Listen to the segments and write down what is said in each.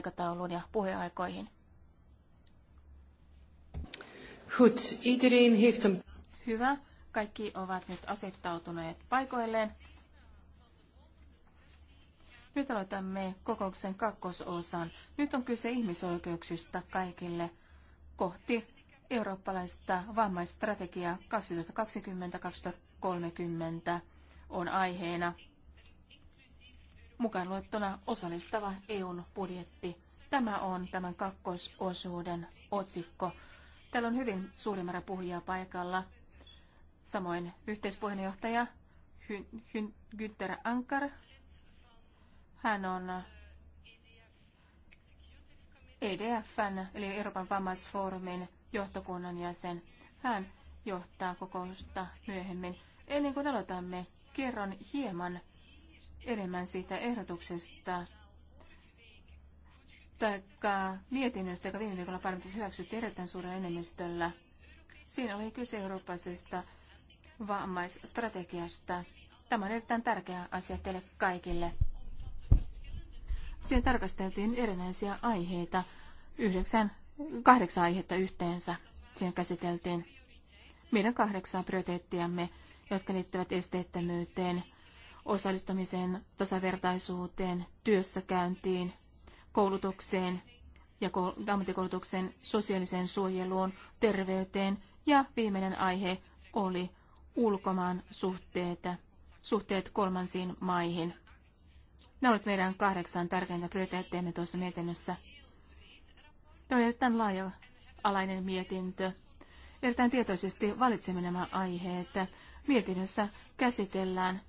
aikatauluun ja puheaikoihin. Hyvä. Kaikki ovat nyt asettautuneet paikoilleen. Nyt aloitamme kokouksen kakkososan. Nyt on kyse ihmisoikeuksista kaikille kohti eurooppalaista vammaistrategiaa 2020-2030 on aiheena mukaan luettuna osallistava EUn budjetti. Tämä on tämän kakkososuuden otsikko. Täällä on hyvin suuri määrä puhujia paikalla. Samoin yhteispuheenjohtaja Günther Ankar. Hän on EDFn, eli Euroopan vammaisfoorumin johtokunnan jäsen. Hän johtaa kokousta myöhemmin. Ennen kuin aloitamme, kerron hieman enemmän siitä ehdotuksesta tai mietinnöstä, joka viime viikolla parlamentissa hyväksyttiin erittäin suurella enemmistöllä. Siinä oli kyse eurooppaisesta vammaisstrategiasta. Tämä on erittäin tärkeä asia teille kaikille. Siinä tarkasteltiin erinäisiä aiheita, yhdeksän, kahdeksan aihetta yhteensä. Siinä käsiteltiin meidän kahdeksan prioriteettiamme, jotka liittyvät esteettömyyteen, osallistamiseen, tasavertaisuuteen, työssäkäyntiin, koulutukseen ja ammattikoulutuksen sosiaaliseen suojeluun, terveyteen ja viimeinen aihe oli ulkomaan suhteet, suhteet kolmansiin maihin. Nämä olivat meidän kahdeksan tärkeintä prioriteetteemme tuossa mietinnössä. Tämä oli erittäin laaja-alainen mietintö. Erittäin tietoisesti valitsemme nämä aiheet. Mietinnössä käsitellään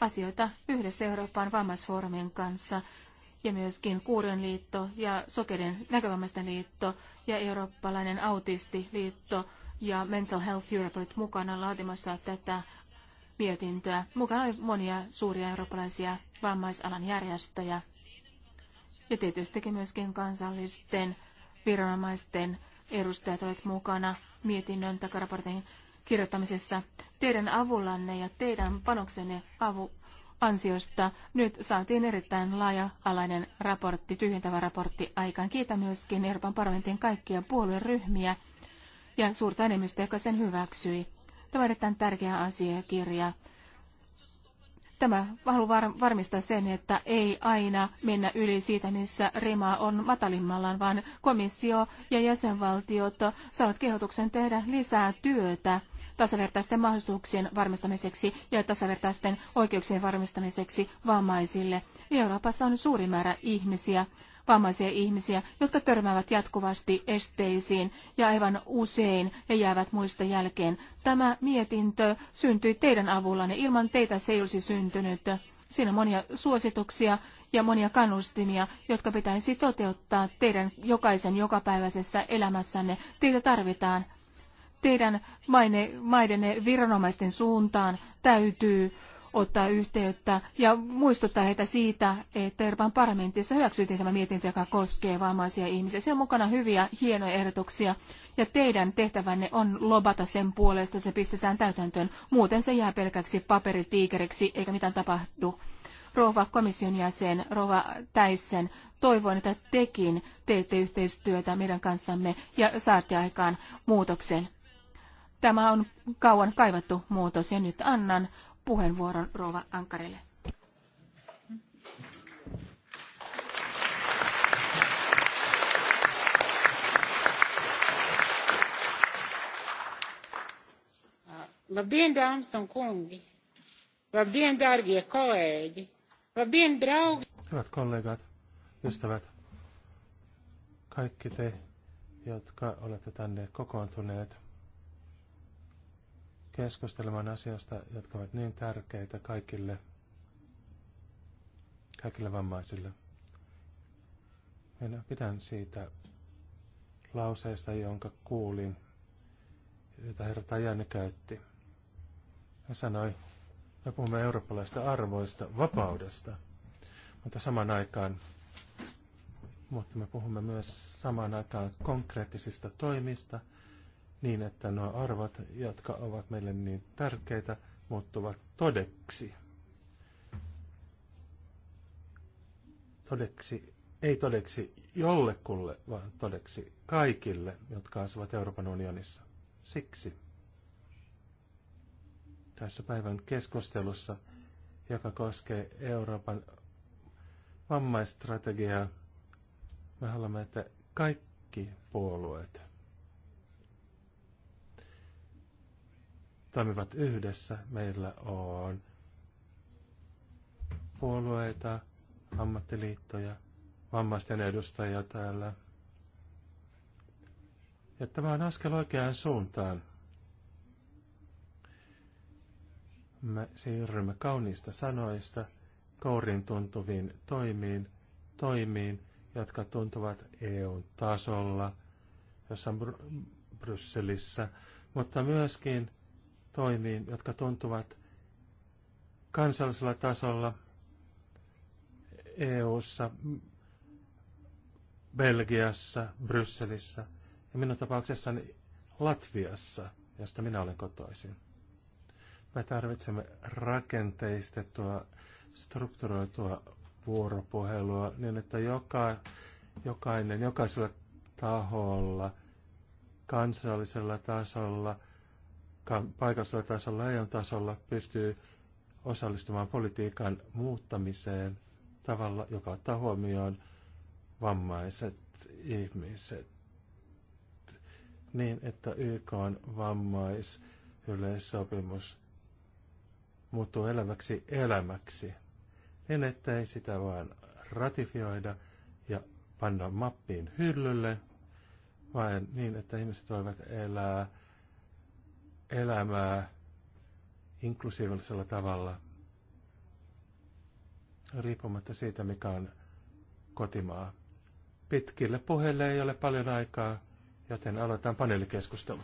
asioita yhdessä Euroopan vammaisfoorumin kanssa ja myöskin Kuuren liitto ja Sokeiden näkövammaisten liitto ja eurooppalainen autistiliitto ja Mental Health Europe olivat mukana laatimassa tätä mietintöä. Mukana oli monia suuria eurooppalaisia vammaisalan järjestöjä ja tietysti myöskin kansallisten viranomaisten edustajat olivat mukana mietinnön takaraportin kirjoittamisessa. Teidän avullanne ja teidän panoksenne avu ansiosta nyt saatiin erittäin laaja-alainen raportti, tyhjentävä raportti aikaan. Kiitän myöskin Euroopan parlamentin kaikkia puolueryhmiä ja suurta enemmistöä, joka sen hyväksyi. Tämä on erittäin tärkeä asiakirja. Tämä haluaa var- varmistaa sen, että ei aina mennä yli siitä, missä rima on matalimmallaan, vaan komissio ja jäsenvaltiot saavat kehotuksen tehdä lisää työtä tasavertaisten mahdollisuuksien varmistamiseksi ja tasavertaisten oikeuksien varmistamiseksi vammaisille. Euroopassa on suuri määrä ihmisiä, vammaisia ihmisiä, jotka törmäävät jatkuvasti esteisiin ja aivan usein he jäävät muista jälkeen. Tämä mietintö syntyi teidän avullanne. Ilman teitä se ei olisi syntynyt. Siinä on monia suosituksia ja monia kannustimia, jotka pitäisi toteuttaa teidän jokaisen jokapäiväisessä elämässänne. Teitä tarvitaan teidän maine, maidenne viranomaisten suuntaan täytyy ottaa yhteyttä ja muistuttaa heitä siitä, että Euroopan parlamentissa hyväksyttiin tämä mietintö, joka koskee vammaisia ihmisiä. Siellä on mukana hyviä, hienoja ehdotuksia ja teidän tehtävänne on lobata sen puolesta, se pistetään täytäntöön. Muuten se jää pelkäksi paperitiikereksi eikä mitään tapahdu. Rova komission jäsen, rova Täissen, toivon, että tekin teette yhteistyötä meidän kanssamme ja saatte aikaan muutoksen. Tämä on kauan kaivattu muutos ja nyt annan puheenvuoron Rova Ankarille. Vad bien dam som kungi. Vad bien dargie koegi. Vad bien Hyvät kollegat, ystävät, kaikki te, jotka olette tänne kokoontuneet, keskustelemaan asiasta, jotka ovat niin tärkeitä kaikille, kaikille vammaisille. Minä pidän siitä lauseesta, jonka kuulin, jota herra Tajani käytti. Hän sanoi, me puhumme eurooppalaista arvoista, vapaudesta, mutta saman aikaan, mutta me puhumme myös samaan aikaan konkreettisista toimista – niin, että nuo arvot, jotka ovat meille niin tärkeitä, muuttuvat todeksi. Todeksi, ei todeksi jollekulle, vaan todeksi kaikille, jotka asuvat Euroopan unionissa. Siksi tässä päivän keskustelussa, joka koskee Euroopan vammaistrategiaa, me haluamme, että kaikki puolueet – toimivat yhdessä. Meillä on puolueita, ammattiliittoja, vammaisten edustajia täällä. Ja tämä on askel oikeaan suuntaan. Me siirrymme kauniista sanoista kourin tuntuviin toimiin, toimiin, jotka tuntuvat eu tasolla, jossain Br- Brysselissä, mutta myöskin – toimiin, jotka tuntuvat kansallisella tasolla EU-ssa, Belgiassa, Brysselissä ja minun tapauksessani Latviassa, josta minä olen kotoisin. Me tarvitsemme rakenteistettua, strukturoitua vuoropuhelua niin, että joka, jokainen, jokaisella taholla, kansallisella tasolla – paikallisella tasolla, EU-tasolla pystyy osallistumaan politiikan muuttamiseen tavalla, joka ottaa huomioon vammaiset ihmiset niin, että YK on yleissopimus muuttuu eläväksi elämäksi, niin ettei sitä vaan ratifioida ja panna mappiin hyllylle, vaan niin, että ihmiset voivat elää elämää inklusiivisella tavalla, riippumatta siitä, mikä on kotimaa. Pitkille puheille ei ole paljon aikaa, joten aloitetaan paneelikeskustelu.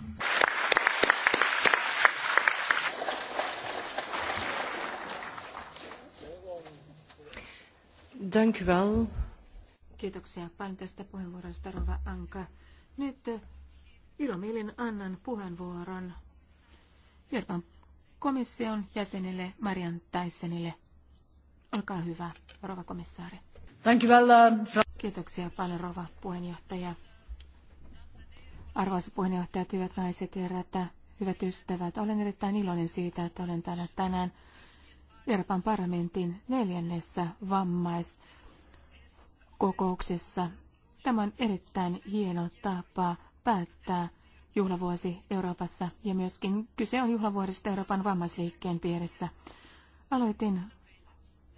Dank u wel. Kiitoksia paljon tästä puheenvuorosta, Rova Anka. Nyt ilomielin annan puheenvuoron Euroopan komission jäsenelle Marian Taisenille. Olkaa hyvä, rouva komissaari. Thank you well, uh, Kiitoksia paljon, rouva puheenjohtaja. Arvoisa puheenjohtaja, hyvät naiset ja herrat, hyvät ystävät, olen erittäin iloinen siitä, että olen täällä tänään Euroopan parlamentin neljännessä vammaiskokouksessa. Tämä on erittäin hieno tapa päättää juhlavuosi Euroopassa ja myöskin kyse on juhlavuodesta Euroopan vammaisliikkeen piirissä. Aloitin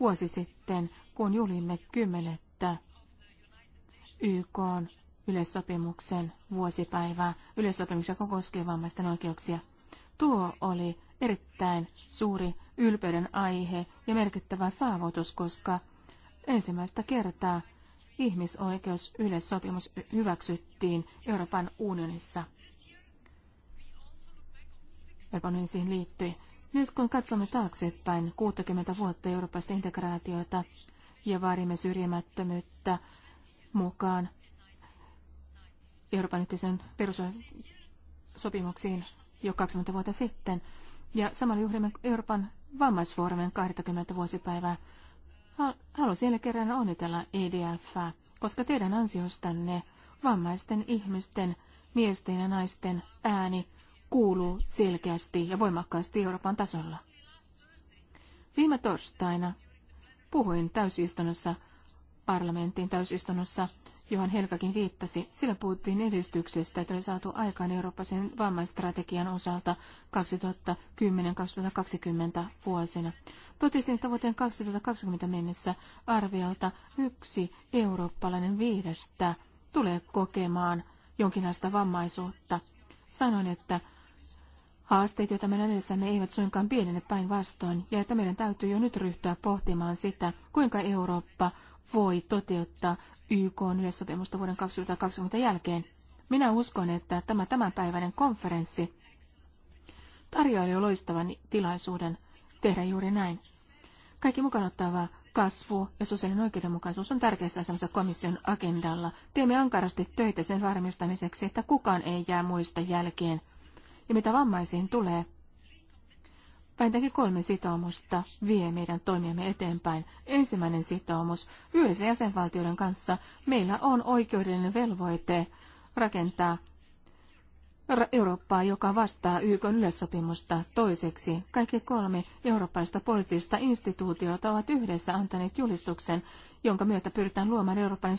vuosi sitten, kun julimme kymmenettä YK yleissopimuksen vuosipäivää, yleissopimuksen joka koskee vammaisten oikeuksia. Tuo oli erittäin suuri ylpeyden aihe ja merkittävä saavutus, koska ensimmäistä kertaa ihmisoikeusyleissopimus hyväksyttiin Euroopan unionissa. Euroopan unioni siihen liittyi. Nyt kun katsomme taaksepäin 60 vuotta eurooppalaista integraatiota ja vaadimme syrjimättömyyttä mukaan Euroopan yhteisön perussopimuksiin jo 20 vuotta sitten, ja samalla juhlimme Euroopan vammaisfoorumin 20 vuosipäivää. Haluan siellä kerran onnitella EDF, koska teidän ansiostanne vammaisten ihmisten, miesten ja naisten ääni kuuluu selkeästi ja voimakkaasti Euroopan tasolla. Viime torstaina puhuin täysistunnossa, parlamentin täysistunnossa, johon Helkakin viittasi. Sillä puhuttiin edistyksestä, että oli saatu aikaan Euroopan vammaistrategian osalta 2010-2020 vuosina. Totesin, että vuoteen 2020 mennessä arviolta yksi eurooppalainen viidestä tulee kokemaan jonkinlaista vammaisuutta. Sanoin, että Haasteet, joita me edessämme, eivät suinkaan pienene päinvastoin, ja että meidän täytyy jo nyt ryhtyä pohtimaan sitä, kuinka Eurooppa voi toteuttaa YK yleissopimusta vuoden 2020 jälkeen. Minä uskon, että tämä tämänpäiväinen konferenssi tarjoaa jo loistavan tilaisuuden tehdä juuri näin. Kaikki mukaan ottava kasvu ja sosiaalinen oikeudenmukaisuus on tärkeässä asemassa komission agendalla. Teemme ankarasti töitä sen varmistamiseksi, että kukaan ei jää muista jälkeen – ja mitä vammaisiin tulee. Vähintäänkin kolme sitoumusta vie meidän toimiamme eteenpäin. Ensimmäinen sitoumus. Yhdessä jäsenvaltioiden kanssa meillä on oikeudellinen velvoite rakentaa Eurooppaa, joka vastaa YK yleissopimusta toiseksi. Kaikki kolme eurooppalaista poliittista instituutiota ovat yhdessä antaneet julistuksen, jonka myötä pyritään luomaan Euroopan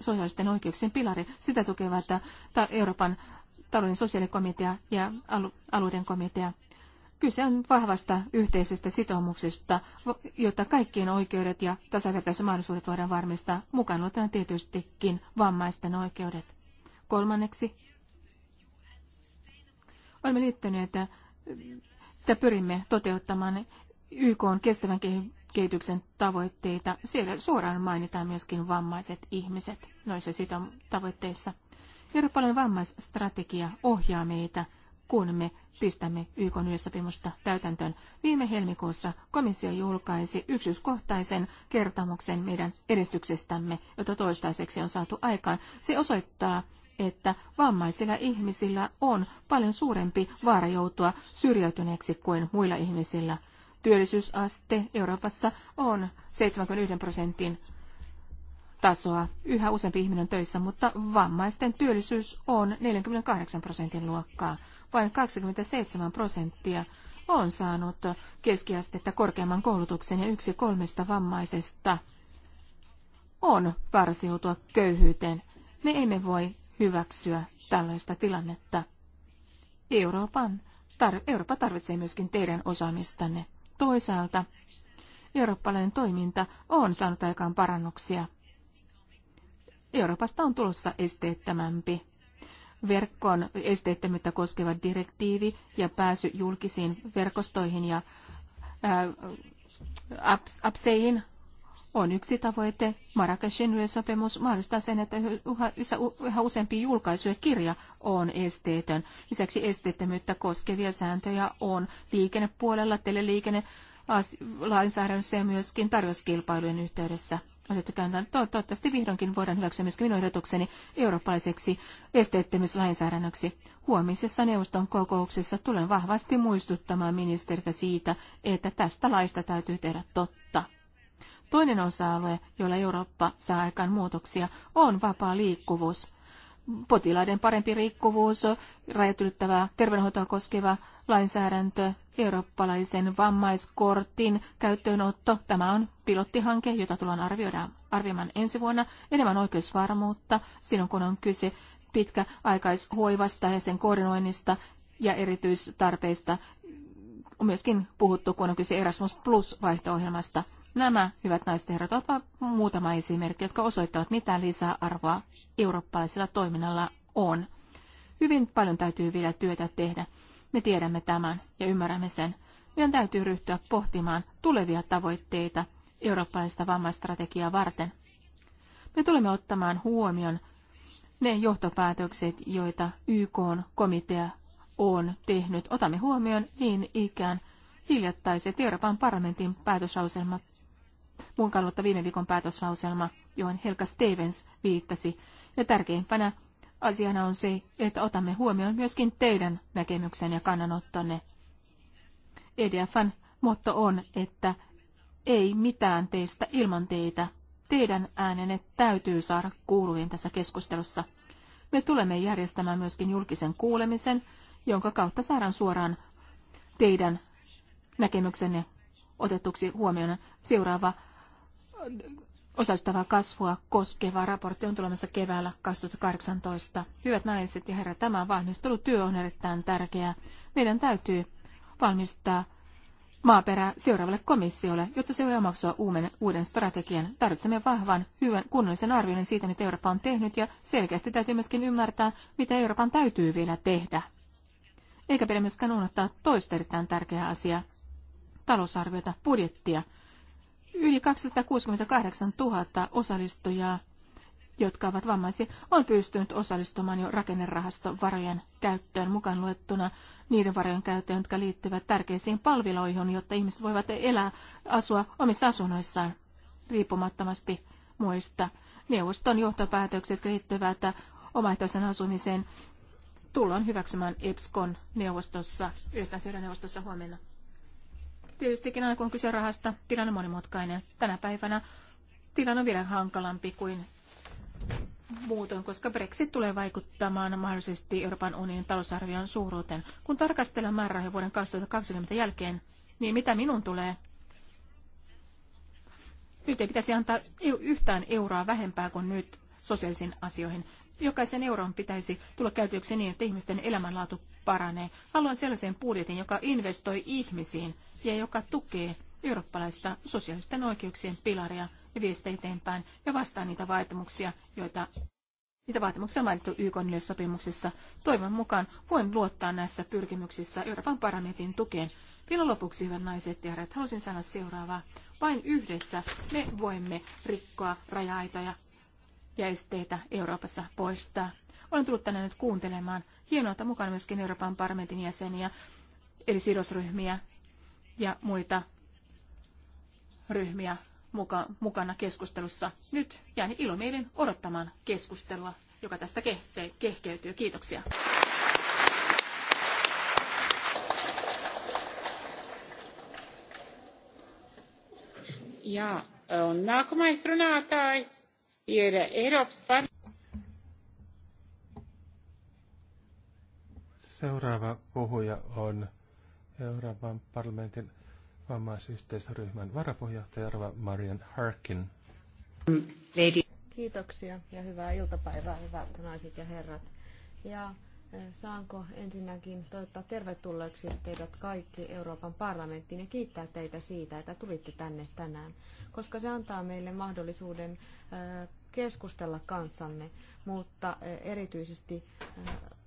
sosiaalisten oikeuksien pilari. Sitä tukevat Euroopan talouden sosiaalikomitea ja alueiden komitea. Kyse on vahvasta yhteisestä sitoumuksesta, jotta kaikkien oikeudet ja tasavertaiset mahdollisuudet voidaan varmistaa, mukaan luettuna tietystikin vammaisten oikeudet. Kolmanneksi, olemme liittyneet että pyrimme toteuttamaan YK on kestävän kehityksen tavoitteita. Siellä suoraan mainitaan myöskin vammaiset ihmiset noissa sito- tavoitteissa. Euroopan vammaisstrategia ohjaa meitä, kun me pistämme YK yleissopimusta täytäntöön. Viime helmikuussa komissio julkaisi yksityiskohtaisen kertomuksen meidän edistyksestämme, jota toistaiseksi on saatu aikaan. Se osoittaa, että vammaisilla ihmisillä on paljon suurempi vaara joutua syrjäytyneeksi kuin muilla ihmisillä. Työllisyysaste Euroopassa on 71 prosentin tasoa. Yhä useampi ihminen on töissä, mutta vammaisten työllisyys on 48 prosentin luokkaa. Vain 27 prosenttia on saanut keskiastetta korkeamman koulutuksen ja yksi kolmesta vammaisesta on varsiutua köyhyyteen. Me emme voi hyväksyä tällaista tilannetta. Euroopan tar- Eurooppa tarvitsee myöskin teidän osaamistanne. Toisaalta eurooppalainen toiminta on saanut aikaan parannuksia. Euroopasta on tulossa esteettömämpi. Verkkoon esteettömyyttä koskeva direktiivi ja pääsy julkisiin verkostoihin ja ää, äh, on yksi tavoite. Marrakeshin yösopimus mahdollistaa sen, että yhä useampi julkaisu ja kirja on esteetön. Lisäksi esteettömyyttä koskevia sääntöjä on liikennepuolella, teleliikenne, lainsäädännössä ja myöskin tarjouskilpailujen yhteydessä otettu käyntiin. Toivottavasti vihdoinkin voidaan hyväksyä myös minun ehdotukseni eurooppalaiseksi esteettömyyslainsäädännöksi. Huomisessa neuvoston kokouksessa tulen vahvasti muistuttamaan ministeritä siitä, että tästä laista täytyy tehdä totta. Toinen osa-alue, jolla Eurooppa saa aikaan muutoksia, on vapaa liikkuvuus potilaiden parempi riikkuvuus, rajat ylittävää terveydenhoitoa koskeva lainsäädäntö, eurooppalaisen vammaiskortin käyttöönotto. Tämä on pilottihanke, jota tullaan arvioida, arvioimaan ensi vuonna. Enemmän oikeusvarmuutta silloin, kun on kyse pitkäaikaishoivasta ja sen koordinoinnista ja erityistarpeista. On myöskin puhuttu, kun on kyse Erasmus Plus-vaihto-ohjelmasta. Nämä, hyvät naiset ja herrat, ovat muutama esimerkki, jotka osoittavat, mitä lisäarvoa eurooppalaisella toiminnalla on. Hyvin paljon täytyy vielä työtä tehdä. Me tiedämme tämän ja ymmärrämme sen. Meidän täytyy ryhtyä pohtimaan tulevia tavoitteita eurooppalaisesta vammaistrategiaa varten. Me tulemme ottamaan huomioon ne johtopäätökset, joita YK-komitea on tehnyt. Otamme huomioon niin ikään hiljattaiset Euroopan parlamentin päätöslauselmat muun kannalta viime viikon päätöslauselma, johon Helka Stevens viittasi. Ja tärkeimpänä asiana on se, että otamme huomioon myöskin teidän näkemyksen ja kannanottonne. EDFn motto on, että ei mitään teistä ilman teitä. Teidän äänenne täytyy saada kuuluviin tässä keskustelussa. Me tulemme järjestämään myöskin julkisen kuulemisen, jonka kautta saadaan suoraan teidän näkemyksenne otetuksi huomioon. Seuraava osastava kasvua koskeva raportti on tulemassa keväällä 2018. Hyvät naiset ja herrat, tämä valmistelutyö on erittäin tärkeää. Meidän täytyy valmistaa maaperä seuraavalle komissiolle, jotta se voi omaksua uuden, uuden strategian. Tarvitsemme vahvan, hyvän, kunnollisen arvioinnin siitä, mitä Eurooppa on tehnyt, ja selkeästi täytyy myöskin ymmärtää, mitä Euroopan täytyy vielä tehdä. Eikä pidä myöskään unohtaa toista erittäin tärkeää asiaa, talousarviota, budjettia. Yli 268 000 osallistujaa, jotka ovat vammaisia, on pystynyt osallistumaan jo rakennerahaston varojen käyttöön mukaan luettuna niiden varojen käyttöön, jotka liittyvät tärkeisiin palveluihin, jotta ihmiset voivat elää, asua omissa asunnoissaan riippumattomasti muista. Neuvoston johtopäätökset liittyvät omaehtoisen asumiseen tullaan hyväksymään EPSCON neuvostossa, yhdistäisyyden neuvostossa huomenna. Tietystikin aina kun on kyse rahasta, tilanne on monimutkainen. Tänä päivänä tilanne on vielä hankalampi kuin muutoin, koska Brexit tulee vaikuttamaan mahdollisesti Euroopan unionin talousarvion suuruuteen. Kun tarkastellaan määrärahoja vuoden 2020 jälkeen, niin mitä minun tulee? Nyt ei pitäisi antaa yhtään euroa vähempää kuin nyt sosiaalisiin asioihin. Jokaisen euron pitäisi tulla käytöksi niin, että ihmisten elämänlaatu paranee. Haluan sellaisen budjetin, joka investoi ihmisiin, ja joka tukee eurooppalaista sosiaalisten oikeuksien pilaria ja sitä eteenpäin ja vastaa niitä vaatimuksia, joita Niitä vaatimuksia on mainittu YK sopimuksessa. Toivon mukaan voin luottaa näissä pyrkimyksissä Euroopan parlamentin tukeen. Vielä lopuksi, hyvät naiset ja herrat, haluaisin sanoa seuraavaa. Vain yhdessä me voimme rikkoa raja-aitoja ja esteitä Euroopassa poistaa. Olen tullut tänne nyt kuuntelemaan. Hienoa, että mukana myöskin Euroopan parlamentin jäseniä, eli sidosryhmiä ja muita ryhmiä muka, mukana keskustelussa. Nyt jään ilomielin odottamaan keskustelua, joka tästä kehte, kehkeytyy. Kiitoksia. Ja onnea eh, komaisruna taas. Seuraava puhuja on Euroopan parlamentin vammaisyhteisryhmän varapuheenjohtaja Rova Marian Harkin. Kiitoksia ja hyvää iltapäivää, hyvät naiset ja herrat. Ja eh, saanko ensinnäkin toivottaa tervetulleeksi teidät kaikki Euroopan parlamenttiin ja kiittää teitä siitä, että tulitte tänne tänään, koska se antaa meille mahdollisuuden eh, keskustella kanssanne, mutta eh, erityisesti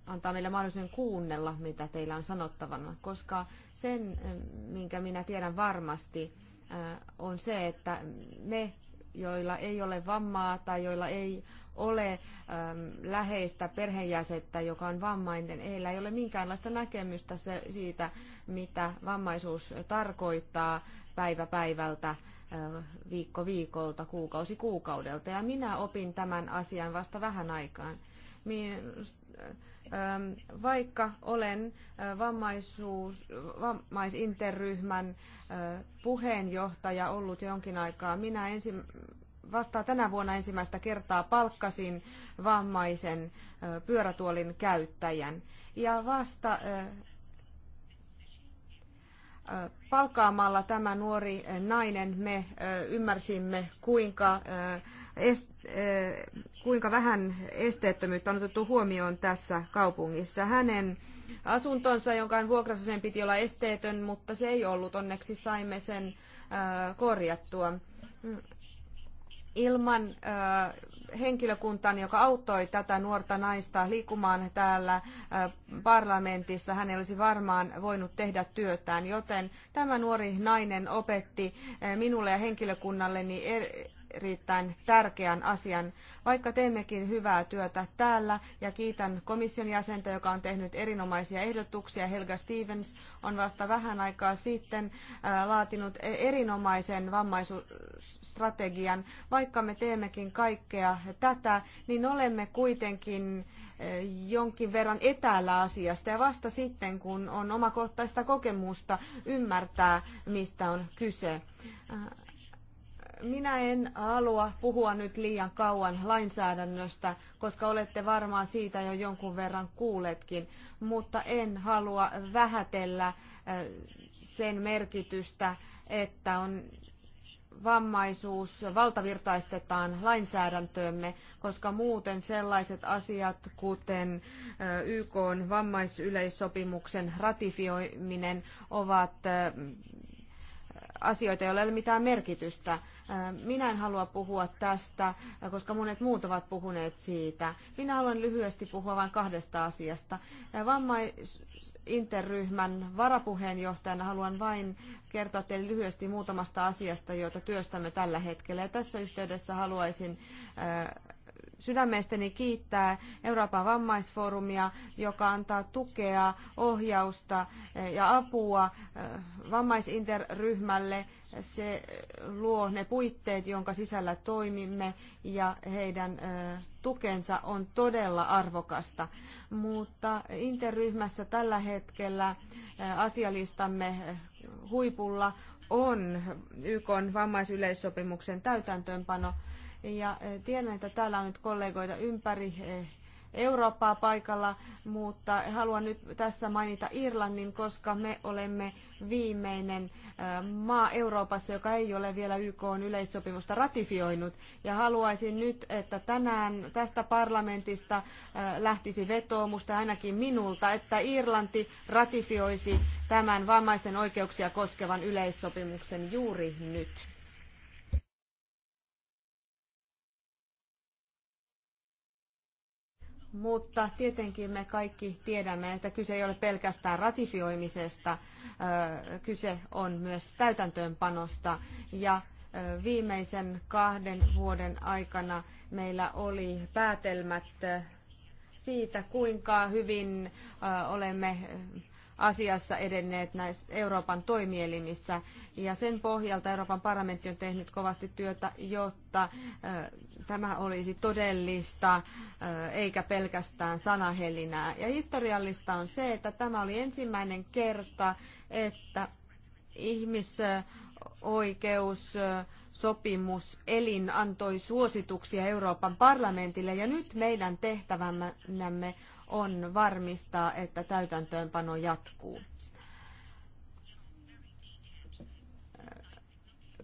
antaa meille mahdollisuuden kuunnella, mitä teillä on sanottavana, koska sen, minkä minä tiedän varmasti, äh, on se, että ne, joilla ei ole vammaa tai joilla ei ole ähm, läheistä perheenjäsettä, joka on vammainen, heillä ei ole minkäänlaista näkemystä siitä, mitä vammaisuus tarkoittaa päivä päivältä, äh, viikko viikolta, kuukausi kuukaudelta. Ja minä opin tämän asian vasta vähän aikaan. Minä, Ähm, vaikka olen äh, vammaisuus, vammaisinterryhmän äh, puheenjohtaja ollut jonkin aikaa, minä ensi, vasta tänä vuonna ensimmäistä kertaa palkkasin vammaisen äh, pyörätuolin käyttäjän. Ja vasta palkkaamalla tämä nuori nainen me ymmärsimme, kuinka Eh, kuinka vähän esteettömyyttä on otettu huomioon tässä kaupungissa. Hänen asuntonsa, jonka hän vuokrasi, sen piti olla esteetön, mutta se ei ollut. Onneksi saimme sen eh, korjattua. Ilman eh, henkilökuntaa, joka auttoi tätä nuorta naista liikumaan täällä parlamentissa. Hän ei olisi varmaan voinut tehdä työtään, joten tämä nuori nainen opetti minulle ja henkilökunnalleni er- erittäin tärkeän asian. Vaikka teemmekin hyvää työtä täällä ja kiitän komission jäsentä, joka on tehnyt erinomaisia ehdotuksia. Helga Stevens on vasta vähän aikaa sitten laatinut e- erinomaisen vammaisuusstrategian. Vaikka me teemmekin kaikkea tätä, niin olemme kuitenkin jonkin verran etäällä asiasta ja vasta sitten, kun on omakohtaista kokemusta, ymmärtää, mistä on kyse. Minä en halua puhua nyt liian kauan lainsäädännöstä, koska olette varmaan siitä jo jonkun verran kuuletkin, mutta en halua vähätellä sen merkitystä, että on vammaisuus valtavirtaistetaan lainsäädäntöömme, koska muuten sellaiset asiat kuten YK vammaisyleissopimuksen ratifioiminen ovat asioita, joilla ei ole mitään merkitystä. Minä en halua puhua tästä, koska monet muut ovat puhuneet siitä. Minä haluan lyhyesti puhua vain kahdesta asiasta. Vammaisinterryhmän varapuheenjohtajana haluan vain kertoa teille lyhyesti muutamasta asiasta, joita työstämme tällä hetkellä. Ja tässä yhteydessä haluaisin sydämestäni kiittää Euroopan vammaisfoorumia, joka antaa tukea, ohjausta eh, ja apua eh, vammaisinterryhmälle. Se luo ne puitteet, jonka sisällä toimimme ja heidän eh, tukensa on todella arvokasta. Mutta interryhmässä tällä hetkellä asialistamme huipulla on YK vammaisyleissopimuksen täytäntöönpano – ja e, tiedän, että täällä on nyt kollegoita ympäri e, Eurooppaa paikalla, mutta haluan nyt tässä mainita Irlannin, koska me olemme viimeinen e, maa Euroopassa, joka ei ole vielä YK yleissopimusta ratifioinut. Ja haluaisin nyt, että tänään tästä parlamentista lähtisi vetoomusta ainakin minulta, että Irlanti ratifioisi tämän vammaisten oikeuksia koskevan yleissopimuksen juuri nyt. mutta tietenkin me kaikki tiedämme, että kyse ei ole pelkästään ratifioimisesta, kyse on myös täytäntöönpanosta. Ja viimeisen kahden vuoden aikana meillä oli päätelmät siitä, kuinka hyvin olemme asiassa edenneet näissä Euroopan toimielimissä. Ja sen pohjalta Euroopan parlamentti on tehnyt kovasti työtä, jotta tämä olisi todellista eikä pelkästään sanahelinää. Ja historiallista on se, että tämä oli ensimmäinen kerta, että ihmisoikeus sopimus elin antoi suosituksia Euroopan parlamentille ja nyt meidän tehtävämme on varmistaa, että täytäntöönpano jatkuu.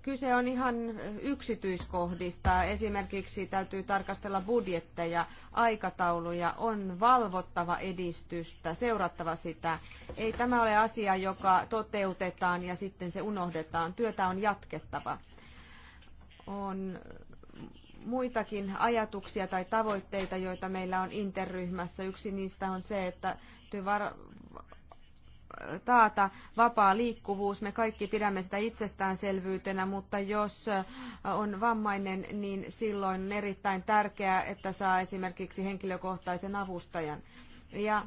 kyse on ihan yksityiskohdista. Esimerkiksi täytyy tarkastella budjetteja, aikatauluja, on valvottava edistystä, seurattava sitä. Ei tämä ole asia, joka toteutetaan ja sitten se unohdetaan. Työtä on jatkettava. On muitakin ajatuksia tai tavoitteita, joita meillä on interryhmässä. Yksi niistä on se, että taata vapaa liikkuvuus. Me kaikki pidämme sitä itsestäänselvyytenä, mutta jos on vammainen, niin silloin on erittäin tärkeää, että saa esimerkiksi henkilökohtaisen avustajan. Ja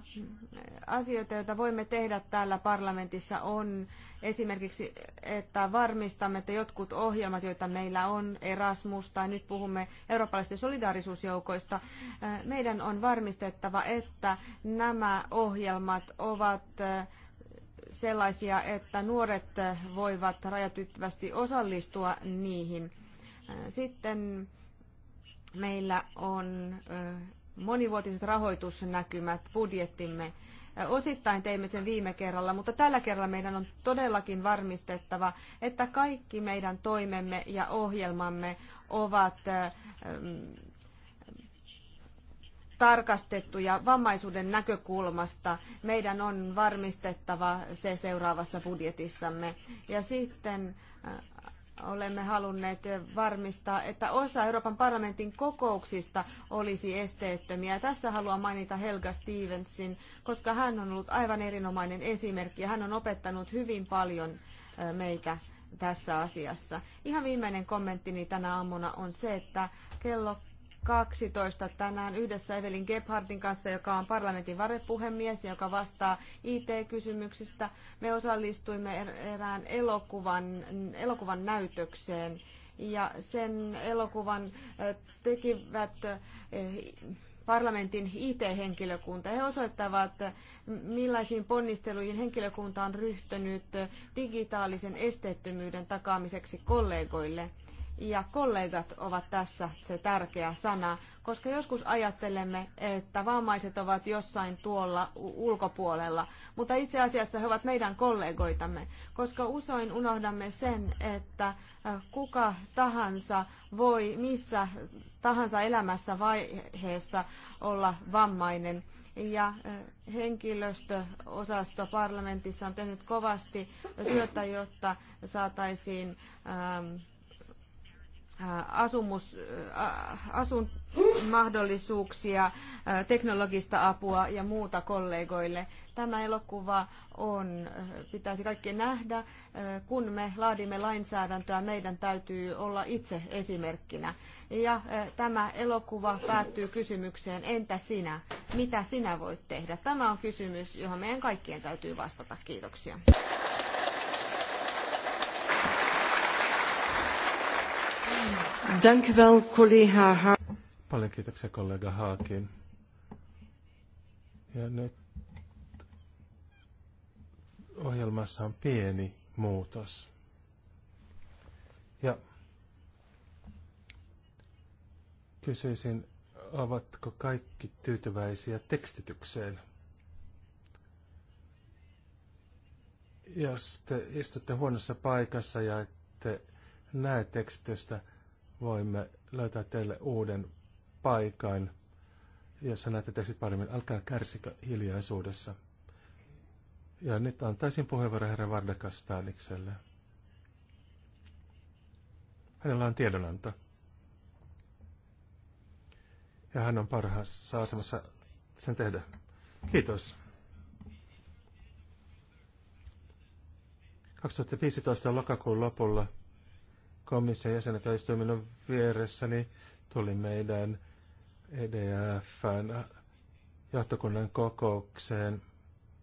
asioita, joita voimme tehdä täällä parlamentissa on esimerkiksi, että varmistamme, että jotkut ohjelmat, joita meillä on, Erasmus tai nyt puhumme eurooppalaisten solidaarisuusjoukoista, meidän on varmistettava, että nämä ohjelmat ovat sellaisia, että nuoret voivat rajatyttävästi osallistua niihin. Sitten meillä on monivuotiset rahoitusnäkymät, budjettimme. Osittain teimme sen viime kerralla, mutta tällä kerralla meidän on todellakin varmistettava, että kaikki meidän toimemme ja ohjelmamme ovat mm, tarkastettuja vammaisuuden näkökulmasta. Meidän on varmistettava se seuraavassa budjetissamme. Ja sitten olemme halunneet varmistaa, että osa Euroopan parlamentin kokouksista olisi esteettömiä. Tässä haluan mainita Helga Stevensin, koska hän on ollut aivan erinomainen esimerkki ja hän on opettanut hyvin paljon meitä tässä asiassa. Ihan viimeinen kommenttini tänä aamuna on se, että kello 12 tänään yhdessä Evelin Gebhardin kanssa, joka on parlamentin varepuhemies joka vastaa IT-kysymyksistä. Me osallistuimme er-, erään elokuvan, elokuvan näytökseen ja sen elokuvan tekivät parlamentin IT-henkilökunta. He osoittavat, millaisiin ponnisteluihin henkilökunta on ryhtynyt digitaalisen esteettömyyden takaamiseksi kollegoille ja kollegat ovat tässä se tärkeä sana, koska joskus ajattelemme, että vammaiset ovat jossain tuolla ulkopuolella, mutta itse asiassa he ovat meidän kollegoitamme, koska usein unohdamme sen, että kuka tahansa voi missä tahansa elämässä vaiheessa olla vammainen. Ja henkilöstöosasto parlamentissa on tehnyt kovasti työtä, jotta saataisiin ähm, Äh, asumus, äh, asunmahdollisuuksia, äh, teknologista apua ja muuta kollegoille. Tämä elokuva on, pitäisi kaikkien nähdä, kun me laadimme lainsäädäntöä, meidän täytyy olla itse esimerkkinä. Ja tämä elokuva päättyy kysymykseen, entä sinä? Mitä sinä voit tehdä? Tämä on kysymys, johon meidän kaikkien täytyy vastata. Kiitoksia. Dank wel, collega Paljon kiitoksia kollega Haakin. Ja nyt ohjelmassa on pieni muutos. Ja kysyisin, ovatko kaikki tyytyväisiä tekstitykseen? Jos te istutte huonossa paikassa ja ette näe tekstitystä, voimme löytää teille uuden paikan, jossa näette tekstit paremmin. Älkää kärsikö hiljaisuudessa. Ja nyt antaisin puheenvuoron herra Vardakastanikselle. Hänellä on tiedonanto. Ja hän on parhaassa asemassa sen tehdä. Kiitos. 2015 lokakuun lopulla komission jäsen, joka minun vieressäni, tuli meidän EDFn johtokunnan kokoukseen.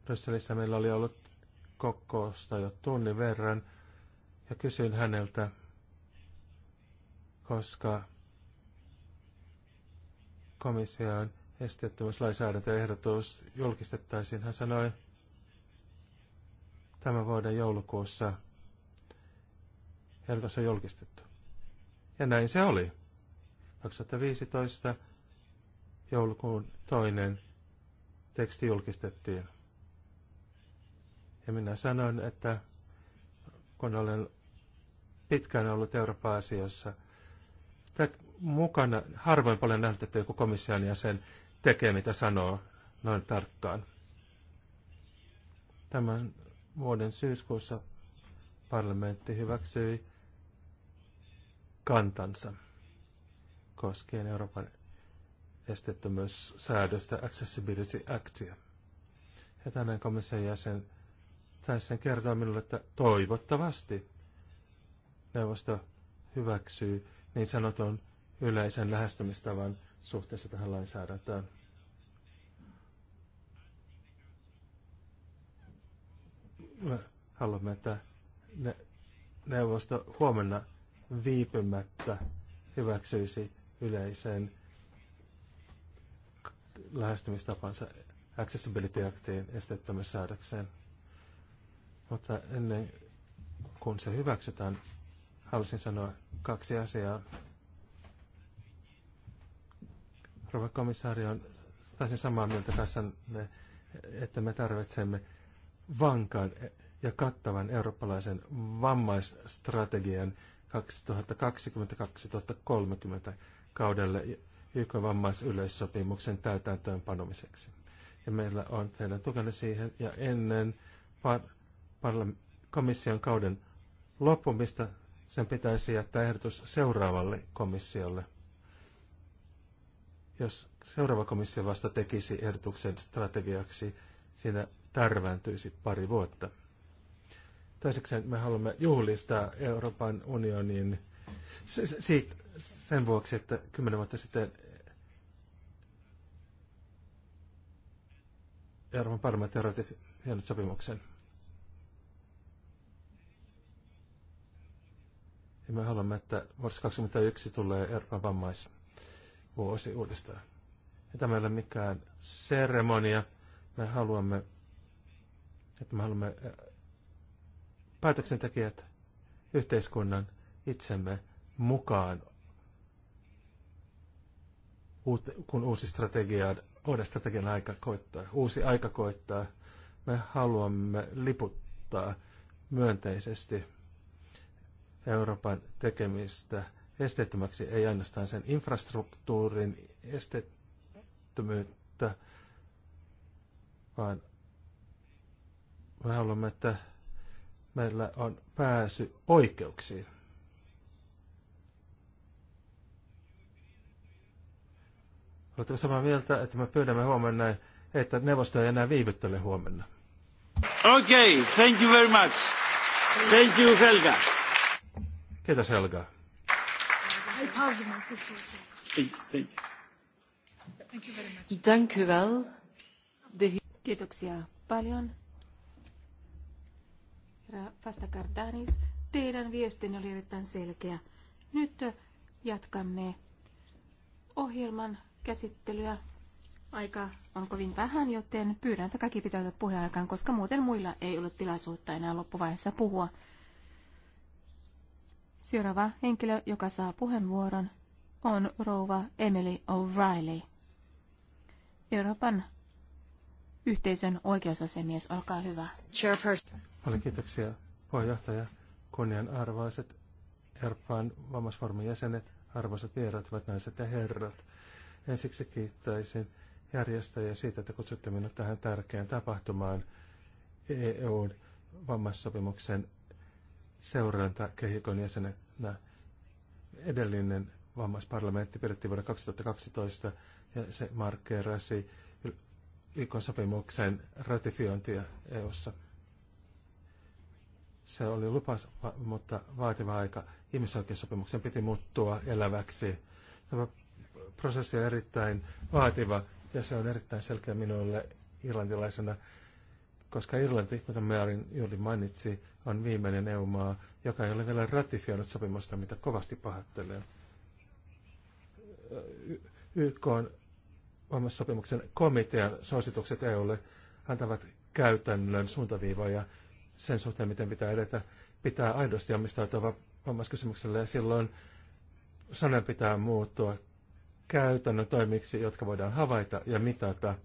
Brysselissä meillä oli ollut kokousta jo tunnin verran ja kysyin häneltä, koska komission esteettömyyslainsäädäntöehdotus julkistettaisiin. Hän sanoi tämän vuoden joulukuussa – Helgassa julkistettu. Ja näin se oli. 2015 joulukuun toinen teksti julkistettiin. Ja minä sanoin, että kun olen pitkään ollut Euroopan asiassa mukana, harvoin paljon nähnyt, että joku komission jäsen tekee mitä sanoo noin tarkkaan. Tämän vuoden syyskuussa parlamentti hyväksyi kantansa koskien Euroopan esteettömyyssäädöstä Accessibility Actia. Ja tänään komission jäsen tässä kertoo minulle, että toivottavasti neuvosto hyväksyy niin sanotun yleisen lähestymistavan suhteessa tähän lainsäädäntöön. Me haluamme, että ne, neuvosto huomenna viipymättä hyväksyisi yleisen lähestymistapansa Accessibility Actiin esteettömyyssäädökseen. Mutta ennen kuin se hyväksytään, halusin sanoa kaksi asiaa. Rova komissaari on täysin samaa mieltä kanssanne, että me tarvitsemme vankan ja kattavan eurooppalaisen vammaisstrategian, 2020-2030 kaudelle YK vammaisyleissopimuksen täytäntöön Ja meillä on teidän tukenne siihen ja ennen par- parla- komission kauden loppumista sen pitäisi jättää ehdotus seuraavalle komissiolle. Jos seuraava komissio vasta tekisi ehdotuksen strategiaksi, siinä tärvääntyisi pari vuotta. Toiseksi me haluamme juhlistaa Euroopan unionin siitä, sen vuoksi, että kymmenen vuotta sitten Euroopan parlamentti ratifi hienot sopimuksen. Ja me haluamme, että vuodessa 2021 tulee Euroopan vammaisvuosi uudestaan. Ja tämä ei ole mikään seremonia. Me haluamme, että me haluamme päätöksentekijät, yhteiskunnan itsemme mukaan, kun uusi strategia, uuden strategian aika koittaa, uusi aika koittaa, me haluamme liputtaa myönteisesti Euroopan tekemistä esteettömäksi, ei ainoastaan sen infrastruktuurin esteettömyyttä, vaan me haluamme, että meillä on pääsy oikeuksiin. Oletteko samaa mieltä, että me pyydämme huomenna, että neuvosto ei enää viivyttele huomenna? Okei, okay, thank you very much. Thank you, Helga. Kiitos, Helga. Thank you. very much. Dank wel. De... Kiitoksia paljon. Fasta Cardanis teidän viestinne oli erittäin selkeä. Nyt jatkamme ohjelman käsittelyä. Aika on kovin vähän, joten pyydän, että kaikki pitää puheaikaan, koska muuten muilla ei ole tilaisuutta enää loppuvaiheessa puhua. Seuraava henkilö, joka saa puheenvuoron, on rouva Emily O'Reilly. Euroopan yhteisön oikeusasiamies, olkaa hyvä. Chairperson. Paljon kiitoksia puheenjohtaja, kunnianarvoiset Erpan vammaisfoorumin jäsenet, arvoisat vierat, hyvät naiset ja herrat. Ensiksi kiittäisin järjestäjiä siitä, että kutsutte minut tähän tärkeään tapahtumaan EUn vammaissopimuksen seurantakehikon jäsenenä. Edellinen vammaisparlamentti pidettiin vuonna 2012 ja se markkeerasi YK sopimuksen ratifiointia EUssa. Se oli lupaus, mutta vaativa aika. Ihmisoikeussopimuksen piti muuttua eläväksi. Tämä prosessi on erittäin vaativa ja se on erittäin selkeä minulle irlantilaisena, koska Irlanti, kuten Mearin juuri mainitsi, on viimeinen EU-maa, joka ei ole vielä ratifioinut sopimusta, mitä kovasti pahattelee. YK on sopimuksen komitean suositukset EUlle antavat käytännön suuntaviivoja sen suhteen, miten pitää edetä, pitää aidosti omistautua vammaiskysymykselle ja silloin sanan pitää muuttua käytännön toimiksi, jotka voidaan havaita ja mitata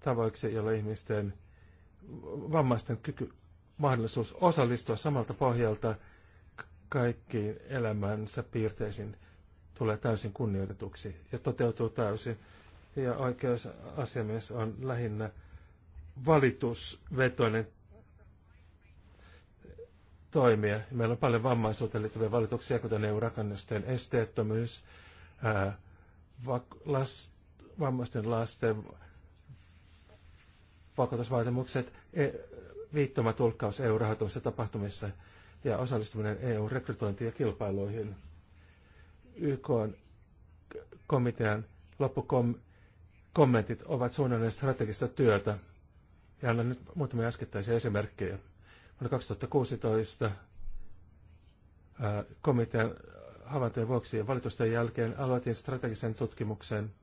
tavoiksi, joilla ihmisten vammaisten kyky, mahdollisuus osallistua samalta pohjalta kaikkiin elämänsä piirteisiin tulee täysin kunnioitetuksi ja toteutuu täysin. Ja oikeusasiamies on lähinnä valitusvetoinen toimia. Meillä on paljon vammaisuuteen liittyviä valituksia, kuten EU-rakennusten esteettömyys, ää, vammaisten lasten vakuutusvaatimukset, e, viittomatulkkaus EU-rahoittamissa tapahtumissa ja osallistuminen EU-rekrytointiin ja kilpailuihin. YK komitean loppukommentit ovat suunnilleen strategista työtä. Ja annan nyt muutamia äskettäisiä esimerkkejä. Vuonna 2016 komitean havaintojen vuoksi ja valitusten jälkeen aloitin strategisen tutkimuksen,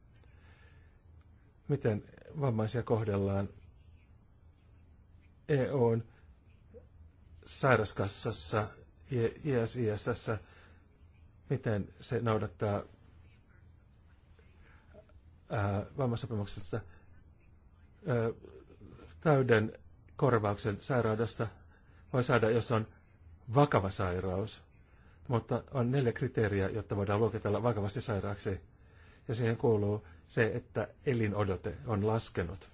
miten vammaisia kohdellaan EUn sairaskassassa, ISISS, miten se noudattaa vammaisopimuksesta täyden korvauksen sairaudesta – voi saada, jos on vakava sairaus. Mutta on neljä kriteeriä, jotta voidaan luokitella vakavasti sairaaksi. Ja siihen kuuluu se, että elinodote on laskenut.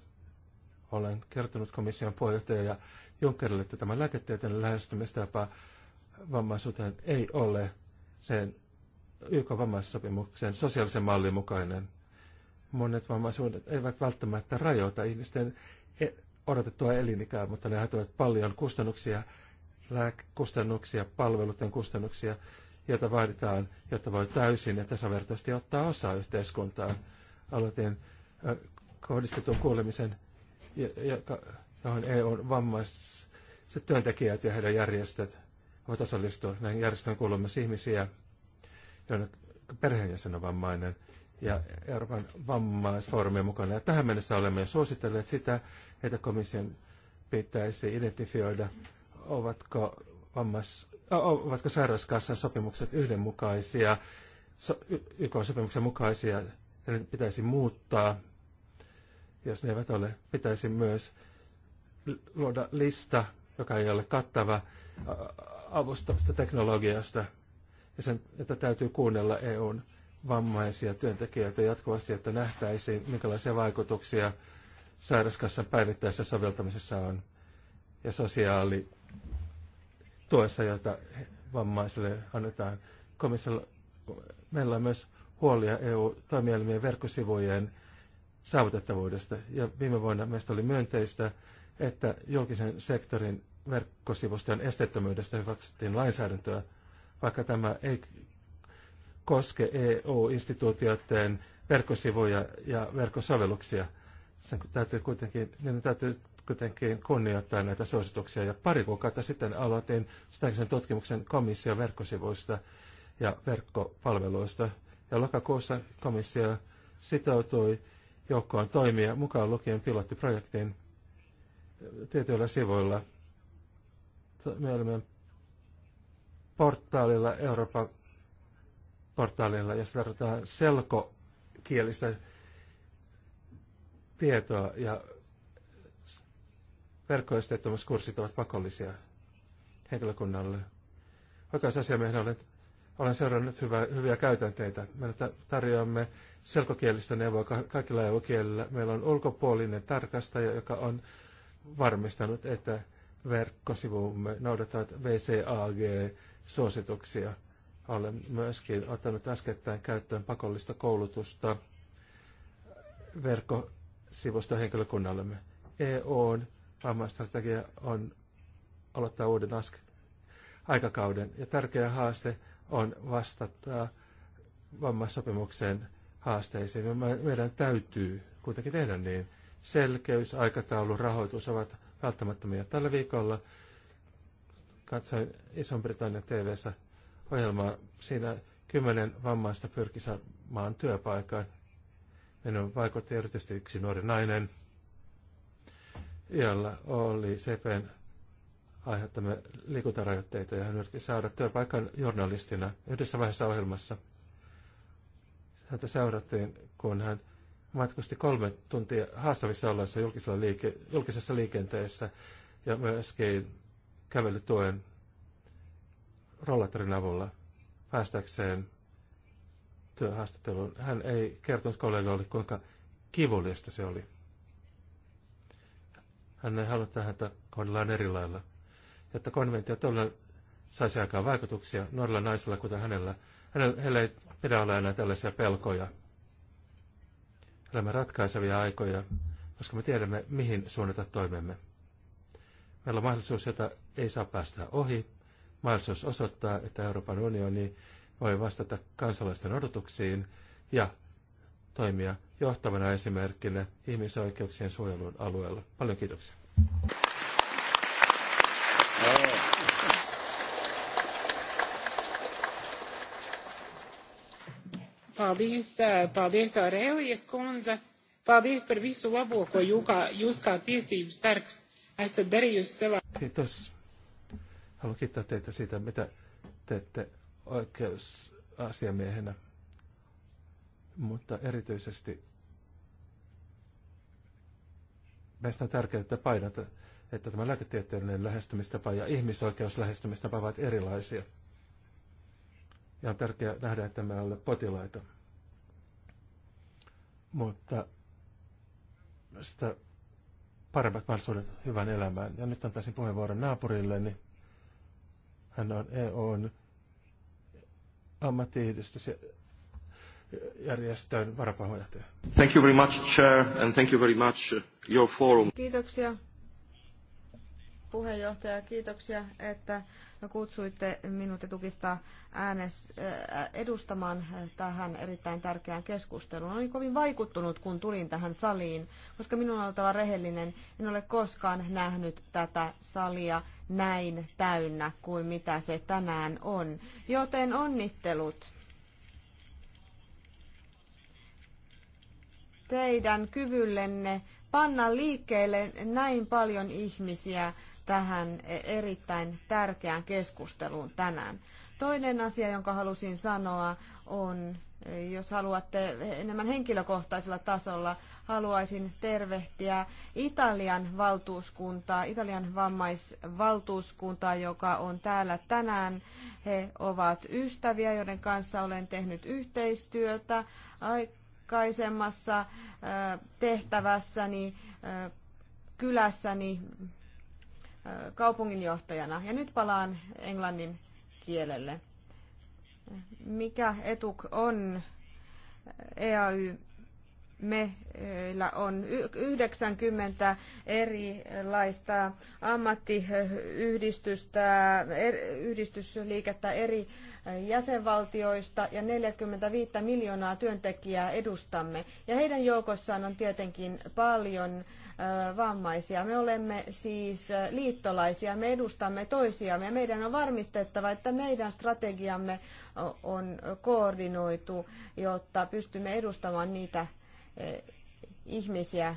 Olen kertonut komission puheenjohtaja ja Junckerille, että tämä lääketieteen lähestymistapa vammaisuuteen ei ole sen YK vammaissopimuksen sosiaalisen mallin mukainen. Monet vammaisuudet eivät välttämättä rajoita ihmisten e- odotettua elinikää, mutta ne aiheuttavat paljon kustannuksia, lääkekustannuksia, palveluiden kustannuksia, joita vaaditaan, jotta voi täysin ja tasavertaisesti ottaa osaa yhteiskuntaan. Aloitin kohdistetun kuulemisen, johon EUn vammaiset työntekijät ja heidän järjestöt voivat osallistua. Näihin järjestöihin kuulemassa ihmisiä, joiden perheenjäsen on vammainen, ja Euroopan vammaisfoorumien mukana. Ja tähän mennessä olemme jo suositelleet sitä, että komission pitäisi identifioida, ovatko, vammais, ovatko sairauskassan sopimukset yhdenmukaisia, YK-sopimuksen mukaisia, ja ne pitäisi muuttaa. Jos ne eivät ole, pitäisi myös luoda lista, joka ei ole kattava avustavasta teknologiasta, ja sen, että täytyy kuunnella EUn vammaisia työntekijöitä jatkuvasti, että nähtäisiin, minkälaisia vaikutuksia sairaskassan päivittäisessä soveltamisessa on ja sosiaali tuessa, jota vammaisille annetaan. Komissiolla meillä on myös huolia EU-toimielimien verkkosivujen saavutettavuudesta. Ja viime vuonna meistä oli myönteistä, että julkisen sektorin verkkosivustojen esteettömyydestä hyväksyttiin lainsäädäntöä, vaikka tämä ei koske EU-instituutioiden verkkosivuja ja verkkosovelluksia. Sen täytyy kuitenkin, niin täytyy kuitenkin kunnioittaa näitä suosituksia. Ja pari kuukautta sitten aloitin sen tutkimuksen komission verkkosivuista ja verkkopalveluista. Ja lokakuussa komissio sitoutui joukkoon toimia mukaan lukien pilottiprojektin tietyillä sivuilla. Me olemme portaalilla Euroopan portaalilla, jos tarvitaan selkokielistä tietoa ja verkkoesteettömyyskurssit ovat pakollisia henkilökunnalle. Oikeusasiamiehen olen, olen seurannut hyvä, hyviä käytänteitä. Me tarjoamme selkokielistä neuvoa kaikilla EU-kielillä. Meillä on ulkopuolinen tarkastaja, joka on varmistanut, että verkkosivumme noudattavat VCAG-suosituksia – olen myöskin ottanut äskettäin käyttöön pakollista koulutusta verkkosivustohenkilökunnallemme. EUn vammaistrategia on aloittaa uuden askel aikakauden ja tärkeä haaste on vastata vammaissopimuksen haasteisiin. Meidän täytyy kuitenkin tehdä niin. Selkeys, aikataulu, rahoitus ovat välttämättömiä. Tällä viikolla katsoin Ison-Britannian tv ohjelmaa. Siinä kymmenen vammaista pyrki saamaan työpaikan. Minun vaikutti erityisesti yksi nuori nainen, jolla oli Sepen aiheuttamia liikuntarajoitteita ja hän yritti saada työpaikan journalistina yhdessä vaiheessa ohjelmassa. Häntä seurattiin, kun hän matkusti kolme tuntia haastavissa oloissa liike, julkisessa liikenteessä ja myöskin kävelytuen rollaattorin avulla päästäkseen työhaastatteluun. Hän ei kertonut kollegoille, kuinka kivullista se oli. Hän ei tähän, että kohdellaan eri lailla. Jotta konventio todella saisi aikaan vaikutuksia nuorilla naisilla, kuten hänellä, hänellä heillä ei pidä olla enää tällaisia pelkoja. Elämme ratkaisevia aikoja, koska me tiedämme, mihin suunnata toimemme. Meillä on mahdollisuus, jota ei saa päästä ohi, mahdollisuus osoittaa, että Euroopan unioni voi vastata kansalaisten odotuksiin ja toimia johtavana esimerkkinä ihmisoikeuksien suojelun alueella. Paljon kiitoksia. Paldies, eh, paldies Aurelijas kundze. Paldies par visu labo, ko jūs kā tiesības sargs esat darījusi savā. Kiitos Haluan kiittää teitä siitä, mitä teette oikeusasiamiehenä, mutta erityisesti meistä on tärkeää, että painata, että tämä lääketieteellinen lähestymistapa ja ihmisoikeuslähestymistapa ovat erilaisia. Ja on tärkeää nähdä, että me olemme potilaita. Mutta sitä paremmat mahdollisuudet hyvän elämään. Ja nyt antaisin puheenvuoron naapurilleni. Niin hän on EUn ammattiyhdistysjärjestön varapuheenjohtaja. Thank you very much, Chair, and thank you very much, uh, your forum. Kiitoksia puheenjohtaja, kiitoksia, että kutsuitte minut ja tukista äänes, äh, edustamaan tähän erittäin tärkeään keskusteluun. Olin kovin vaikuttunut, kun tulin tähän saliin, koska minun on oltava rehellinen. En ole koskaan nähnyt tätä salia näin täynnä kuin mitä se tänään on. Joten onnittelut. teidän kyvyllenne panna liikkeelle näin paljon ihmisiä tähän erittäin tärkeään keskusteluun tänään. Toinen asia, jonka halusin sanoa, on jos haluatte enemmän henkilökohtaisella tasolla, haluaisin tervehtiä Italian valtuuskuntaa, Italian vammaisvaltuuskuntaa, joka on täällä tänään. He ovat ystäviä, joiden kanssa olen tehnyt yhteistyötä aikaisemmassa tehtävässäni kylässäni kaupunginjohtajana. Ja nyt palaan englannin kielelle. Mikä etuk on EAY? Meillä on 90 erilaista ammattiyhdistystä, yhdistysliikettä eri jäsenvaltioista ja 45 miljoonaa työntekijää edustamme. Ja heidän joukossaan on tietenkin paljon äh, vammaisia. Me olemme siis liittolaisia, me edustamme toisiamme ja meidän on varmistettava, että meidän strategiamme on koordinoitu, jotta pystymme edustamaan niitä ihmisiä,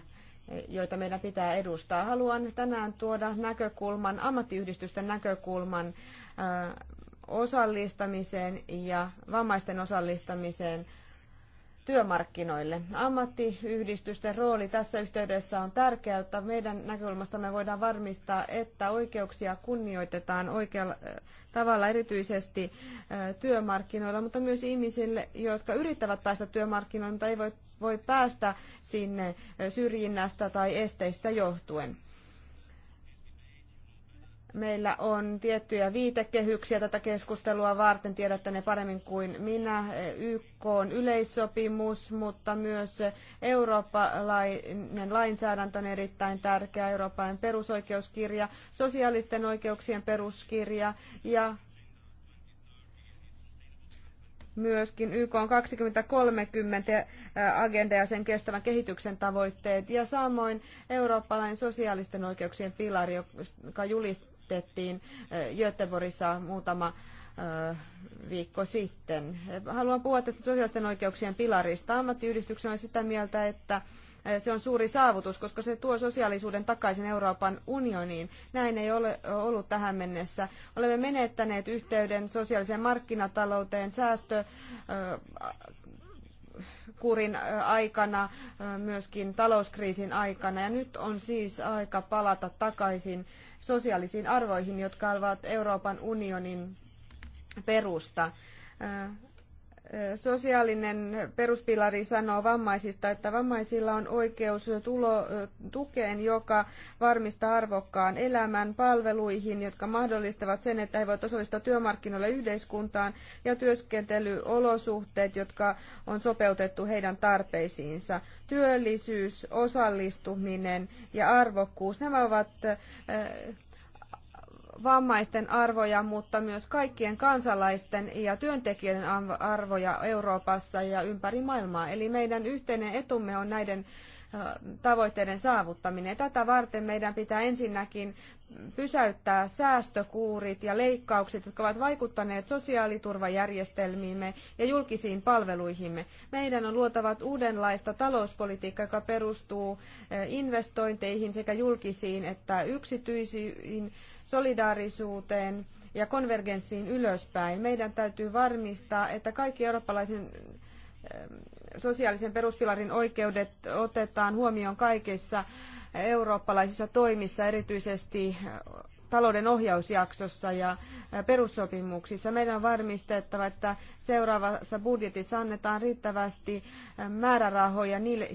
joita meidän pitää edustaa. Haluan tänään tuoda näkökulman, ammattiyhdistysten näkökulman osallistamiseen ja vammaisten osallistamiseen työmarkkinoille. Ammattiyhdistysten rooli tässä yhteydessä on tärkeä, jotta meidän näkökulmastamme voidaan varmistaa, että oikeuksia kunnioitetaan oikealla äh, tavalla erityisesti äh, työmarkkinoilla, mutta myös ihmisille, jotka yrittävät päästä työmarkkinoille, mutta ei voi, voi päästä sinne äh, syrjinnästä tai esteistä johtuen. Meillä on tiettyjä viitekehyksiä tätä keskustelua varten, tiedätte ne paremmin kuin minä. YK on yleissopimus, mutta myös eurooppalainen lainsäädäntö on erittäin tärkeä, eurooppalainen perusoikeuskirja, sosiaalisten oikeuksien peruskirja ja myöskin YK on 2030 agenda ja sen kestävän kehityksen tavoitteet ja samoin eurooppalainen sosiaalisten oikeuksien pilari, joka julist, esitettiin Göteborissa muutama viikko sitten. Haluan puhua tästä sosiaalisten oikeuksien pilarista. Ammattiyhdistyksen on sitä mieltä, että se on suuri saavutus, koska se tuo sosiaalisuuden takaisin Euroopan unioniin. Näin ei ole ollut tähän mennessä. Olemme menettäneet yhteyden sosiaaliseen markkinatalouteen, säästö, kurin aikana, myöskin talouskriisin aikana. Ja nyt on siis aika palata takaisin sosiaalisiin arvoihin, jotka ovat Euroopan unionin perusta. Sosiaalinen peruspilari sanoo vammaisista, että vammaisilla on oikeus tulo, tukeen, joka varmistaa arvokkaan elämän palveluihin, jotka mahdollistavat sen, että he voivat osallistua työmarkkinoille yhteiskuntaan ja työskentelyolosuhteet, jotka on sopeutettu heidän tarpeisiinsa. Työllisyys, osallistuminen ja arvokkuus, nämä ovat äh, vammaisten arvoja, mutta myös kaikkien kansalaisten ja työntekijöiden arvoja Euroopassa ja ympäri maailmaa. Eli meidän yhteinen etumme on näiden tavoitteiden saavuttaminen. Tätä varten meidän pitää ensinnäkin pysäyttää säästökuurit ja leikkaukset, jotka ovat vaikuttaneet sosiaaliturvajärjestelmiimme ja julkisiin palveluihimme. Meidän on luotava uudenlaista talouspolitiikkaa, joka perustuu investointeihin sekä julkisiin että yksityisiin solidaarisuuteen ja konvergenssiin ylöspäin. Meidän täytyy varmistaa, että kaikki eurooppalaisen ähm, sosiaalisen peruspilarin oikeudet otetaan huomioon kaikissa eurooppalaisissa toimissa, erityisesti äh, talouden ohjausjaksossa ja äh, perussopimuksissa. Meidän on varmistettava, että seuraavassa budjetissa annetaan riittävästi äh, määrärahoja niille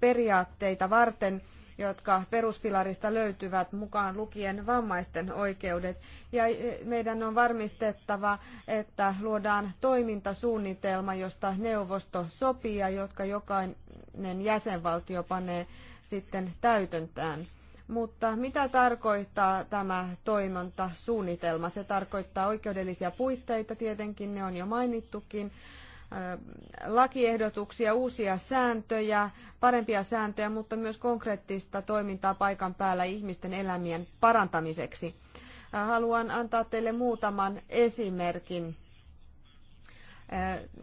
periaatteita varten, jotka peruspilarista löytyvät mukaan lukien vammaisten oikeudet. Ja eh, meidän on varmistettava, että luodaan toimintasuunnitelma, josta neuvosto sopii ja jotka jokainen jäsenvaltio panee sitten täytäntöön. Mutta mitä tarkoittaa tämä toimintasuunnitelma? Se tarkoittaa oikeudellisia puitteita, tietenkin ne on jo mainittukin, lakiehdotuksia, uusia sääntöjä, parempia sääntöjä, mutta myös konkreettista toimintaa paikan päällä ihmisten elämien parantamiseksi. Haluan antaa teille muutaman esimerkin.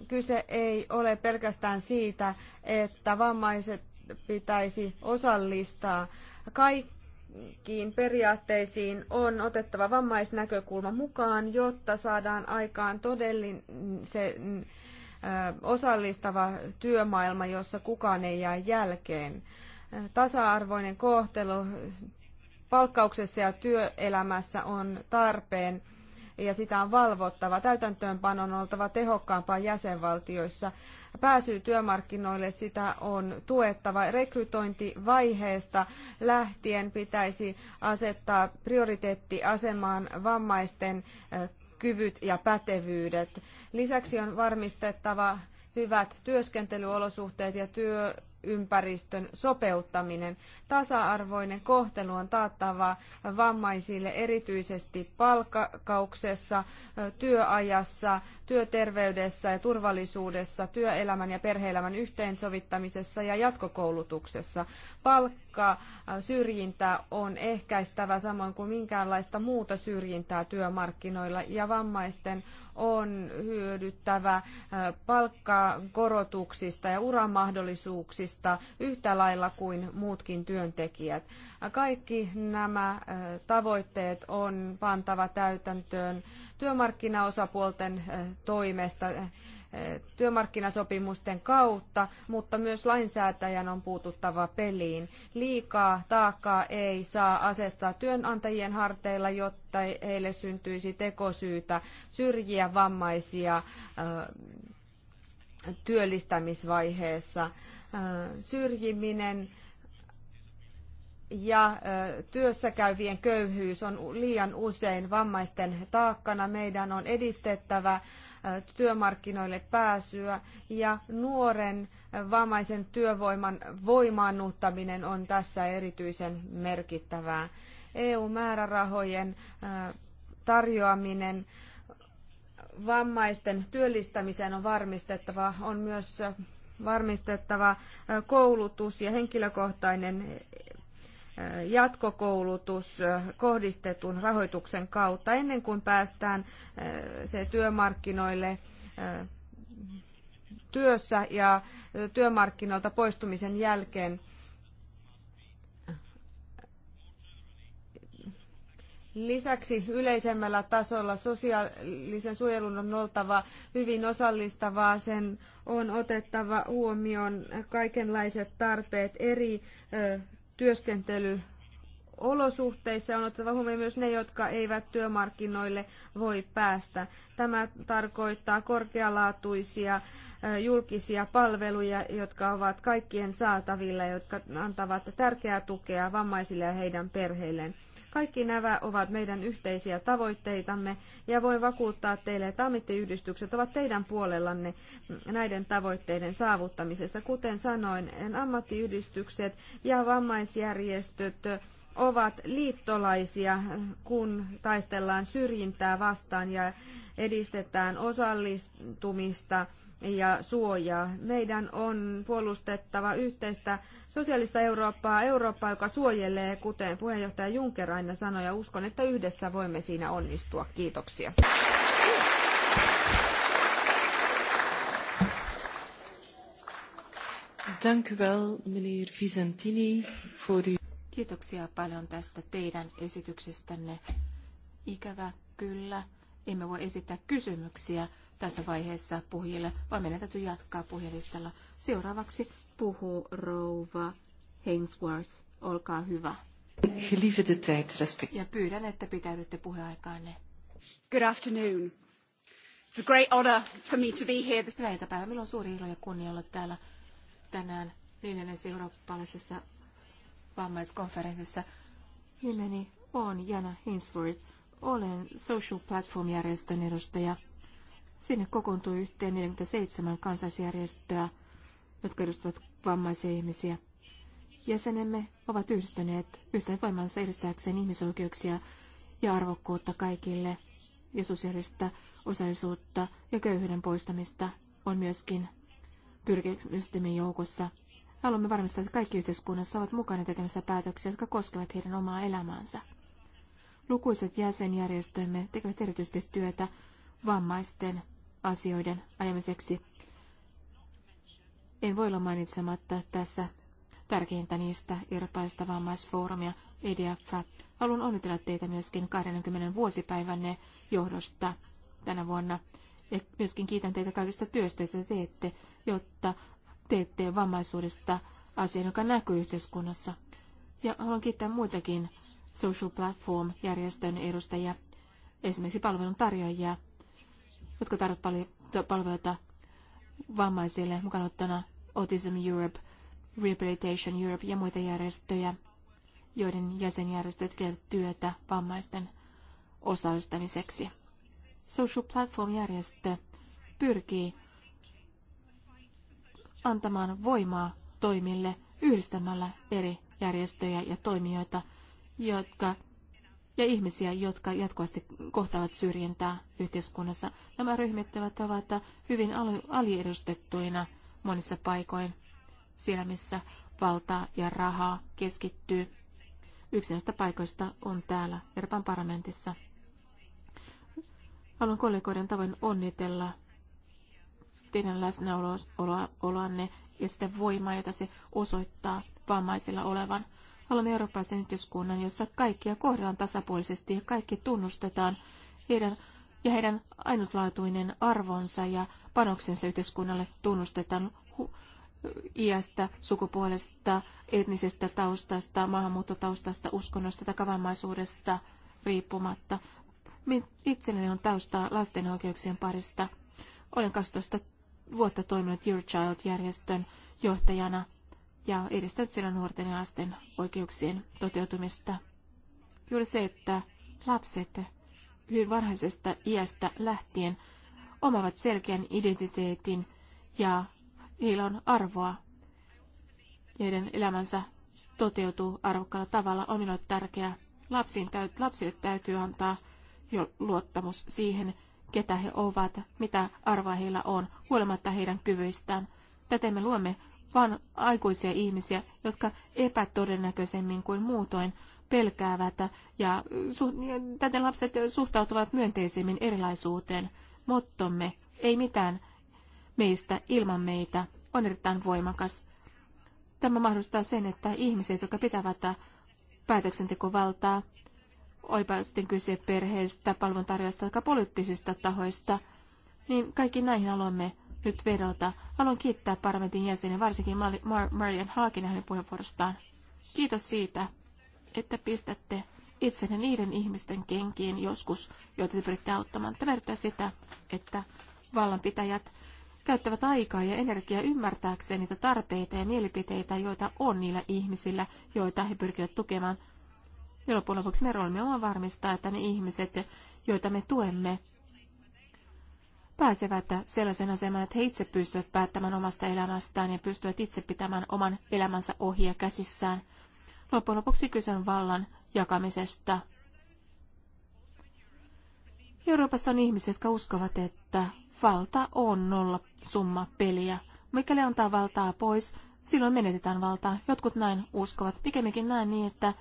Kyse ei ole pelkästään siitä, että vammaiset pitäisi osallistaa kaikkiin periaatteisiin on otettava vammaisnäkökulma mukaan, jotta saadaan aikaan todellinen osallistava työmaailma, jossa kukaan ei jää jälkeen. Tasa-arvoinen kohtelu palkkauksessa ja työelämässä on tarpeen ja sitä on valvottava. Täytäntöönpanon on oltava tehokkaampaa jäsenvaltioissa. Pääsy työmarkkinoille sitä on tuettava. Rekrytointivaiheesta lähtien pitäisi asettaa prioriteettiasemaan vammaisten kyvyt ja pätevyydet. Lisäksi on varmistettava hyvät työskentelyolosuhteet ja työympäristön sopeuttaminen. Tasa-arvoinen kohtelu on taattava vammaisille erityisesti palkkauksessa, työajassa, työterveydessä ja turvallisuudessa, työelämän ja perheelämän yhteensovittamisessa ja jatkokoulutuksessa. Palkka äh, syrjintä on ehkäistävä samoin kuin minkäänlaista muuta syrjintää työmarkkinoilla ja vammaisten on hyödyttävä äh, palkkakorotuksista ja uramahdollisuuksista yhtä lailla kuin muutkin työntekijät. Kaikki nämä tavoitteet on pantava täytäntöön työmarkkinaosapuolten toimesta työmarkkinasopimusten kautta, mutta myös lainsäätäjän on puututtava peliin. Liikaa taakkaa ei saa asettaa työnantajien harteilla, jotta heille syntyisi tekosyytä syrjiä vammaisia työllistämisvaiheessa. Syrjiminen ja työssäkäyvien köyhyys on liian usein vammaisten taakkana. Meidän on edistettävä työmarkkinoille pääsyä ja nuoren vammaisen työvoiman voimaannuttaminen on tässä erityisen merkittävää. EU-määrärahojen tarjoaminen vammaisten työllistämiseen on varmistettava, on myös varmistettava koulutus ja henkilökohtainen jatkokoulutus kohdistetun rahoituksen kautta ennen kuin päästään eh, se työmarkkinoille eh, työssä ja työmarkkinoilta poistumisen jälkeen. Lisäksi yleisemmällä tasolla sosiaalisen suojelun on oltava hyvin osallistavaa. Sen on otettava huomioon kaikenlaiset tarpeet eri eh, työskentely olosuhteissa on otettava huomioon myös ne, jotka eivät työmarkkinoille voi päästä. Tämä tarkoittaa korkealaatuisia julkisia palveluja, jotka ovat kaikkien saatavilla, jotka antavat tärkeää tukea vammaisille ja heidän perheilleen. Kaikki nämä ovat meidän yhteisiä tavoitteitamme ja voin vakuuttaa teille, että ammattiyhdistykset ovat teidän puolellanne näiden tavoitteiden saavuttamisesta. Kuten sanoin, ammattiyhdistykset ja vammaisjärjestöt ovat liittolaisia, kun taistellaan syrjintää vastaan ja edistetään osallistumista ja suojaa. Meidän on puolustettava yhteistä sosiaalista Eurooppaa, Eurooppaa, joka suojelee, kuten puheenjohtaja Juncker aina sanoi, ja uskon, että yhdessä voimme siinä onnistua. Kiitoksia. Kiitoksia paljon tästä teidän esityksestänne. Ikävä kyllä, emme voi esittää kysymyksiä tässä vaiheessa puhujille, vaan meidän täytyy jatkaa puhelistalla. Seuraavaksi puhuu rouva Hainsworth. Olkaa hyvä. Ja pyydän, että pitäydytte puheaikaanne. Good afternoon. It's a great honor for me to be here. This... Hyvää iltapäivää. Minulla on suuri ilo ja kunnia olla täällä tänään neljännessä eurooppalaisessa vammaiskonferenssissa. Nimeni on Jana Hinsworth. Olen Social Platform-järjestön edustaja. Sinne kokoontui yhteen 47 kansaisjärjestöä, jotka edustavat vammaisia ihmisiä. Jäsenemme ovat yhdistyneet yhteen voimansa edistääkseen ihmisoikeuksia ja arvokkuutta kaikille ja sosiaalista osallisuutta ja köyhyyden poistamista on myöskin pyrkimystimin joukossa. Haluamme varmistaa, että kaikki yhteiskunnassa ovat mukana tekemässä päätöksiä, jotka koskevat heidän omaa elämäänsä. Lukuiset jäsenjärjestömme tekevät erityisesti työtä vammaisten asioiden ajamiseksi. En voi olla mainitsematta tässä tärkeintä niistä irpaista vammaisfoorumia EDF. Haluan onnitella teitä myöskin 20 vuosipäivänne johdosta tänä vuonna. Ja myöskin kiitän teitä kaikista työstä, joita teette, jotta teette vammaisuudesta asian, joka näkyy yhteiskunnassa. Ja haluan kiittää muitakin Social Platform-järjestön edustajia, esimerkiksi palvelun tarjoajia, jotka tarvitsevat palveluita vammaisille mukaan ottana Autism Europe, Rehabilitation Europe ja muita järjestöjä, joiden jäsenjärjestöt tekevät työtä vammaisten osallistamiseksi. Social Platform-järjestö pyrkii antamaan voimaa toimille yhdistämällä eri järjestöjä ja toimijoita, jotka ja ihmisiä, jotka jatkuvasti kohtaavat syrjintää yhteiskunnassa. Nämä ryhmittävät ovat hyvin aliedustettuina monissa paikoin siellä, missä valtaa ja rahaa keskittyy. Yksi näistä paikoista on täällä Euroopan parlamentissa. Haluan kollegoiden tavoin onnitella teidän läsnäoloanne ja sitä voimaa, jota se osoittaa vammaisilla olevan. Haluamme eurooppalaisen yhteiskunnan, jossa kaikkia kohdellaan tasapuolisesti ja kaikki tunnustetaan heidän ja heidän ainutlaatuinen arvonsa ja panoksensa yhteiskunnalle tunnustetaan hu- iästä, sukupuolesta, etnisestä taustasta, maahanmuuttotaustasta, uskonnosta tai kavamaisuudesta riippumatta. Itselleni on taustaa lasten oikeuksien parista. Olen 12 vuotta toiminut Your Child-järjestön johtajana ja edistänyt siellä nuorten ja lasten oikeuksien toteutumista. Juuri se, että lapset hyvin varhaisesta iästä lähtien omavat selkeän identiteetin ja heillä on arvoa. heidän elämänsä toteutuu arvokkaalla tavalla on minulle tärkeää. Lapsiin täyt, lapsille täytyy antaa jo luottamus siihen, ketä he ovat, mitä arvoa heillä on, huolimatta heidän kyvyistään. Täten me luomme vaan aikuisia ihmisiä, jotka epätodennäköisemmin kuin muutoin pelkäävät ja täten lapset suhtautuvat myönteisemmin erilaisuuteen. Mottomme, ei mitään meistä ilman meitä, on erittäin voimakas. Tämä mahdollistaa sen, että ihmiset, jotka pitävät päätöksentekovaltaa, oipa sitten kyse perheestä, palveluntarjoajista tai poliittisista tahoista, niin kaikki näihin aloimme nyt vedota. Haluan kiittää parlamentin jäseniä, varsinkin Marian Haakin hänen puheenvuorostaan. Kiitos siitä, että pistätte itsenne niiden ihmisten kenkiin joskus, joita te pyritte auttamaan. Tämä yrittää sitä, että vallanpitäjät käyttävät aikaa ja energiaa ymmärtääkseen niitä tarpeita ja mielipiteitä, joita on niillä ihmisillä, joita he pyrkivät tukemaan. Ja loppujen lopuksi me roolimme on varmistaa, että ne ihmiset, joita me tuemme, pääsevät sellaisen aseman, että he itse pystyvät päättämään omasta elämästään ja pystyvät itse pitämään oman elämänsä ohje käsissään. Loppujen lopuksi kyse on vallan jakamisesta. Euroopassa on ihmisiä, jotka uskovat, että valta on nolla summa peliä. Mikäli antaa valtaa pois, silloin menetetään valtaa. Jotkut näin uskovat. Pikemminkin näin niin, että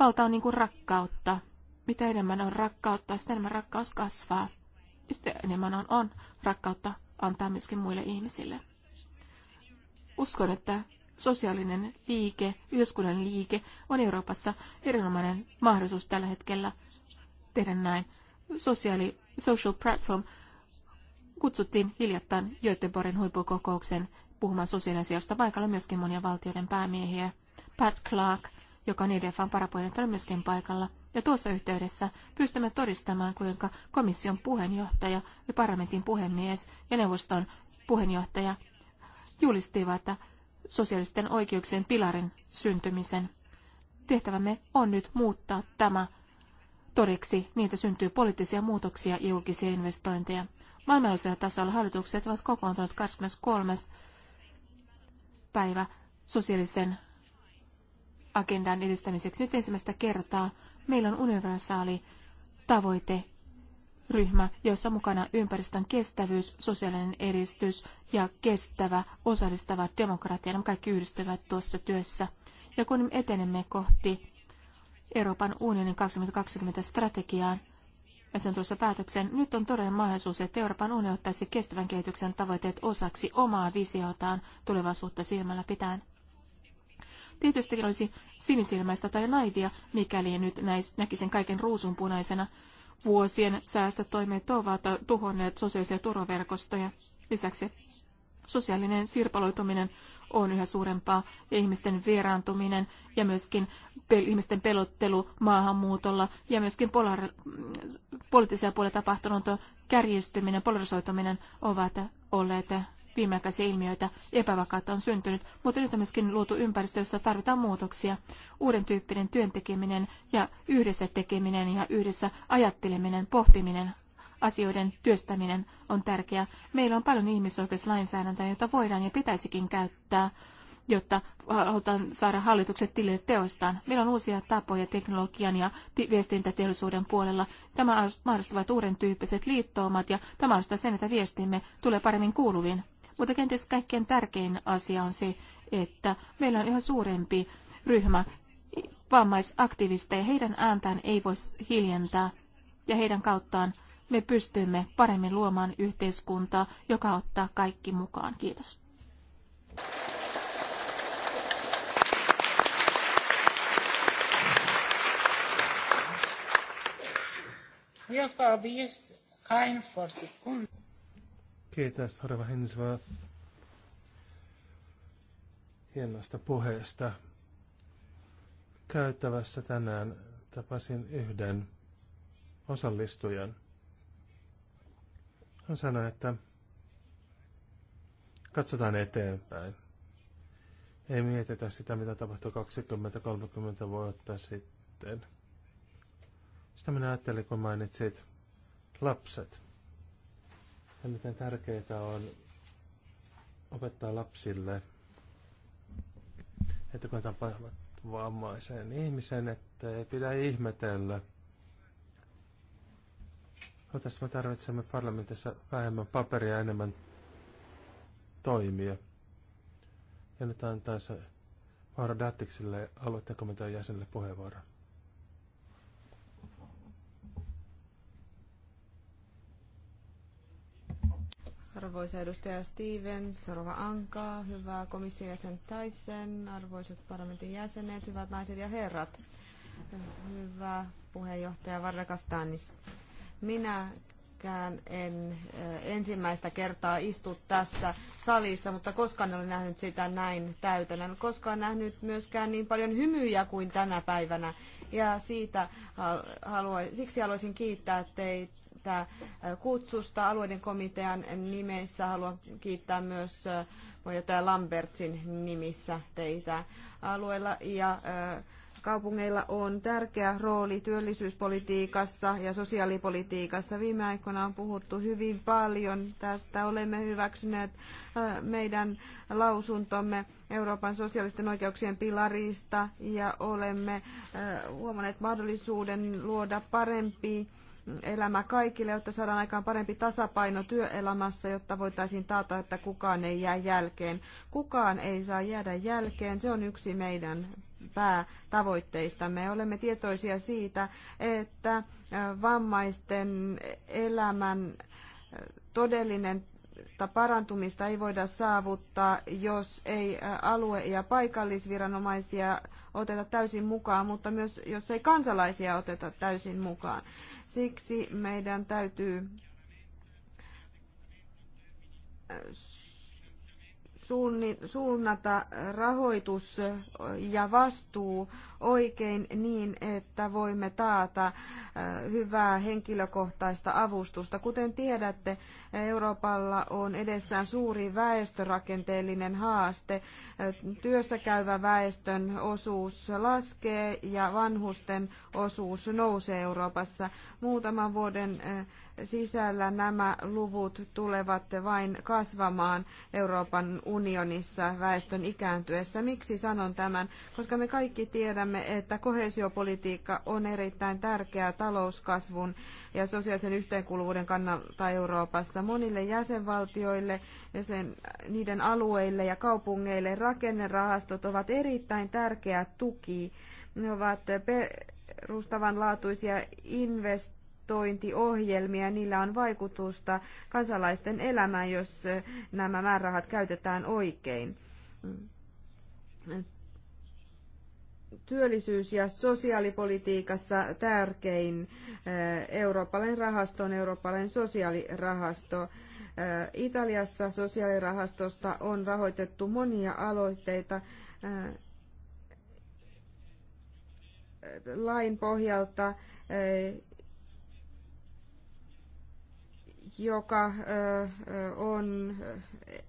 valta on niin kuin rakkautta. Mitä enemmän on rakkautta, sitä enemmän rakkaus kasvaa sitä enemmän on, on rakkautta antaa myöskin muille ihmisille. Uskon, että sosiaalinen liike, yhdyskunnan liike on Euroopassa erinomainen mahdollisuus tällä hetkellä tehdä näin. Sosiaali, social platform kutsuttiin hiljattain Göteborgin huippukokouksen puhumaan sosiaaliasioista paikalla myöskin monia valtioiden päämiehiä. Pat Clark, joka on EDFn parapuolinen, on myöskin paikalla – ja tuossa yhteydessä pystymme todistamaan, kuinka komission puheenjohtaja ja parlamentin puhemies ja neuvoston puheenjohtaja julistivat sosiaalisten oikeuksien pilarin syntymisen. Tehtävämme on nyt muuttaa tämä todeksi, niitä syntyy poliittisia muutoksia ja julkisia investointeja. Maailmanlaajuisella tasolla hallitukset ovat kokoontuneet 23. päivä sosiaalisen agendan edistämiseksi. Nyt ensimmäistä kertaa meillä on universaali tavoite ryhmä, jossa mukana ympäristön kestävyys, sosiaalinen edistys ja kestävä osallistava demokratia. Nämä kaikki yhdistyvät tuossa työssä. Ja kun etenemme kohti Euroopan unionin 2020 strategiaan ja sen tuossa päätöksen, nyt on todellinen mahdollisuus, että Euroopan unioni ottaisi kestävän kehityksen tavoitteet osaksi omaa visiotaan tulevaisuutta silmällä pitäen. Tietysti olisi sinisilmäistä tai naivia, mikäli nyt näis, näkisin kaiken ruusunpunaisena. Vuosien säästötoimet ovat tuhonneet sosiaalisia turvaverkostoja. Lisäksi sosiaalinen sirpaloituminen on yhä suurempaa ja ihmisten vieraantuminen ja myöskin pel- ihmisten pelottelu maahanmuutolla ja myöskin polar- poliittisella puolella tapahtunut kärjistyminen, polarisoituminen ovat olleet viimeaikaisia ilmiöitä, epävakautta on syntynyt, mutta nyt on myöskin luotu ympäristö, jossa tarvitaan muutoksia. Uuden tyyppinen työntekeminen ja yhdessä tekeminen ja yhdessä ajatteleminen, pohtiminen, asioiden työstäminen on tärkeää. Meillä on paljon ihmisoikeuslainsäädäntöä, jota voidaan ja pitäisikin käyttää jotta halutaan saada hallitukset tilille teoistaan. Meillä on uusia tapoja teknologian ja viestintäteollisuuden puolella. Tämä mahdollistavat uuden tyyppiset liittoumat ja tämä mahdollistaa sen, että viestimme tulee paremmin kuuluviin. Mutta kenties kaikkein tärkein asia on se, että meillä on yhä suurempi ryhmä vammaisaktivisteja. Heidän ääntään ei voi hiljentää ja heidän kauttaan me pystymme paremmin luomaan yhteiskuntaa, joka ottaa kaikki mukaan. Kiitos. Yes, of obvious kind forces. Kiitos Harva Hensworth hienosta puheesta. Käyttävässä tänään tapasin yhden osallistujan. Hän sanoi, että katsotaan eteenpäin. Ei mietitä sitä, mitä tapahtui 20-30 vuotta sitten. Sitä minä ajattelin, kun mainitsit lapset ja miten tärkeää on opettaa lapsille, että kun tapahtuvat vammaisen ihmisen, että ei pidä ihmetellä. No, tässä me tarvitsemme parlamentissa vähemmän paperia ja enemmän toimia. Ja nyt antaa se Mauro Dattikselle aloitteen jäsenelle puheenvuoron. Arvoisa edustaja Stevens, Rova Anka, hyvä komission jäsen Tyson, arvoisat parlamentin jäsenet, hyvät naiset ja herrat, hyvä puheenjohtaja Varrakastanis. Minäkään en eh, ensimmäistä kertaa istu tässä salissa, mutta koskaan en ole nähnyt sitä näin täytänä. En koskaan nähnyt myöskään niin paljon hymyjä kuin tänä päivänä ja siitä haluaisin, siksi haluaisin kiittää teitä tästä kutsusta alueiden komitean nimeissä. Haluan kiittää myös puheenjohtaja Lambertsin nimissä teitä alueella ja Kaupungeilla on tärkeä rooli työllisyyspolitiikassa ja sosiaalipolitiikassa. Viime aikoina on puhuttu hyvin paljon tästä. Olemme hyväksyneet meidän lausuntomme Euroopan sosiaalisten oikeuksien pilarista ja olemme huomanneet mahdollisuuden luoda parempi elämä kaikille, jotta saadaan aikaan parempi tasapaino työelämässä, jotta voitaisiin taata, että kukaan ei jää jälkeen. Kukaan ei saa jäädä jälkeen, se on yksi meidän päätavoitteistamme. Olemme tietoisia siitä, että vammaisten elämän todellinen parantumista ei voida saavuttaa, jos ei alue- ja paikallisviranomaisia oteta täysin mukaan, mutta myös jos ei kansalaisia oteta täysin mukaan. Siksi meidän täytyy suunnata rahoitus ja vastuu oikein niin, että voimme taata äh, hyvää henkilökohtaista avustusta. Kuten tiedätte, Euroopalla on edessään suuri väestörakenteellinen haaste. Työssäkäyvä väestön osuus laskee ja vanhusten osuus nousee Euroopassa. Muutaman vuoden äh, sisällä nämä luvut tulevat vain kasvamaan Euroopan unionissa väestön ikääntyessä. Miksi sanon tämän? Koska me kaikki tiedämme, että kohesiopolitiikka on erittäin tärkeää talouskasvun ja sosiaalisen yhteenkuuluvuuden kannalta Euroopassa. Monille jäsenvaltioille ja sen, niiden alueille ja kaupungeille rakennerahastot ovat erittäin tärkeä tuki. Ne ovat perustavanlaatuisia investointeja investointiohjelmia, niillä on vaikutusta kansalaisten elämään, jos nämä määrärahat käytetään oikein työllisyys- ja sosiaalipolitiikassa tärkein eurooppalainen rahasto on eurooppalainen sosiaalirahasto. Italiassa sosiaalirahastosta on rahoitettu monia aloitteita lain pohjalta joka on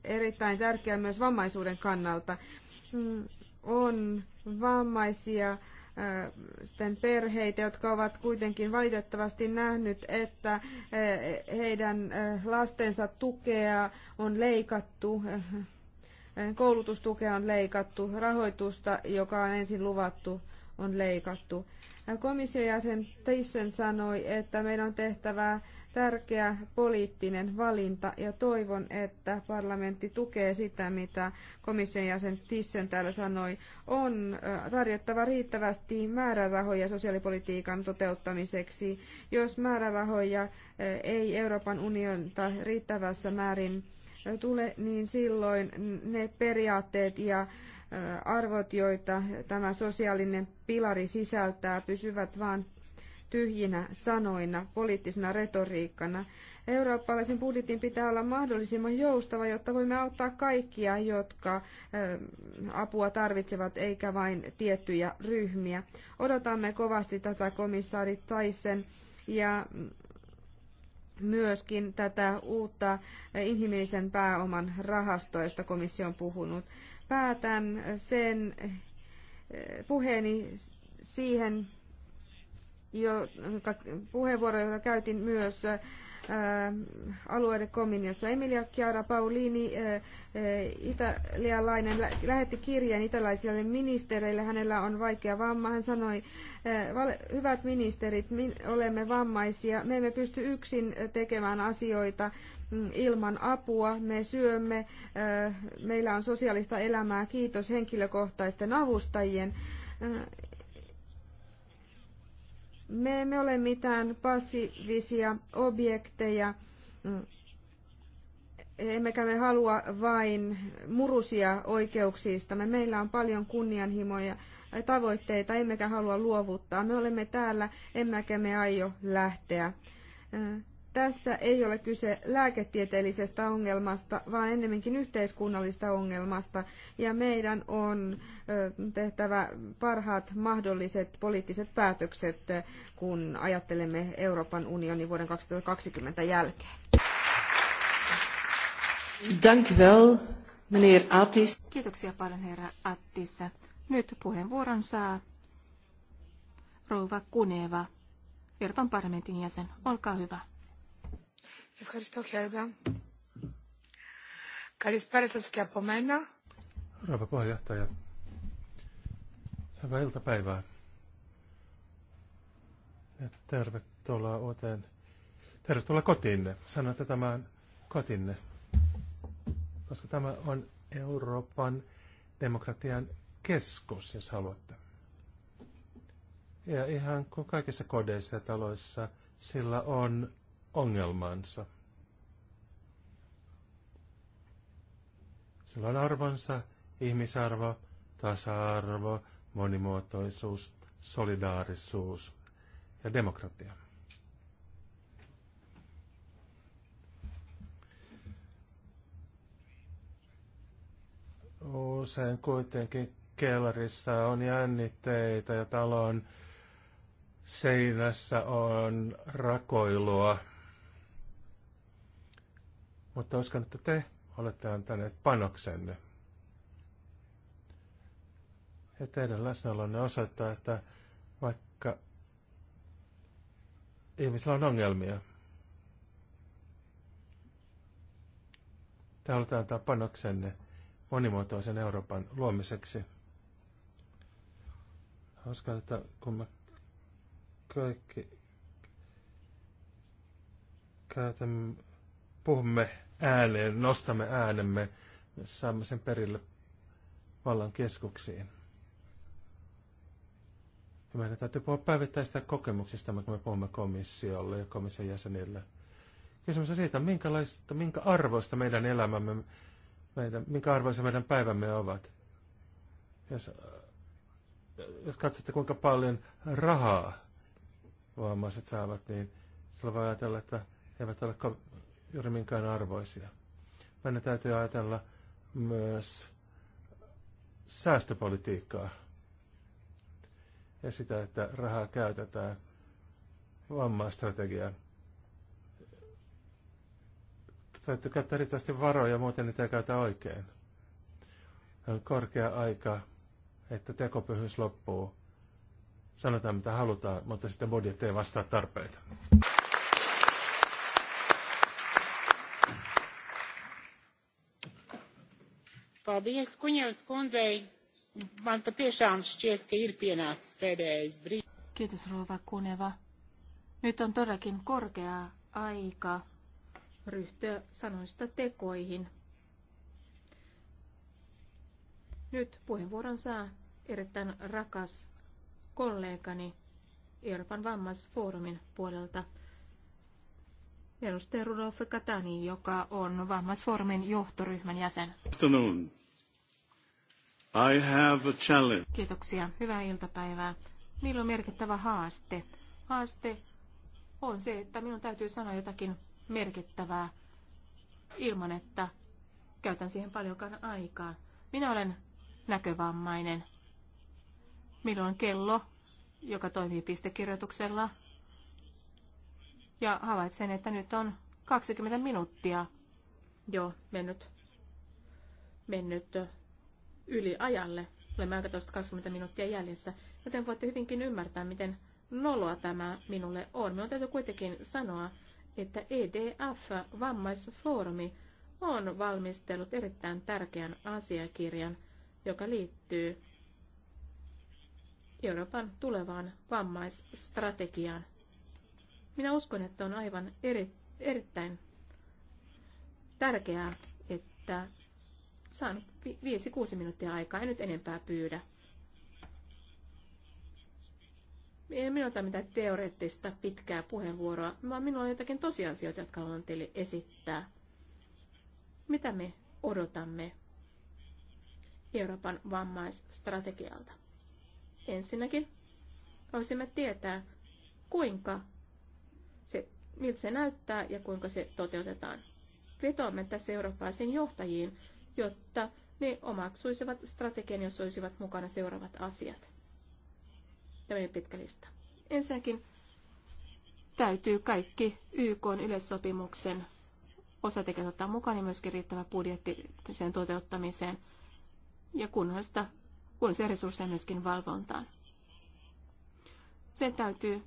erittäin tärkeä myös vammaisuuden kannalta. Mm, on vammaisia sitten perheitä, jotka ovat kuitenkin valitettavasti nähnyt, että heidän lastensa tukea on leikattu, koulutustukea on leikattu, rahoitusta, joka on ensin luvattu on leikattu. Komission jäsen Thyssen sanoi, että meidän on tehtävä tärkeä poliittinen valinta ja toivon, että parlamentti tukee sitä, mitä komission jäsen Thyssen täällä sanoi. On tarjottava riittävästi määrärahoja sosiaalipolitiikan toteuttamiseksi. Jos määrärahoja ei Euroopan unionta riittävässä määrin tule, niin silloin ne periaatteet ja arvot, joita tämä sosiaalinen pilari sisältää, pysyvät vain tyhjinä sanoina, poliittisena retoriikkana. Eurooppalaisen budjetin pitää olla mahdollisimman joustava, jotta voimme auttaa kaikkia, jotka apua tarvitsevat, eikä vain tiettyjä ryhmiä. Odotamme kovasti tätä komissaari Taisen ja myöskin tätä uutta inhimillisen pääoman rahastoa, josta komissio on puhunut päätän sen eh, puheeni siihen jo, puheenvuoro, jota käytin myös eh, alueiden kominiassa. Emilia Chiara Paulini, eh, italialainen, lähetti kirjeen italaisille ministereille. Hänellä on vaikea vamma. Hän sanoi, hyvät ministerit, olemme vammaisia. Me emme pysty yksin tekemään asioita. Mm, ilman apua. Me syömme, äh, meillä on sosiaalista elämää, kiitos henkilökohtaisten avustajien. Äh, me emme ole mitään passiivisia objekteja, mm. emmekä me halua vain murusia oikeuksista, Meillä on paljon kunnianhimoja tavoitteita, emmekä halua luovuttaa. Me olemme täällä, emmekä me aio lähteä. Äh, tässä ei ole kyse lääketieteellisestä ongelmasta, vaan ennemminkin yhteiskunnallista ongelmasta, ja meidän on tehtävä parhaat mahdolliset poliittiset päätökset, kun ajattelemme Euroopan unionin vuoden 2020 jälkeen. Dank wel, meneer Attis. Kiitoksia paljon, herra Attis. Nyt puheenvuoron saa rouva Kuneva, Euroopan parlamentin jäsen. Olkaa hyvä. Ευχαριστώ, Χέλγα. Καλησπέρα σας και από μένα. Rouva puheenjohtaja, hyvää iltapäivää. Ja tervetuloa uuteen, tervetuloa kotiinne. Sanon, että tämä on kotinne, koska tämä on Euroopan demokratian keskus, jos haluatte. Ja ihan kuin kaikissa kodeissa ja taloissa, sillä on ongelmansa. Sillä on arvonsa, ihmisarvo, tasa-arvo, monimuotoisuus, solidaarisuus ja demokratia. Usein kuitenkin kellarissa on jännitteitä ja talon seinässä on rakoilua – mutta uskon, että te olette antaneet panoksenne. Ja teidän läsnäolonne osoittaa, että vaikka ihmisillä on ongelmia, te olette antaa panoksenne monimuotoisen Euroopan luomiseksi. Uskon, että kun me kaikki käytämme, puhumme ääneen, nostamme äänemme, saamme sen perille vallan keskuksiin. Ja meidän täytyy puhua päivittäistä kokemuksista, kun me puhumme komissiolle ja komission jäsenille. Kysymys on siitä, minkälaista, minkä arvoista meidän elämämme, meidän, minkä arvoisia meidän päivämme ovat. Jos, jos katsotte, kuinka paljon rahaa vammaiset saavat, niin silloin voi ajatella, että he eivät ole juuri minkään arvoisia. Meidän täytyy ajatella myös säästöpolitiikkaa ja sitä, että rahaa käytetään vammaistrategiaan. Täytyy käyttää riittävästi varoja, muuten niitä ei käytä oikein. On korkea aika, että tekopyhyys loppuu. Sanotaan mitä halutaan, mutta sitten budjetti ei vastaa tarpeita. Paldies Kuņevs kundzei. Man patiešām šķiet, ka ir pienācis pēdējais brīdis. Kiitos Rova Kuneva. Nyt on todellakin korkea aika ryhtyä sanoista tekoihin. Nyt puheenvuoron saa erittäin rakas kollegani Euroopan vammaisfoorumin puolelta edustaja Rudolf Katani, joka on vammaisfoorumin johtoryhmän jäsen. Afternoon. I have a challenge. Kiitoksia. Hyvää iltapäivää. Niillä on merkittävä haaste. Haaste on se, että minun täytyy sanoa jotakin merkittävää ilman, että käytän siihen paljonkaan aikaa. Minä olen näkövammainen. Milloin kello, joka toimii pistekirjoituksella, ja havaitsen, että nyt on 20 minuuttia jo mennyt, mennyt yli ajalle. Olemme aika 20 minuuttia jäljessä, joten voitte hyvinkin ymmärtää, miten noloa tämä minulle on. Minun täytyy kuitenkin sanoa, että EDF, vammaisfoorumi, on valmistellut erittäin tärkeän asiakirjan, joka liittyy Euroopan tulevaan vammaisstrategiaan. Minä uskon, että on aivan eri, erittäin tärkeää, että saan 5-6 minuuttia aikaa, en nyt enempää pyydä. En minulla ole mitään teoreettista pitkää puheenvuoroa, vaan minulla on jotakin tosiasioita, jotka haluan teille esittää. Mitä me odotamme Euroopan vammaisstrategialta? Ensinnäkin haluaisimme tietää, kuinka se, miltä se näyttää ja kuinka se toteutetaan. Vetoamme tässä eurooppalaisiin johtajiin, jotta ne omaksuisivat strategian, jos olisivat mukana seuraavat asiat. Tämmöinen pitkä lista. Ensinnäkin täytyy kaikki YK yleissopimuksen osatekijät ottaa mukaan niin myöskin riittävä budjetti sen toteuttamiseen ja kunnollista, kunnollisia resursseja myöskin valvontaan. Sen täytyy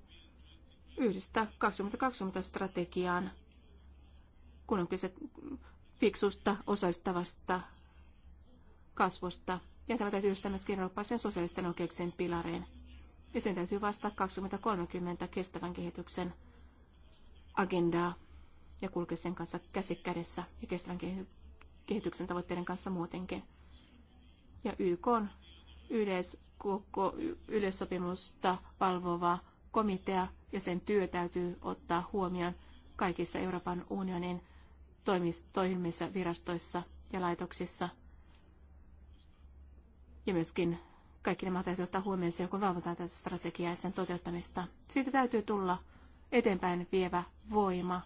yhdistää 2020 strategiaan, kun on kyse fiksusta, osaistavasta kasvusta. Ja tämä täytyy yhdistää myös eurooppalaisen sosiaalisten oikeuksien pilareen. Ja sen täytyy vastata 2030 kestävän kehityksen agendaa ja kulkea sen kanssa käsi kädessä ja kestävän kehityksen tavoitteiden kanssa muutenkin. Ja YK on yleiskoko, yleissopimusta valvova komitea ja sen työ täytyy ottaa huomioon kaikissa Euroopan unionin toimissa, virastoissa ja laitoksissa. Ja myöskin kaikki nämä täytyy ottaa huomioon silloin, kun valvotaan tätä strategiaa ja sen toteuttamista. Siitä täytyy tulla eteenpäin vievä voima,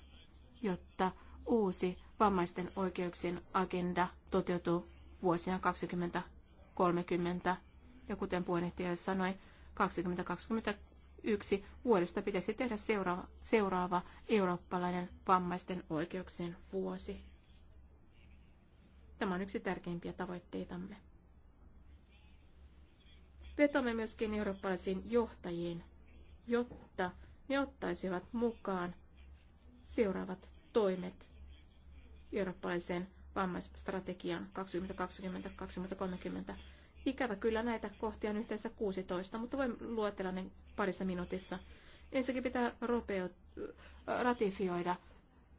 jotta uusi vammaisten oikeuksien agenda toteutuu vuosina 2030. Ja kuten puheenjohtaja sanoi, 2020 Yksi vuodesta pitäisi tehdä seuraava, seuraava eurooppalainen vammaisten oikeuksien vuosi. Tämä on yksi tärkeimpiä tavoitteitamme. Vetomme myöskin eurooppalaisiin johtajiin, jotta ne ottaisivat mukaan seuraavat toimet eurooppalaisen vammaisstrategian 2020-2030. Ikävä kyllä näitä kohtia on yhteensä 16, mutta voin luetella ne parissa minuutissa. Ensinnäkin pitää ropeut, äh, ratifioida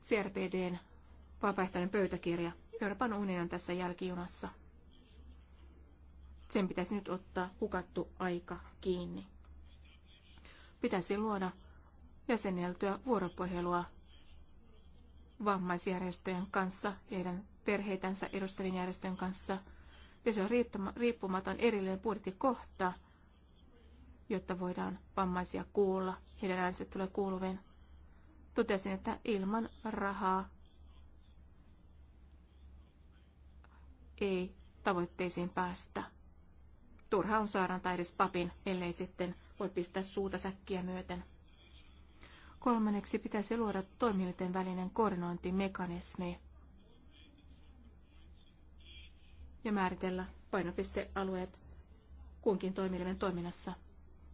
CRPDn vapaaehtoinen pöytäkirja. Euroopan unioni on tässä jälkijunassa. Sen pitäisi nyt ottaa hukattu aika kiinni. Pitäisi luoda jäseneltyä vuoropuhelua vammaisjärjestöjen kanssa, heidän perheitänsä edustavien järjestöjen kanssa, ja se on riippumaton erillinen budjettikohta – jotta voidaan vammaisia kuulla. Heidän äänsä tulee kuuluvien. Totesin, että ilman rahaa ei tavoitteisiin päästä. Turha on tai edes papin, ellei sitten voi pistää suuta säkkiä myöten. Kolmanneksi pitäisi luoda toimijoiden välinen koordinointimekanismi ja määritellä painopistealueet kunkin toimielimen toiminnassa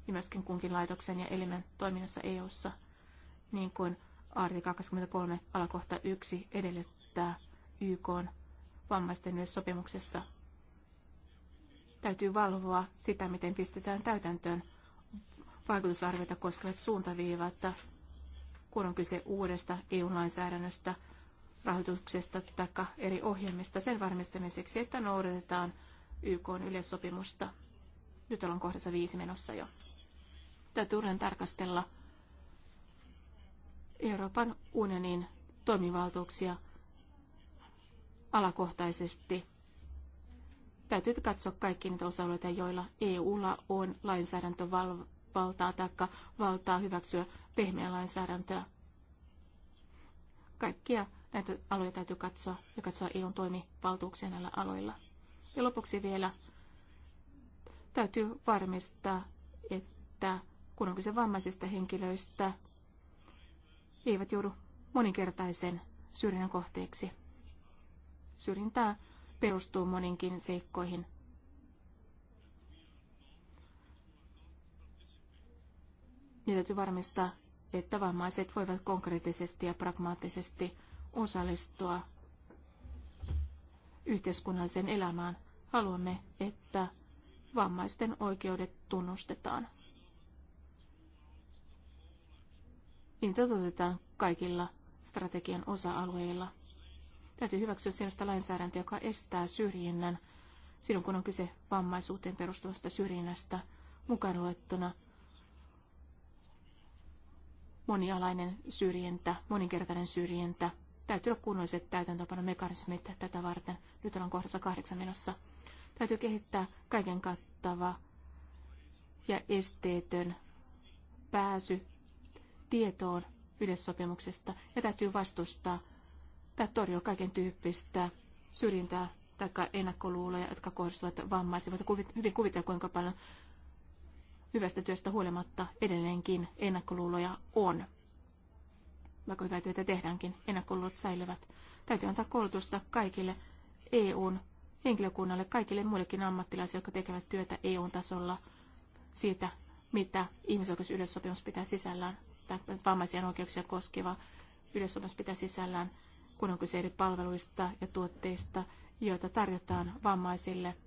ja myöskin kunkin laitoksen ja elimen toiminnassa EU:ssa, niin kuin artikla 23 alakohta 1 edellyttää YK vammaisten yleissopimuksessa. Täytyy valvoa sitä, miten pistetään täytäntöön vaikutusarvioita koskevat suuntaviivat, kun on kyse uudesta EU-lainsäädännöstä, rahoituksesta tai eri ohjelmista sen varmistamiseksi, että noudatetaan YK yleissopimusta. Nyt ollaan kohdassa viisi menossa jo. Täytyy uuden tarkastella Euroopan unionin toimivaltuuksia alakohtaisesti. Täytyy katsoa kaikki niitä osa-alueita, joilla EUlla on lainsäädäntövaltaa tai valtaa hyväksyä pehmeää lainsäädäntöä. Kaikkia näitä aloja täytyy katsoa ja katsoa EUn toimivaltuuksia näillä aloilla. Ja lopuksi vielä täytyy varmistaa, että kun on kyse vammaisista henkilöistä, eivät joudu moninkertaisen syrjinnän kohteeksi. Syrjintää perustuu moninkin seikkoihin. Ja täytyy varmistaa, että vammaiset voivat konkreettisesti ja pragmaattisesti osallistua yhteiskunnalliseen elämään. Haluamme, että vammaisten oikeudet tunnustetaan. niin toteutetaan kaikilla strategian osa-alueilla. Täytyy hyväksyä sellaista lainsäädäntöä, joka estää syrjinnän silloin, kun on kyse vammaisuuteen perustuvasta syrjinnästä mukaan luettuna monialainen syrjintä, moninkertainen syrjintä. Täytyy olla kunnolliset täytäntöpanomekanismit tätä varten. Nyt ollaan kohdassa kahdeksan menossa. Täytyy kehittää kaiken kattava ja esteetön pääsy tietoon yleissopimuksesta ja täytyy vastustaa tai torjua kaiken tyyppistä syrjintää tai ennakkoluuloja, jotka kohdistuvat vammaisiin. Voit hyvin kuvitella, kuinka paljon hyvästä työstä huolimatta edelleenkin ennakkoluuloja on. Vaikka hyvää työtä tehdäänkin, ennakkoluulot säilyvät. Täytyy antaa koulutusta kaikille EUn henkilökunnalle, kaikille muillekin ammattilaisille, jotka tekevät työtä EUn tasolla siitä, mitä ihmisoikeusyleissopimus pitää sisällään että vammaisien oikeuksia koskeva yleissopimus pitää sisällään, kun on kyse eri palveluista ja tuotteista, joita tarjotaan vammaisille.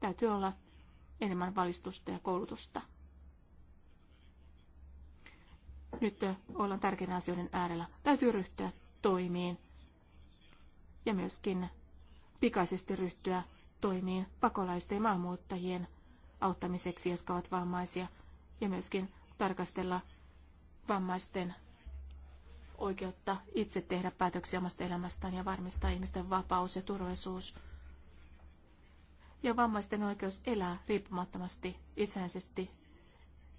Täytyy olla enemmän valistusta ja koulutusta. Nyt ollaan tärkeiden asioiden äärellä. Täytyy ryhtyä toimiin ja myöskin pikaisesti ryhtyä toimiin pakolaisten ja maahanmuuttajien auttamiseksi, jotka ovat vammaisia, ja myöskin tarkastella vammaisten oikeutta itse tehdä päätöksiä omasta elämästään ja varmistaa ihmisten vapaus ja turvallisuus. Ja vammaisten oikeus elää riippumattomasti, itsenäisesti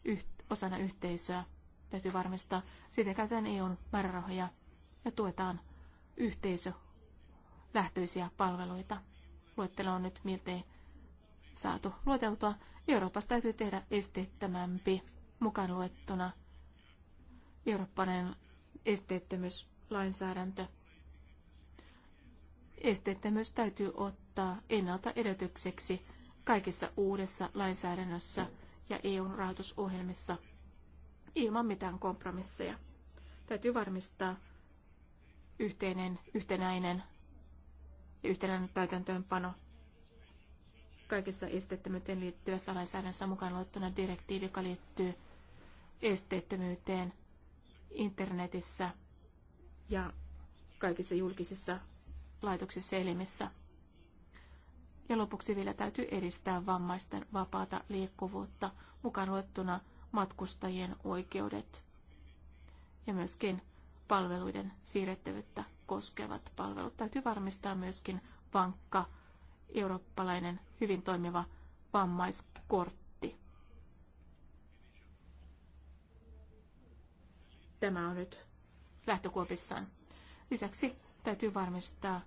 yht- osana yhteisöä. Täytyy varmistaa, siitä käytetään EUn määrärahoja ja tuetaan yhteisölähtöisiä palveluita. Luettelo on nyt miltei saatu lueteltua. Euroopasta täytyy tehdä esteettömämpi mukaan luettuna – eurooppalainen esteettömyyslainsäädäntö. Esteettömyys täytyy ottaa ennalta edellytykseksi kaikissa uudessa lainsäädännössä ja EUn rahoitusohjelmissa ilman mitään kompromisseja. Täytyy varmistaa yhteinen, yhtenäinen ja yhtenäinen täytäntöönpano kaikissa esteettömyyteen liittyvässä lainsäädännössä mukaan luettuna direktiivi, joka liittyy esteettömyyteen internetissä ja kaikissa julkisissa laitoksissa elimissä. Ja lopuksi vielä täytyy edistää vammaisten vapaata liikkuvuutta, mukaan luettuna matkustajien oikeudet ja myöskin palveluiden siirrettävyyttä koskevat palvelut. Täytyy varmistaa myöskin vankka eurooppalainen hyvin toimiva vammaiskortti Tämä on nyt lähtökuopissaan. Lisäksi täytyy varmistaa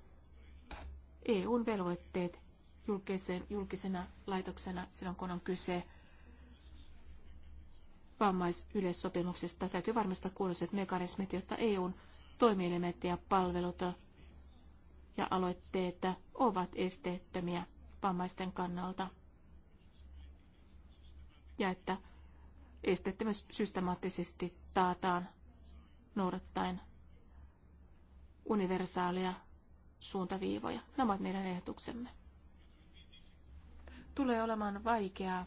EUn velvoitteet julkisen, julkisena laitoksena silloin, kun on kyse vammaisyleissopimuksesta. Täytyy varmistaa kuuluiset mekanismit, jotta EUn toimielimet ja palvelut ja aloitteet ovat esteettömiä vammaisten kannalta. Ja että esteettömyys systemaattisesti taataan noudattaen universaalia suuntaviivoja. Nämä ovat meidän ehdotuksemme. Tulee olemaan vaikeaa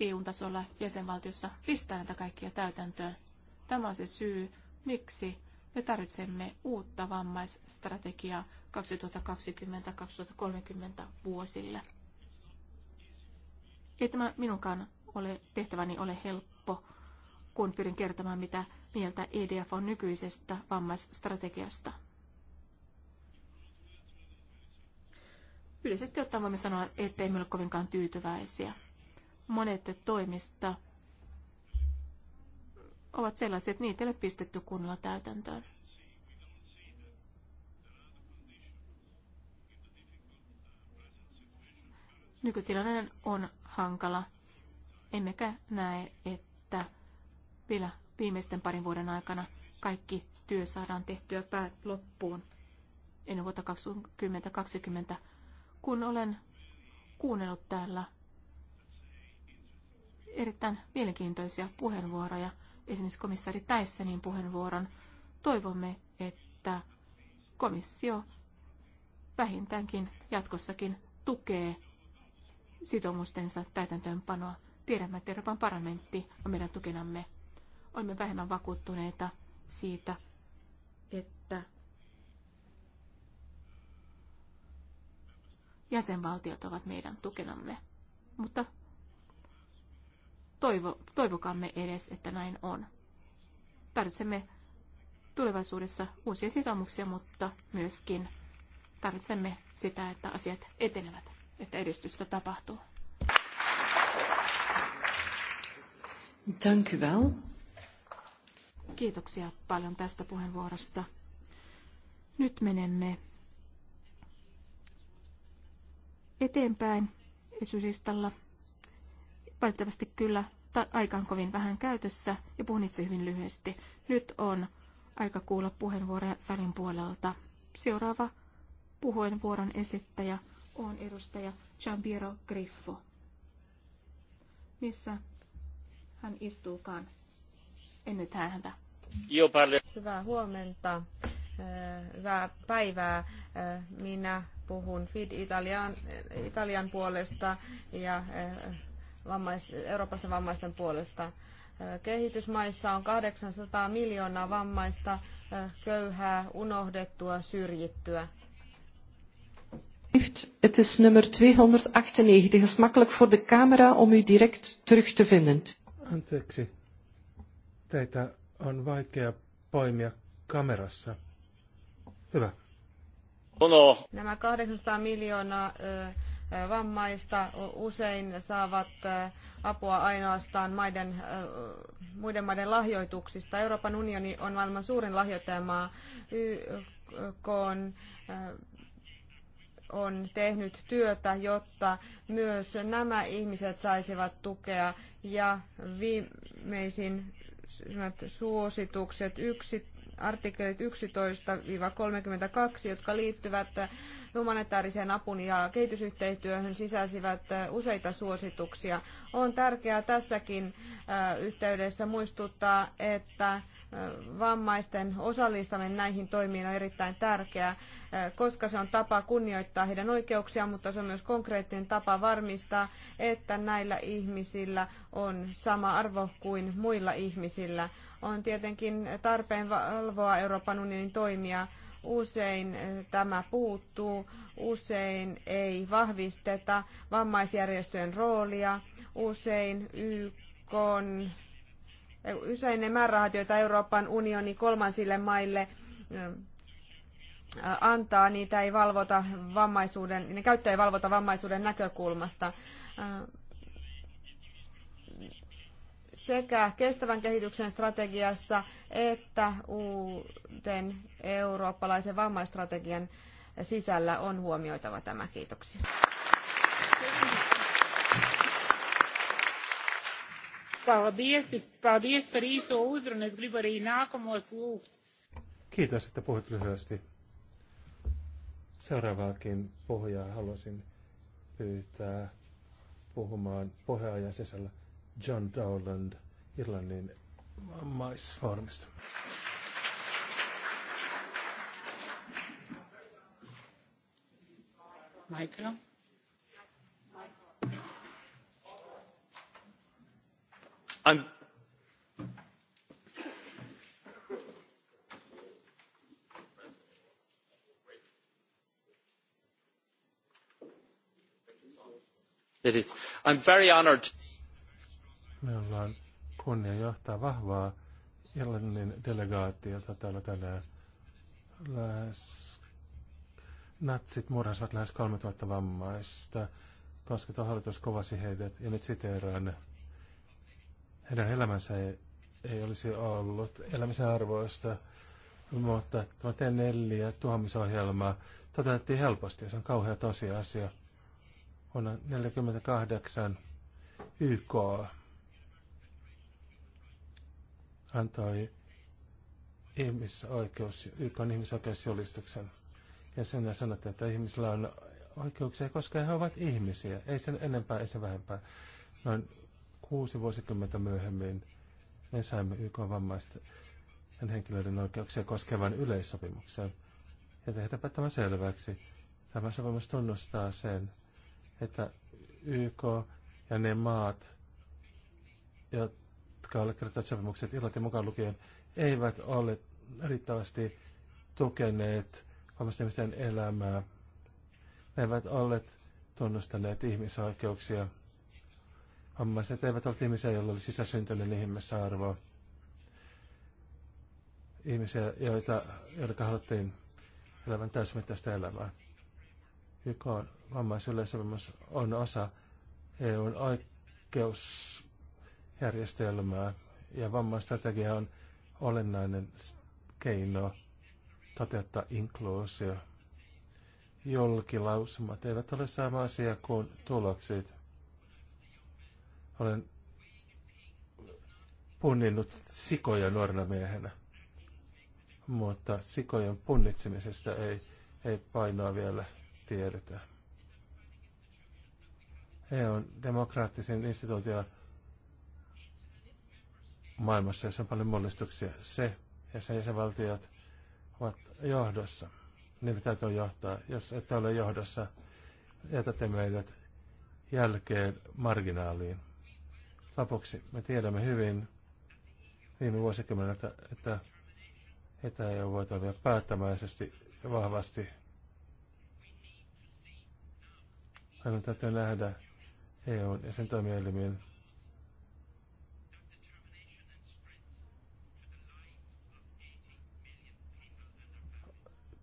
EU-tasolla jäsenvaltiossa pistää näitä kaikkia täytäntöön. Tämä on se syy, miksi me tarvitsemme uutta vammaisstrategiaa 2020-2030 vuosille. Ei tämä minunkaan ole, tehtäväni ole helppo kun pyrin kertomaan, mitä mieltä EDF on nykyisestä vammaisstrategiasta. Yleisesti ottaen voimme sanoa, että emme ole kovinkaan tyytyväisiä. Monet toimista ovat sellaisia, että niitä ei ole pistetty kunnolla täytäntöön. Nykytilanne on hankala, emmekä näe, että vielä viimeisten parin vuoden aikana kaikki työ saadaan tehtyä päät loppuun ennen vuotta 2020, kun olen kuunnellut täällä erittäin mielenkiintoisia puheenvuoroja, esimerkiksi komissaari Täissenin puheenvuoron. Toivomme, että komissio vähintäänkin jatkossakin tukee sitoumustensa täytäntöönpanoa. Tiedämme, että Euroopan parlamentti on meidän tukenamme olemme vähemmän vakuuttuneita siitä, että jäsenvaltiot ovat meidän tukenamme. Mutta toivo, toivokamme edes, että näin on. Tarvitsemme tulevaisuudessa uusia sitoumuksia, mutta myöskin tarvitsemme sitä, että asiat etenevät, että edistystä tapahtuu. Dank u wel. Kiitoksia paljon tästä puheenvuorosta. Nyt menemme eteenpäin esyristalla. Valitettavasti kyllä aika on kovin vähän käytössä ja puhun itse hyvin lyhyesti. Nyt on aika kuulla puheenvuoroja salin puolelta. Seuraava puheenvuoron esittäjä on edustaja Giampiero Griffo. Missä hän istuukaan? En nyt häntä. Hyvää huomenta, eh, hyvää päivää. Eh, minä puhun FID Italian, Italian puolesta ja eh, vammais, Euroopan vammaisten puolesta. Kehitysmaissa on 800 miljoonaa vammaista, köyhää, unohdettua, syrjittyä. Het is nummer 298. Het is makkelijk voor de camera om u direct terug te vinden. Anteeksi. Teitä on vaikea poimia kamerassa. Hyvä. Ono. Nämä 800 miljoonaa vammaista usein saavat apua ainoastaan maiden, muiden maiden lahjoituksista. Euroopan unioni on maailman suurin lahjoittajamaa. YK on, on tehnyt työtä, jotta myös nämä ihmiset saisivat tukea ja viimeisin suositukset, yksi, artikkelit 11-32, jotka liittyvät humanitaariseen apuun ja kehitysyhteistyöhön, sisälsivät useita suosituksia. On tärkeää tässäkin yhteydessä muistuttaa, että vammaisten osallistaminen näihin toimiin on erittäin tärkeää, eh, koska se on tapa kunnioittaa heidän oikeuksiaan, mutta se on myös konkreettinen tapa varmistaa, että näillä ihmisillä on sama arvo kuin muilla ihmisillä. On tietenkin tarpeen valvoa Euroopan unionin toimia. Usein eh, tämä puuttuu, usein ei vahvisteta vammaisjärjestöjen roolia, usein YK on Usein ne määrärahat, joita Euroopan unioni kolmansille maille antaa, niitä ei valvota vammaisuuden, ne käyttöä ei valvota vammaisuuden näkökulmasta. Sekä kestävän kehityksen strategiassa että uuden eurooppalaisen vammaistrategian sisällä on huomioitava tämä. Kiitoksia. Paldies, paldies par īso uzrunu. Es gribu arī nākamos lūgt. Kiitos, että puhut lyhyesti. Seuraavaakin puhujaa haluaisin pyytää puhumaan pohjaajan sisällä John Dowland Irlannin maisfarmista. Michael? i'm It is. I'm very honored. Minulla on kunnia johtaa vahvaa Irlannin delegaatiota täällä tänään. Lähes natsit murhasivat lähes 3000 vammaista. Koska tuo hallitus kovasi heidät, ja nyt siteeraan heidän elämänsä ei, ei olisi ollut elämisen arvoista, mutta tämä T4 tuhoamisohjelma toteutettiin helposti ja se on kauhea tosiasia. Vuonna 1948 YK antoi ihmisoikeus, YK on ihmisoikeusjulistuksen. Ja sen sanottiin, että ihmisillä on oikeuksia, koska he ovat ihmisiä. Ei sen enempää, ei sen vähempää. Noin kuusi vuosikymmentä myöhemmin me saimme YK vammaisten henkilöiden oikeuksia koskevan yleissopimuksen. Ja tehdäpä tämä selväksi. Tämä sopimus tunnustaa sen, että YK ja ne maat, jotka allekirjoittavat sopimukset Irlantin mukaan lukien, eivät ole riittävästi tukeneet vammaisten ihmisten elämää. Ne eivät ole tunnustaneet ihmisoikeuksia Vammaiset eivät ole ihmisiä, joilla oli niin ihmessä arvoa. Ihmisiä, joita, joita haluttiin elävän täysmittaista elämää. YK on vammaisyleisopimus on osa EUn oikeusjärjestelmää ja vammaistrategia on olennainen keino toteuttaa inkluusio. Julkilausumat eivät ole sama asia kuin tulokset. Olen punninnut sikoja nuorena miehenä, mutta sikojen punnitsemisesta ei, ei painoa vielä tiedetä. He on demokraattisen instituutio maailmassa, jossa on paljon mullistuksia. Se ja sen jäsenvaltiot ovat johdossa. Niitä täytyy johtaa. Jos ette ole johdossa, jätätte meidät jälkeen marginaaliin. Lopuksi me tiedämme hyvin viime vuosikymmeneltä, että ei ole voitu toimia päättämäisesti ja vahvasti. Meidän täytyy nähdä EUn ja sen toimielimien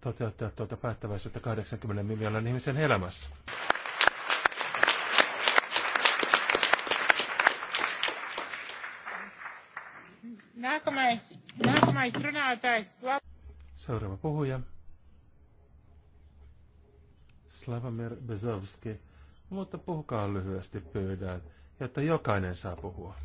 toteuttaa tuota päättäväisyyttä 80 miljoonan ihmisen elämässä. Seuraava puhuja. Slavomir Bezovski. Mutta puhukaa lyhyesti pyydään, jotta jokainen saa puhua.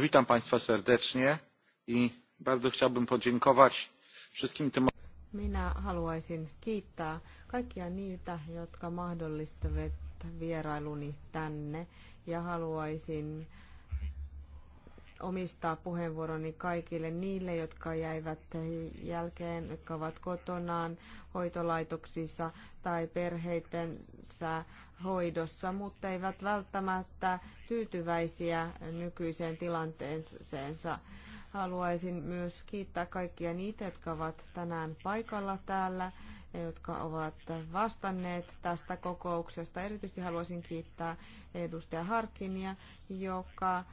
Witam Państwa serdecznie i bardzo chciałbym podziękować wszystkim tym... Minä haluaisin kiittää kaikkia niitä, jotka mahdollistavat vierailuni tänne ja haluaisin omistaa puheenvuoroni kaikille niille, jotka jäivät jälkeen, jotka ovat kotonaan, hoitolaitoksissa tai perheitensä hoidossa, mutta eivät välttämättä tyytyväisiä nykyiseen tilanteeseensa. Haluaisin myös kiittää kaikkia niitä, jotka ovat tänään paikalla täällä jotka ovat vastanneet tästä kokouksesta. Erityisesti haluaisin kiittää edustaja Harkinia, joka äh,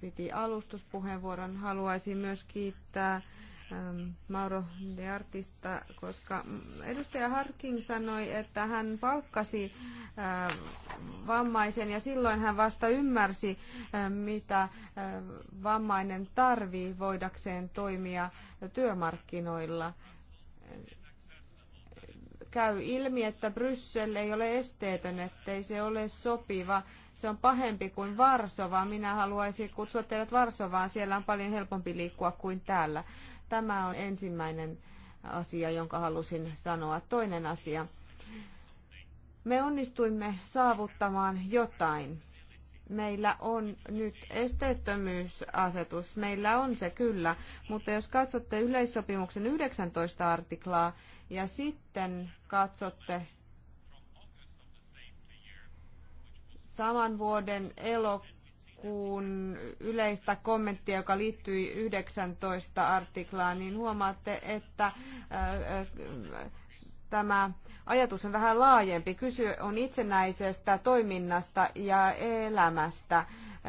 piti alustuspuheenvuoron. Haluaisin myös kiittää ähm, Mauro de Artista, koska edustaja Harkin sanoi, että hän palkkasi äh, vammaisen ja silloin hän vasta ymmärsi, äh, mitä vammainen tarvii voidakseen toimia työmarkkinoilla käy ilmi, että Bryssel ei ole esteetön, ettei se ole sopiva. Se on pahempi kuin Varsova. Minä haluaisin kutsua teidät Varsovaan. Siellä on paljon helpompi liikkua kuin täällä. Tämä on ensimmäinen asia, jonka halusin sanoa. Toinen asia. Me onnistuimme saavuttamaan jotain. Meillä on nyt esteettömyysasetus, meillä on se kyllä, mutta jos katsotte yleissopimuksen 19 artiklaa, ja sitten katsotte saman vuoden elokuun yleistä kommenttia, joka liittyi 19 artiklaan, niin huomaatte, että äh, äh, tämä ajatus on vähän laajempi. Kysy on itsenäisestä toiminnasta ja elämästä.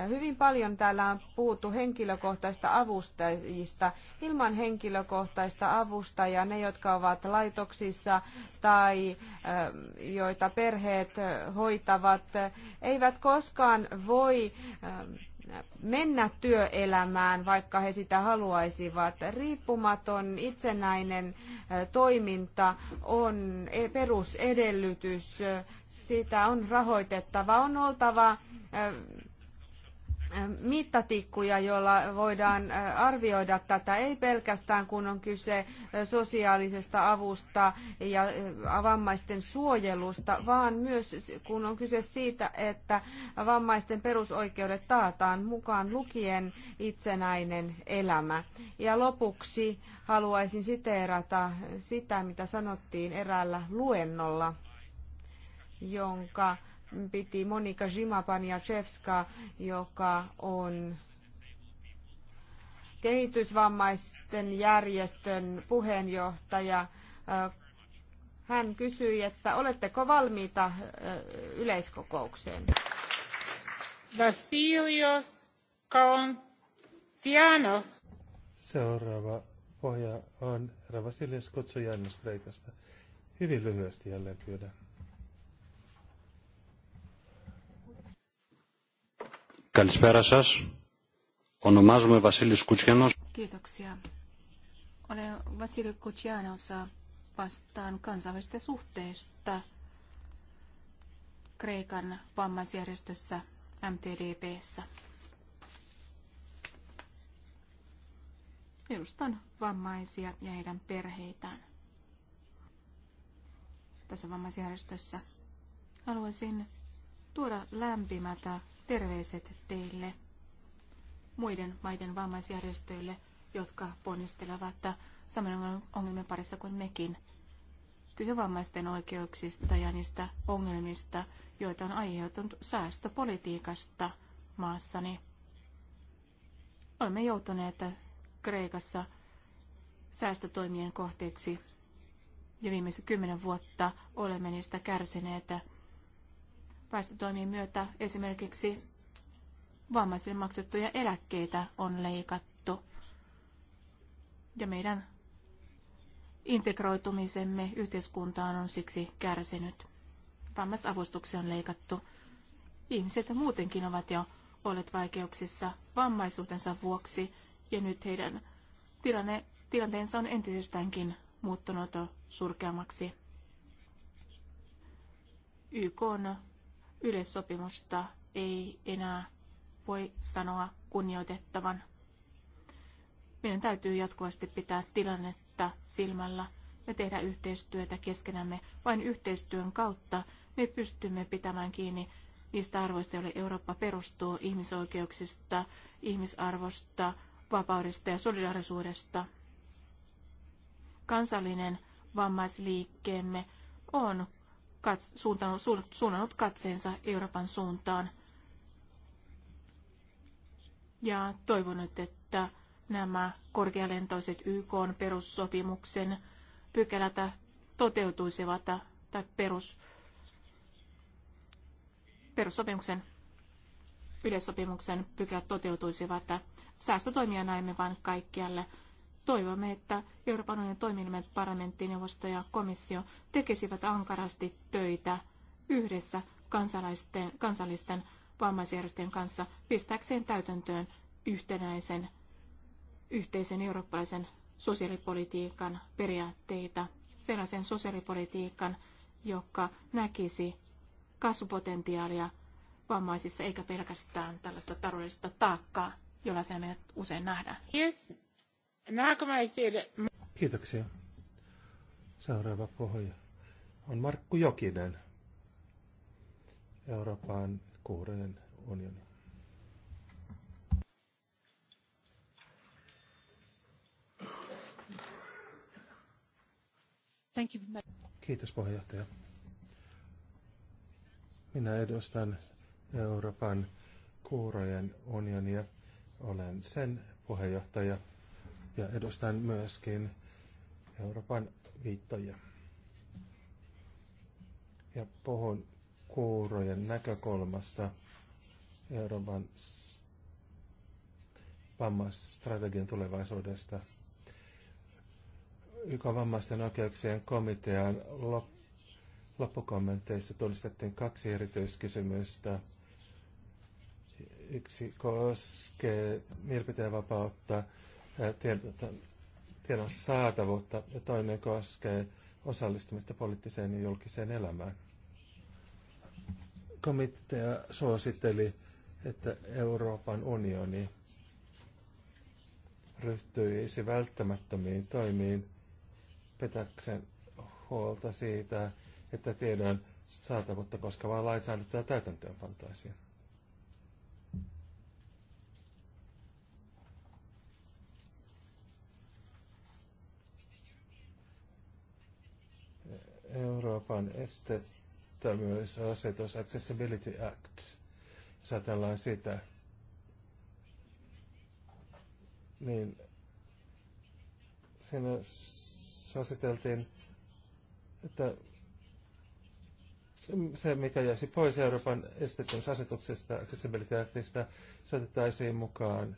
Hyvin paljon täällä on puhuttu henkilökohtaista avustajista. Ilman henkilökohtaista avustajaa ne, jotka ovat laitoksissa tai eh, joita perheet eh, hoitavat, eivät koskaan voi eh, mennä työelämään, vaikka he sitä haluaisivat. Riippumaton itsenäinen toiminta on e-, perusedellytys. Sitä on rahoitettava. On oltava mittatikkuja, joilla voidaan arvioida tätä, ei pelkästään kun on kyse sosiaalisesta avusta ja vammaisten suojelusta, vaan myös kun on kyse siitä, että vammaisten perusoikeudet taataan mukaan lukien itsenäinen elämä. Ja lopuksi haluaisin siteerata sitä, mitä sanottiin eräällä luennolla jonka piti Monika Zimapaniachevska, joka on kehitysvammaisten järjestön puheenjohtaja. Hän kysyi, että oletteko valmiita yleiskokoukseen? Vasilios Kontianos. Seuraava pohja on herra Vasilios Kotsujannos Kreikasta. Hyvin lyhyesti jälleen pyydän. Καλησπέρα σας. Ονομάζομαι Βασίλης Κουτσιανός. Kiitoksia. Olen Vasili Kutsianos vastaan kansainvälisestä suhteesta Kreikan vammaisjärjestössä MTDPssä. Edustan vammaisia ja heidän perheitään tässä vammaisjärjestössä. Haluaisin tuoda lämpimätä terveiset teille muiden maiden vammaisjärjestöille, jotka ponnistelevat saman ongelmien parissa kuin mekin. Kyse vammaisten oikeuksista ja niistä ongelmista, joita on aiheutunut säästöpolitiikasta maassani. Olemme joutuneet Kreikassa säästötoimien kohteeksi jo viimeiset kymmenen vuotta olemme niistä kärsineet Päästötoimien myötä esimerkiksi vammaisille maksettuja eläkkeitä on leikattu. Ja meidän integroitumisemme yhteiskuntaan on siksi kärsinyt. Vammaisavustuksia on leikattu. Ihmiset muutenkin ovat jo olleet vaikeuksissa vammaisuutensa vuoksi, ja nyt heidän tilanne, tilanteensa on entisestäänkin muuttunut surkeammaksi. YK on yleissopimusta ei enää voi sanoa kunnioitettavan. Meidän täytyy jatkuvasti pitää tilannetta silmällä ja tehdä yhteistyötä keskenämme. Vain yhteistyön kautta me pystymme pitämään kiinni niistä arvoista, joille Eurooppa perustuu, ihmisoikeuksista, ihmisarvosta, vapaudesta ja solidaarisuudesta. Kansallinen vammaisliikkeemme on kats, su, suunnannut katseensa Euroopan suuntaan. Ja toivon nyt, että nämä korkealentoiset YK perussopimuksen pykälät toteutuisivat tai perus, perussopimuksen yleissopimuksen pykälät toteutuisivat. Säästötoimia näemme vain kaikkialle Toivomme, että Euroopan unionin toiminimet, parlamentti, neuvosto ja komissio tekisivät ankarasti töitä yhdessä kansalaisten, kansallisten vammaisjärjestöjen kanssa pistääkseen täytäntöön yhtenäisen yhteisen eurooppalaisen sosiaalipolitiikan periaatteita, sellaisen sosiaalipolitiikan, joka näkisi kasvupotentiaalia vammaisissa eikä pelkästään tällaista taloudellista taakkaa, jolla se meidät usein nähdään. Yes. Kiitoksia. Seuraava puhuja on Markku Jokinen, Euroopan kuurojen unioni. Thank you. Kiitos puheenjohtaja. Minä edustan Euroopan kuurojen unionia. Olen sen puheenjohtaja ja edustan myöskin Euroopan viittoja. Ja puhun kuurojen näkökulmasta Euroopan vammaisstrategian tulevaisuudesta. YK vammaisten oikeuksien komitean loppukommenteissa tunnistettiin kaksi erityiskysymystä. Yksi koskee mielipiteenvapautta tiedon saatavuutta ja toinen koskee osallistumista poliittiseen ja julkiseen elämään. Komitea suositteli, että Euroopan unioni ryhtyisi välttämättömiin toimiin petäkseen huolta siitä, että tiedon saatavuutta koskevaa lainsäädäntöä täytäntöön pantaisiin. Euroopan esteettömyysasetus, Accessibility Act, jos ajatellaan sitä, niin siinä suositeltiin, että se, mikä jäisi pois Euroopan esteettömyysasetuksesta, Accessibility Actista, saatettaisiin mukaan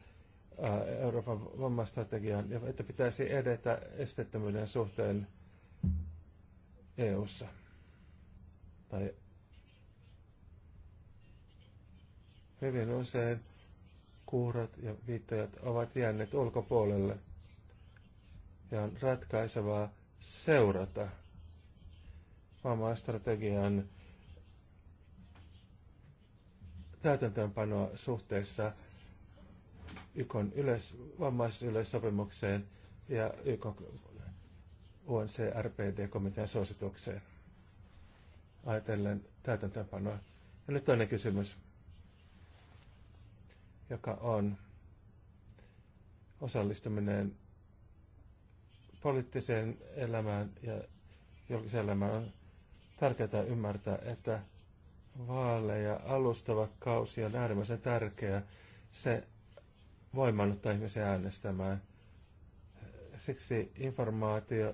Euroopan vammastrategiaan, ja että pitäisi edetä esteettömyyden suhteen EU:ssa. Tai hyvin usein kuurat ja viittajat ovat jääneet ulkopuolelle ja on ratkaisevaa seurata strategian täytäntöönpanoa suhteessa YK yleis, vammaisyleissopimukseen ja YK UNCRPD-komitean suositukseen ajatellen täytäntöönpanoa. Ja nyt toinen kysymys, joka on osallistuminen poliittiseen elämään ja julkiseen elämään on tärkeää ymmärtää, että vaaleja alustava kausi on äärimmäisen tärkeä. Se voimannuttaa ihmisiä äänestämään. Siksi informaatio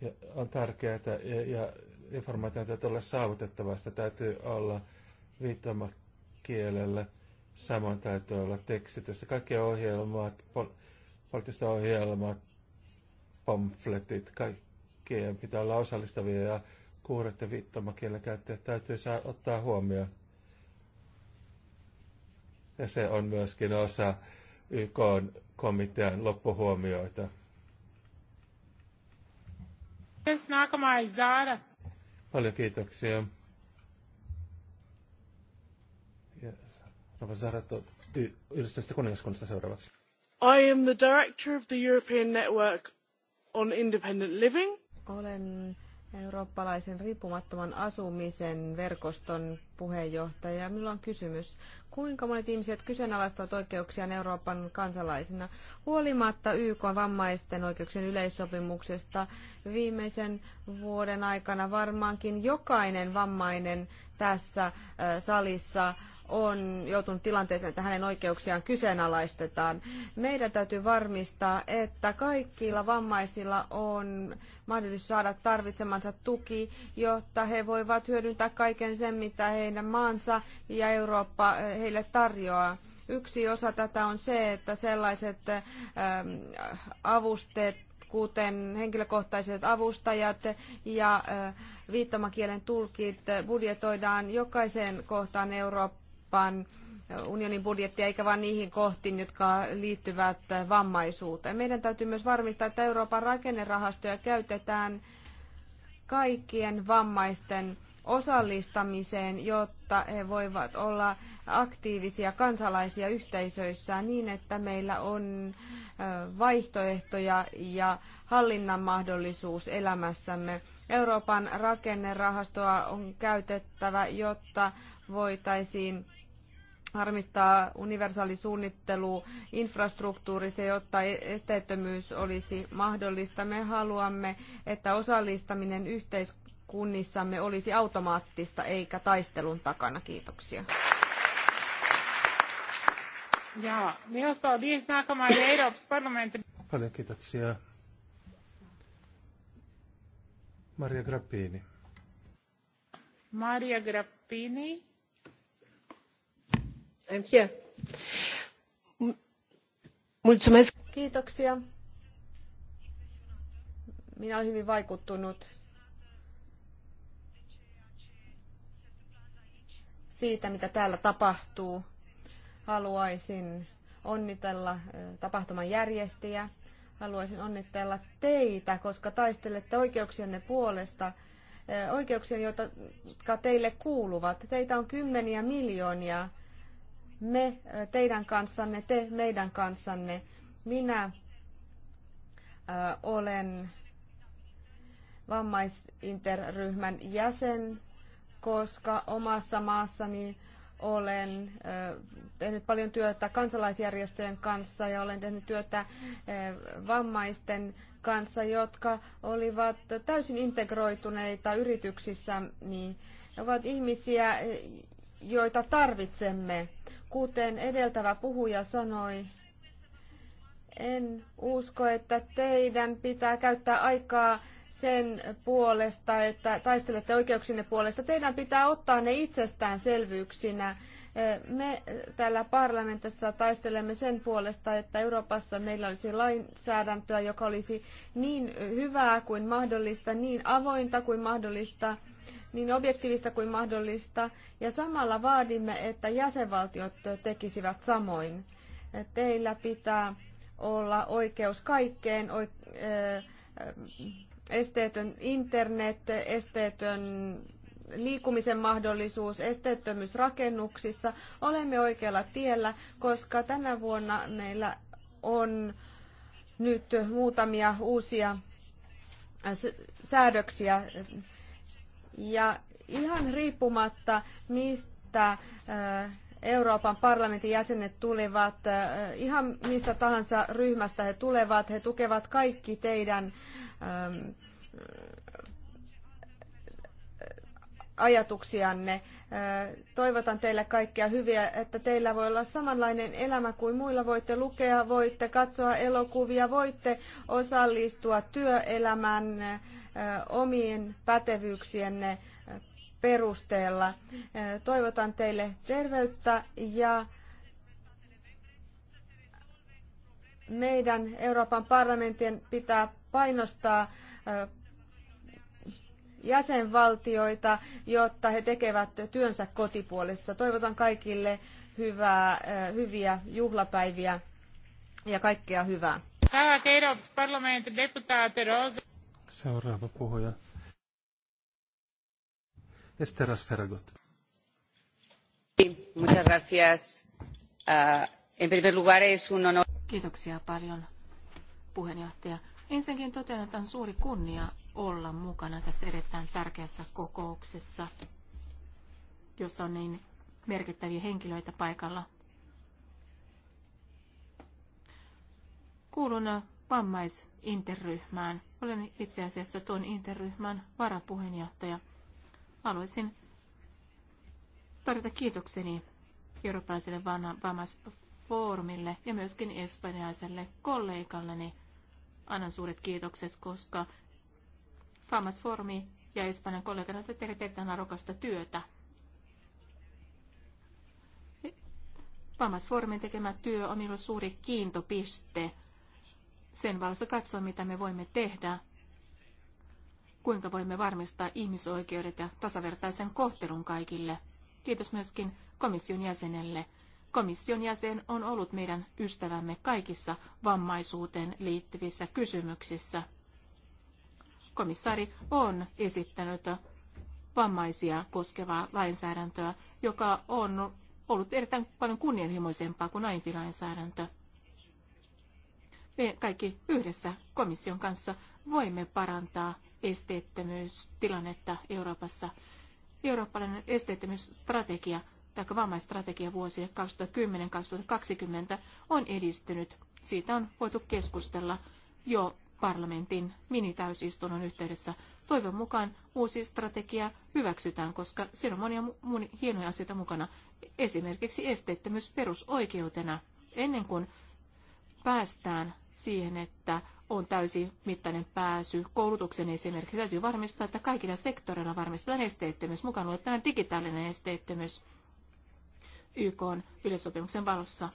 ja on tärkeää ja, ja informaation täytyy olla saavutettavaa. Sitä täytyy olla viittomakielellä. Samoin täytyy olla tekstitystä. Kaikki ohjelmat, pol- poliittiset ohjelmat, pamfletit, kaikkien pitää olla osallistavia ja kuuret ja viittomakielen käyttäjät täytyy saa ottaa huomioon. Ja se on myöskin osa YK komitean loppuhuomioita. Paljon kiitoksia. Yes. Rova Zarato, yhdistyneestä kuningaskunnasta seuraavaksi. I am the director of the European Network on Independent Living. Olen eurooppalaisen riippumattoman asumisen verkoston puheenjohtaja. Minulla on kysymys. Kuinka monet ihmiset kyseenalaistavat oikeuksia Euroopan kansalaisina huolimatta YK vammaisten oikeuksien yleissopimuksesta? Viimeisen vuoden aikana varmaankin jokainen vammainen tässä salissa on joutunut tilanteeseen, että hänen oikeuksiaan kyseenalaistetaan. Meidän täytyy varmistaa, että kaikilla vammaisilla on mahdollisuus saada tarvitsemansa tuki, jotta he voivat hyödyntää kaiken sen, mitä heidän maansa ja Eurooppa eh, heille tarjoaa. Yksi osa tätä on se, että sellaiset ehm, avusteet, kuten henkilökohtaiset avustajat ja eh, viittomakielen tulkit eh, budjetoidaan jokaiseen kohtaan Eurooppaan Euroopan unionin budjettia, eikä vain niihin kohtiin, jotka liittyvät vammaisuuteen. Meidän täytyy myös varmistaa, että Euroopan rakennerahastoja käytetään kaikkien vammaisten osallistamiseen, jotta he voivat olla aktiivisia kansalaisia yhteisöissään niin, että meillä on vaihtoehtoja ja hallinnan mahdollisuus elämässämme. Euroopan rakennerahastoa on käytettävä, jotta voitaisiin varmistaa universaali suunnittelu infrastruktuurista, jotta e- esteettömyys olisi mahdollista. Me haluamme, että osallistaminen yhteiskunnissamme olisi automaattista eikä taistelun takana. Kiitoksia. Ja, minusta on niin Paljon kiitoksia. Maria Grappini. Maria Grappini. Kiitoksia. Minä olen hyvin vaikuttunut siitä, mitä täällä tapahtuu. Haluaisin onnitella tapahtuman järjestäjää. Haluaisin onnitella teitä, koska taistelette oikeuksienne puolesta, oikeuksia, jotka teille kuuluvat. Teitä on kymmeniä miljoonia me äh, teidän kanssanne, te meidän kanssanne. Minä äh, olen vammaisinterryhmän jäsen, koska omassa maassani olen äh, tehnyt paljon työtä kansalaisjärjestöjen kanssa ja olen tehnyt työtä äh, vammaisten kanssa, jotka olivat täysin integroituneita yrityksissä. Niin ovat ihmisiä, joita tarvitsemme. Kuten edeltävä puhuja sanoi, en usko, että teidän pitää käyttää aikaa sen puolesta, että taistelette oikeuksinne puolesta. Teidän pitää ottaa ne itsestäänselvyyksinä. Me täällä parlamentissa taistelemme sen puolesta, että Euroopassa meillä olisi lainsäädäntöä, joka olisi niin hyvää kuin mahdollista, niin avointa kuin mahdollista, niin objektiivista kuin mahdollista, ja samalla vaadimme, että jäsenvaltiot tekisivät samoin. Teillä pitää olla oikeus kaikkeen, eh, esteetön internet, esteetön liikkumisen mahdollisuus, esteettömyys rakennuksissa. Olemme oikealla tiellä, koska tänä vuonna meillä on nyt muutamia uusia säädöksiä ja ihan riippumatta, mistä äh, Euroopan parlamentin jäsenet tulevat, äh, ihan mistä tahansa ryhmästä he tulevat, he tukevat kaikki teidän ähm, ajatuksianne. Toivotan teille kaikkia hyviä, että teillä voi olla samanlainen elämä kuin muilla. Voitte lukea, voitte katsoa elokuvia, voitte osallistua työelämän omien pätevyyksienne perusteella. Toivotan teille terveyttä ja meidän Euroopan parlamentin pitää painostaa jäsenvaltioita, jotta he tekevät työnsä kotipuolessa. Toivotan kaikille hyvää, eh, hyviä juhlapäiviä ja kaikkea hyvää. Seuraava puhuja. Esther Fergot. Muchas gracias. Ah, en primer es un honor. Kiitoksia paljon, puheenjohtaja. Ensinnäkin totean, että on suuri kunnia olla mukana tässä erittäin tärkeässä kokouksessa, jossa on niin merkittäviä henkilöitä paikalla. Kuulun vammaisinterryhmään. Olen itse asiassa tuon interryhmän varapuheenjohtaja. Haluaisin tarjota kiitokseni eurooppalaiselle vammaisfoorumille ja myöskin espanjaiselle kollegalleni. Annan suuret kiitokset, koska Vammaisfoorumi ja Espanjan kollegana olette teette erittäin arvokasta työtä. Vammaisfoorumin tekemä työ on minulle suuri kiintopiste. Sen valossa katsoa, mitä me voimme tehdä, kuinka voimme varmistaa ihmisoikeudet ja tasavertaisen kohtelun kaikille. Kiitos myöskin komission jäsenelle. Komission jäsen on ollut meidän ystävämme kaikissa vammaisuuteen liittyvissä kysymyksissä komissaari on esittänyt vammaisia koskevaa lainsäädäntöä, joka on ollut erittäin paljon kunnianhimoisempaa kuin aiempi lainsäädäntö. Me kaikki yhdessä komission kanssa voimme parantaa esteettömyystilannetta Euroopassa. Eurooppalainen esteettömyysstrategia tai vammaistrategia vuosille 2010-2020 on edistynyt. Siitä on voitu keskustella jo parlamentin minitäysistunnon yhteydessä. Toivon mukaan uusi strategia hyväksytään, koska siinä on monia mu- hienoja asioita mukana. Esimerkiksi esteettömyys perusoikeutena ennen kuin päästään siihen, että on täysi mittainen pääsy koulutuksen esimerkiksi. Täytyy varmistaa, että kaikilla sektoreilla varmistetaan esteettömyys, mukaan luettuna digitaalinen esteettömyys YK yleissopimuksen valossa.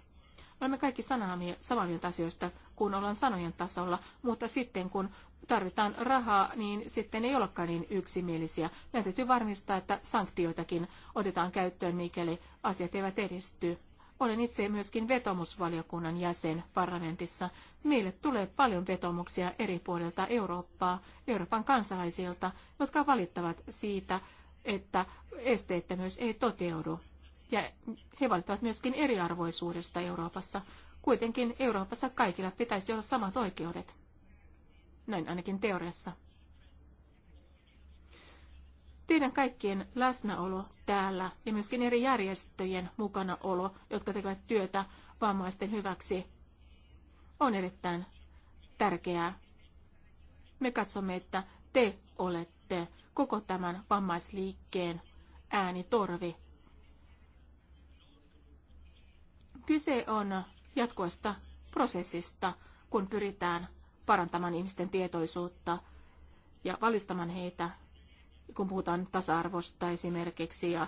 Olemme kaikki samaa mieltä asioista, kun ollaan sanojen tasolla, mutta sitten kun tarvitaan rahaa, niin sitten ei olekaan niin yksimielisiä. Meidän täytyy varmistaa, että sanktioitakin otetaan käyttöön, mikäli asiat eivät edisty. Olen itse myöskin vetomusvaliokunnan jäsen parlamentissa. Meille tulee paljon vetomuksia eri puolilta Eurooppaa, Euroopan kansalaisilta, jotka valittavat siitä, että esteettömyys ei toteudu ja he valittavat myöskin eriarvoisuudesta Euroopassa. Kuitenkin Euroopassa kaikilla pitäisi olla samat oikeudet. Näin ainakin teoriassa. Teidän kaikkien läsnäolo täällä ja myöskin eri järjestöjen mukanaolo, jotka tekevät työtä vammaisten hyväksi, on erittäin tärkeää. Me katsomme, että te olette koko tämän vammaisliikkeen äänitorvi Kyse on jatkuvasta prosessista, kun pyritään parantamaan ihmisten tietoisuutta ja valistamaan heitä, kun puhutaan tasa-arvosta esimerkiksi ja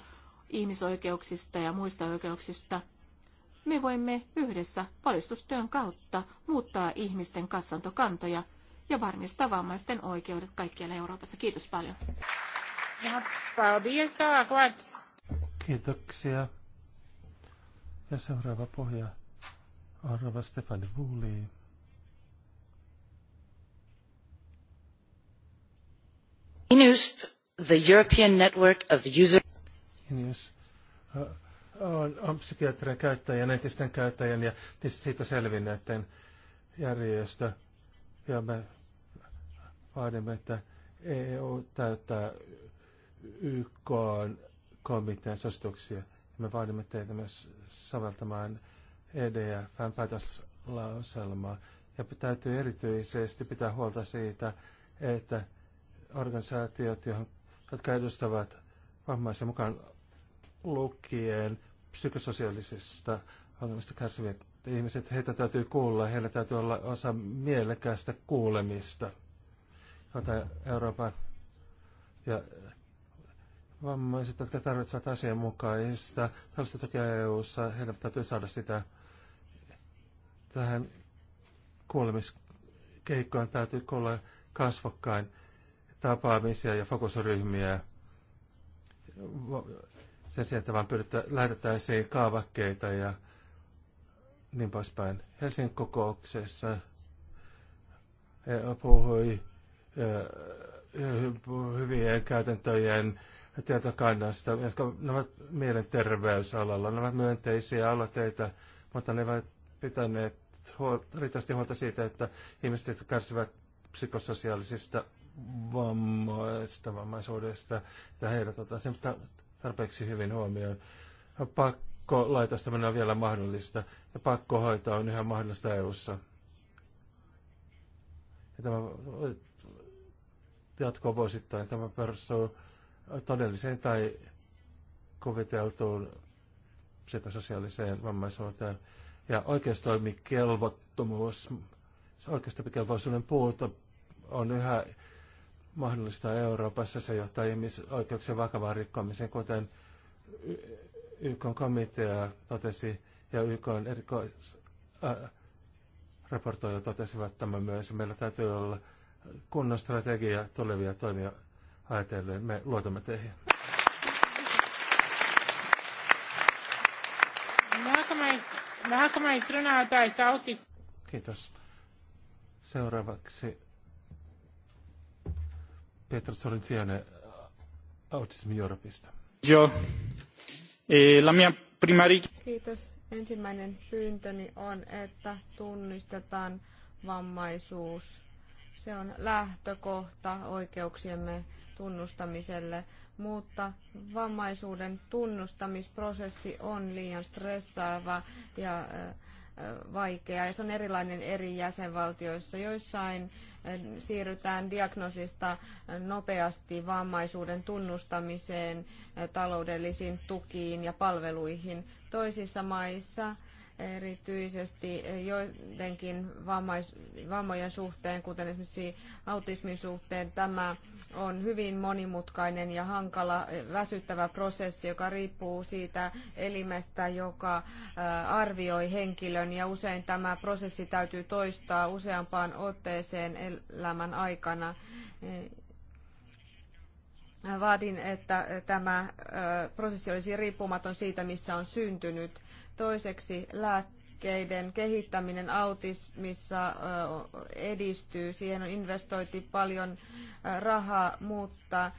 ihmisoikeuksista ja muista oikeuksista. Me voimme yhdessä valistustyön kautta muuttaa ihmisten katsantokantoja ja varmistaa vammaisten oikeudet kaikkialla Euroopassa. Kiitos paljon. Kiitoksia. Ja seuraava pohja on Rava Stefani Vuuli. INUSP, the European Network of User... Inus uh, on, on psykiatrian käyttäjän, entisten käyttäjän ja siitä selvinneiden järjestö. Ja me vaadimme, että EU täyttää YK komitean suosituksia – me vaadimme teitä myös soveltamaan EDFn päätöslauselmaa. Ja täytyy erityisesti pitää huolta siitä, että organisaatiot, jotka edustavat vammaisia mukaan lukien psykososiaalisista ongelmista kärsivät ihmiset, heitä täytyy kuulla, heillä täytyy olla osa mielekästä kuulemista, jota Euroopan ja vammaiset, jotka tarvitsevat asianmukaista tällaista tukea EU-ssa, heidän täytyy saada sitä tähän kuulemiskeikkoon täytyy olla kasvokkain tapaamisia ja fokusryhmiä. Sen sijaan, että vaan lähetettäisiin kaavakkeita ja niin poispäin. Helsingin kokouksessa e puhui hyvien käytäntöjen tietokannasta, jotka ovat mielenterveysalalla. Nämä myönteisiä aloiteita, mutta ne ovat pitäneet huolta, riittävästi huolta siitä, että ihmiset, jotka kärsivät psykososiaalisista vammoista, vammaisuudesta, että heidät otetaan sen tarpeeksi hyvin huomioon. Pakko laitostaminen on vielä mahdollista ja pakkohoito on yhä mahdollista EU-ssa. Ja tämä jatkuu vuosittain. Tämä perustuu todelliseen tai kuviteltuun psykososiaaliseen vammaisuuteen. Ja oikeustoimikelvottomuus, oikeustoimikelvollisuuden puuto on yhä mahdollista Euroopassa. Se johtaa ihmisoikeuksien vakavaan rikkomiseen, kuten YK komitea totesi ja YK erikois, raportoija totesivat tämän myös. Meillä täytyy olla kunnon strategia tulevia toimia ajatellen. Me luotamme teihin. Kiitos. Seuraavaksi Pietro Sorinzione Autism Europeista. Joo. E, la mia prima... Kiitos. Ensimmäinen pyyntöni on, että tunnistetaan vammaisuus se on lähtökohta oikeuksiemme tunnustamiselle, mutta vammaisuuden tunnustamisprosessi on liian stressaava ja äh, äh, vaikea ja se on erilainen eri jäsenvaltioissa. Joissain äh, siirrytään diagnosista nopeasti vammaisuuden tunnustamiseen, taloudellisiin tukiin ja palveluihin. Toisissa maissa erityisesti joidenkin vammais, vammojen suhteen, kuten esimerkiksi autismin suhteen, tämä on hyvin monimutkainen ja hankala, väsyttävä prosessi, joka riippuu siitä elimestä, joka arvioi henkilön. Ja usein tämä prosessi täytyy toistaa useampaan otteeseen elämän aikana. Vaadin, että tämä prosessi olisi riippumaton siitä, missä on syntynyt Toiseksi lääkkeiden kehittäminen autismissa edistyy. Siihen on investoitu paljon rahaa, mutta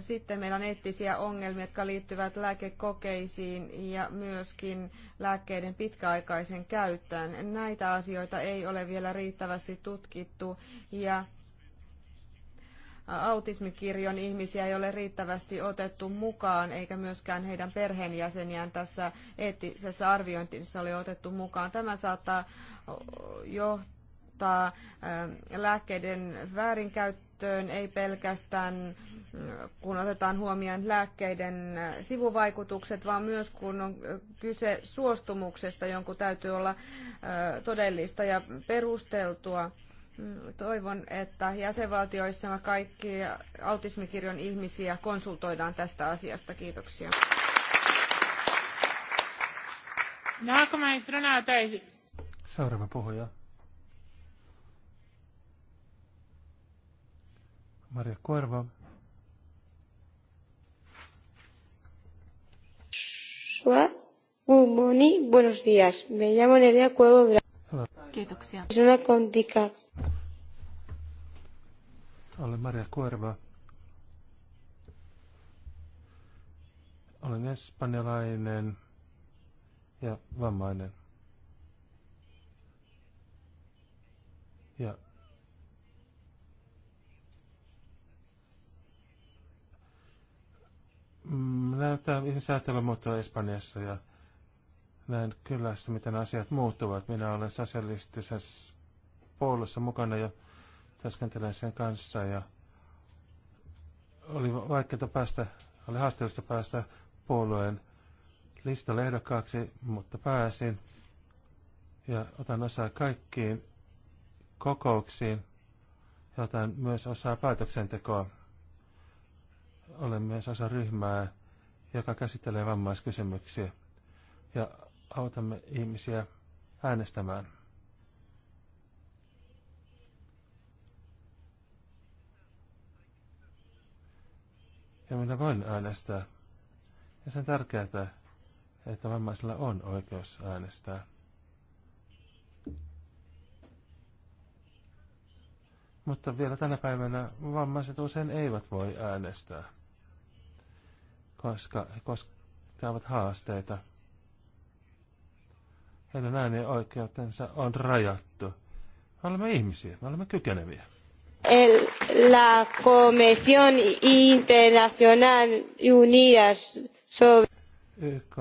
sitten meillä on eettisiä ongelmia, jotka liittyvät lääkekokeisiin ja myöskin lääkkeiden pitkäaikaisen käyttöön. Näitä asioita ei ole vielä riittävästi tutkittu ja autismikirjon ihmisiä ei ole riittävästi otettu mukaan, eikä myöskään heidän perheenjäseniään tässä eettisessä arviointissa ole otettu mukaan. Tämä saattaa johtaa ähm, lääkkeiden väärinkäyttöön, ei pelkästään äh, kun otetaan huomioon lääkkeiden äh, sivuvaikutukset, vaan myös kun on äh, kyse suostumuksesta, jonkun täytyy olla todellista ja perusteltua Toivon, että jäsenvaltioissa kaikki autismikirjon ihmisiä konsultoidaan tästä asiasta. Kiitoksia. Seuraava puhuja. Maria Koirva. Buenos días. Me llamo Nerea Cuevo Kiitoksia. Persona con olen Maria Kuerva. Olen espanjalainen ja vammainen. Ja näen tämä ajattelun Espanjassa ja näen kyllä miten asiat muuttuvat. Minä olen sosialistisessa puolussa mukana ja työskentelee sen kanssa ja oli vaikeaa päästä, oli haasteellista päästä puolueen listalle ehdokkaaksi, mutta pääsin ja otan osaa kaikkiin kokouksiin ja otan myös osaa päätöksentekoa. Olen myös osa ryhmää, joka käsittelee vammaiskysymyksiä ja autamme ihmisiä äänestämään. ja minä voin äänestää. Ja se on tärkeää, että vammaisilla on oikeus äänestää. Mutta vielä tänä päivänä vammaiset usein eivät voi äänestää, koska he koskaavat haasteita. Heidän äänioikeutensa oikeutensa on rajattu. Me olemme ihmisiä, me olemme kykeneviä el, la Comisión Internacional Unida sobre YK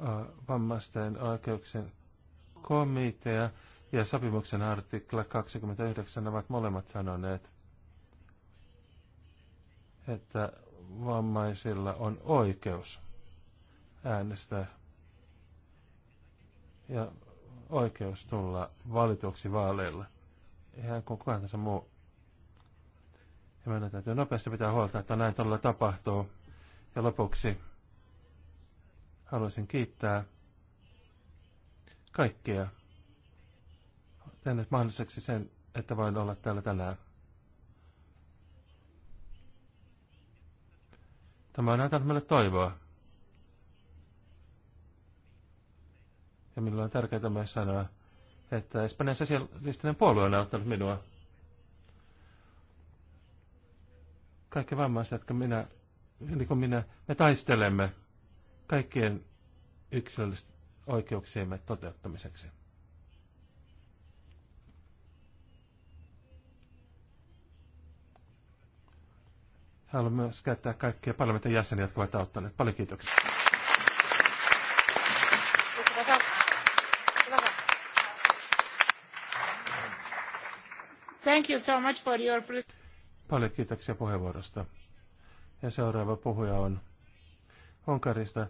on vammaisten oikeuksien komitea ja sopimuksen artikla 29 ovat molemmat sanoneet, että vammaisilla on oikeus äänestää. Ja oikeus tulla valituksi vaaleilla. Ihan kuin kukaan tässä muu. Ja meidän täytyy nopeasti pitää huolta, että näin todella tapahtuu. Ja lopuksi haluaisin kiittää kaikkia Tehnyt mahdolliseksi sen, että voin olla täällä tänään. Tämä on antanut meille toivoa. Ja minulla on tärkeää myös sanoa, että Espanjan sosialistinen puolue on auttanut minua. Kaikki vammaiset, jotka minä, niin kuin minä, me taistelemme kaikkien yksilöllisten oikeuksiemme toteuttamiseksi. Haluan myös käyttää kaikkia parlamentin jäseniä, jotka ovat auttaneet. Paljon kiitoksia. Thank you so much for your... Paljon kiitoksia puheenvuorosta. Ja seuraava puhuja on Unkarista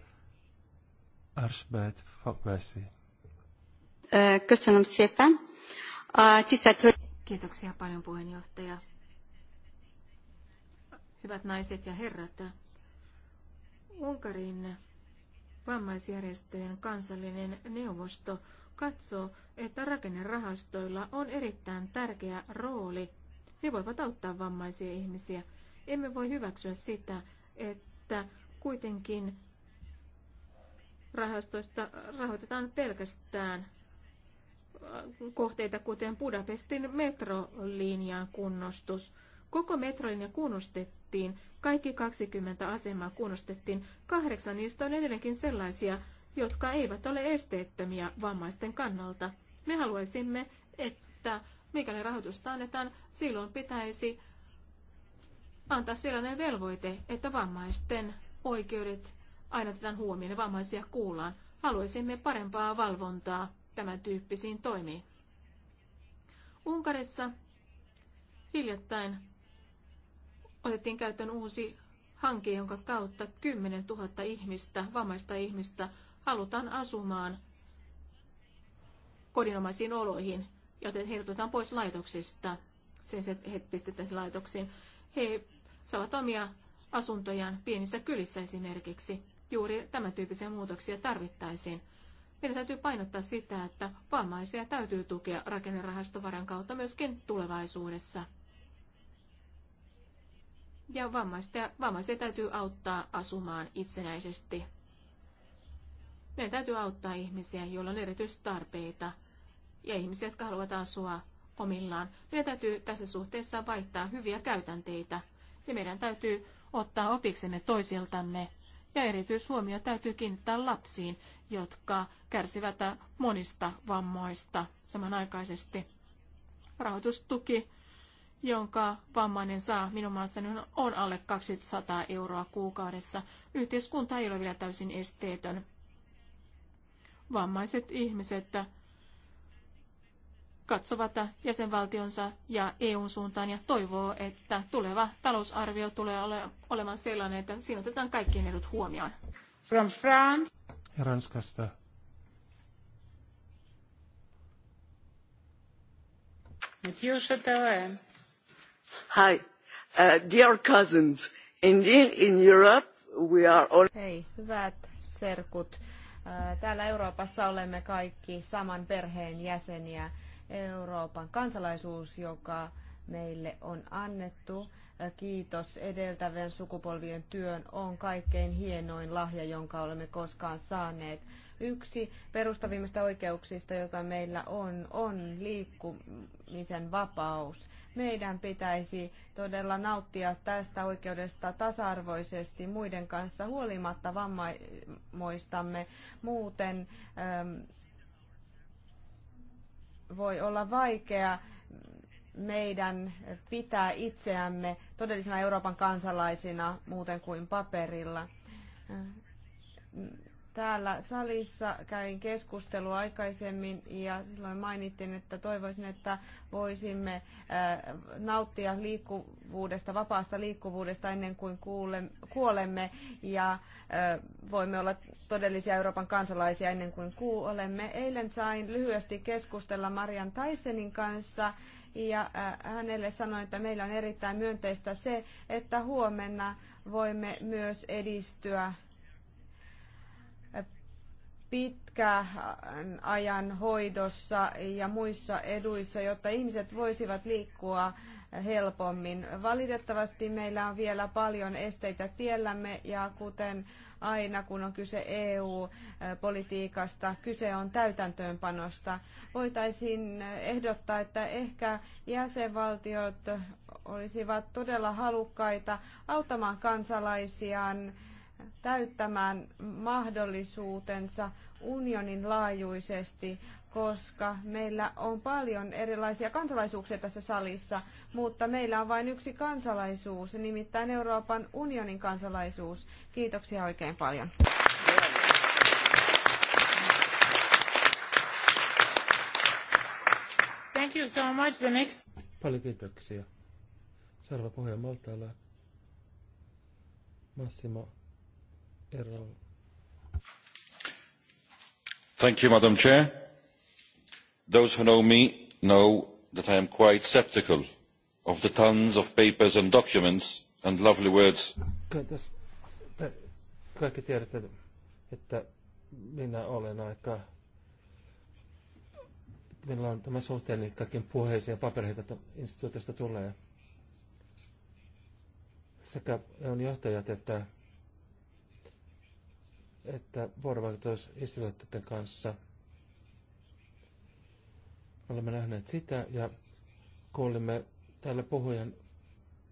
Arsbet Fogvesi. Kiitoksia paljon puheenjohtaja. Hyvät naiset ja herrat, Unkarin vammaisjärjestöjen kansallinen neuvosto katsoo, että rakennerahastoilla on erittäin tärkeä rooli. Ne voivat auttaa vammaisia ihmisiä. Emme voi hyväksyä sitä, että kuitenkin rahastoista rahoitetaan pelkästään kohteita, kuten Budapestin metrolinjan kunnostus. Koko metrolinja kunnostettiin, kaikki 20 asemaa kunnostettiin. Kahdeksan niistä on edelleenkin sellaisia, jotka eivät ole esteettömiä vammaisten kannalta. Me haluaisimme, että mikäli rahoitusta annetaan, silloin pitäisi antaa sellainen velvoite, että vammaisten oikeudet aina otetaan huomioon ja vammaisia kuullaan. Haluaisimme parempaa valvontaa tämän tyyppisiin toimiin. Unkarissa hiljattain otettiin käyttöön uusi hanke, jonka kautta 10 000 ihmistä, vammaista ihmistä, halutaan asumaan kodinomaisiin oloihin, joten heidät otetaan pois laitoksista. Sen se he pistettäisiin laitoksiin. He saavat omia asuntojaan pienissä kylissä esimerkiksi. Juuri tämän tyyppisiä muutoksia tarvittaisiin. Meidän täytyy painottaa sitä, että vammaisia täytyy tukea rakennerahastovaran kautta myöskin tulevaisuudessa. Ja vammaisia täytyy auttaa asumaan itsenäisesti. Meidän täytyy auttaa ihmisiä, joilla on erityistarpeita ja ihmisiä, jotka haluavat asua omillaan. Meidän täytyy tässä suhteessa vaihtaa hyviä käytänteitä ja meidän täytyy ottaa opiksemme toisiltamme. Ja erityishuomio täytyy kiinnittää lapsiin, jotka kärsivät monista vammoista samanaikaisesti. Rahoitustuki, jonka vammainen saa minun maassani, on alle 200 euroa kuukaudessa. Yhteiskunta ei ole vielä täysin esteetön vammaiset ihmiset katsovat jäsenvaltionsa ja EUn suuntaan ja toivoo, että tuleva talousarvio tulee ole, olemaan sellainen, että siinä otetaan kaikkien edut huomioon. From France. Ja Ranskasta. Monsieur Chateauin. Hi, uh, dear cousins. Indeed, in Europe we are all... Hei, hyvät serkut. Täällä Euroopassa olemme kaikki saman perheen jäseniä. Euroopan kansalaisuus, joka meille on annettu, kiitos edeltävien sukupolvien työn, on kaikkein hienoin lahja, jonka olemme koskaan saaneet. Yksi perustavimmista oikeuksista, joka meillä on, on liikkumisen vapaus. Meidän pitäisi todella nauttia tästä oikeudesta tasa-arvoisesti muiden kanssa huolimatta vammoistamme. Muuten ähm, voi olla vaikea meidän pitää itseämme todellisena Euroopan kansalaisina muuten kuin paperilla täällä salissa käin keskustelua aikaisemmin ja silloin mainittiin, että toivoisin, että voisimme äh, nauttia liikkuvuudesta, vapaasta liikkuvuudesta ennen kuin kuolemme ja äh, voimme olla todellisia Euroopan kansalaisia ennen kuin kuolemme. Eilen sain lyhyesti keskustella Marian Taisenin kanssa ja äh, hänelle sanoin, että meillä on erittäin myönteistä se, että huomenna voimme myös edistyä pitkän ajan hoidossa ja muissa eduissa, jotta ihmiset voisivat liikkua helpommin. Valitettavasti meillä on vielä paljon esteitä tiellämme ja kuten aina kun on kyse EU-politiikasta, kyse on täytäntöönpanosta. Voitaisiin ehdottaa, että ehkä jäsenvaltiot olisivat todella halukkaita auttamaan kansalaisiaan täyttämään mahdollisuutensa unionin laajuisesti, koska meillä on paljon erilaisia kansalaisuuksia tässä salissa, mutta meillä on vain yksi kansalaisuus, nimittäin Euroopan unionin kansalaisuus. Kiitoksia oikein paljon. Thank you so much. The next... Paljon kiitoksia. Seuraava puhuja Massimo Errol madam president those who know me know that i am quite sceptical of the tonnes of papers and documents and lovely words aika... Minulla on tämä suhteeni puheisiin ja instituutista Sekä on että että vuorovaikutus instituutioiden kanssa. Olemme nähneet sitä ja kuulimme täällä puhujan,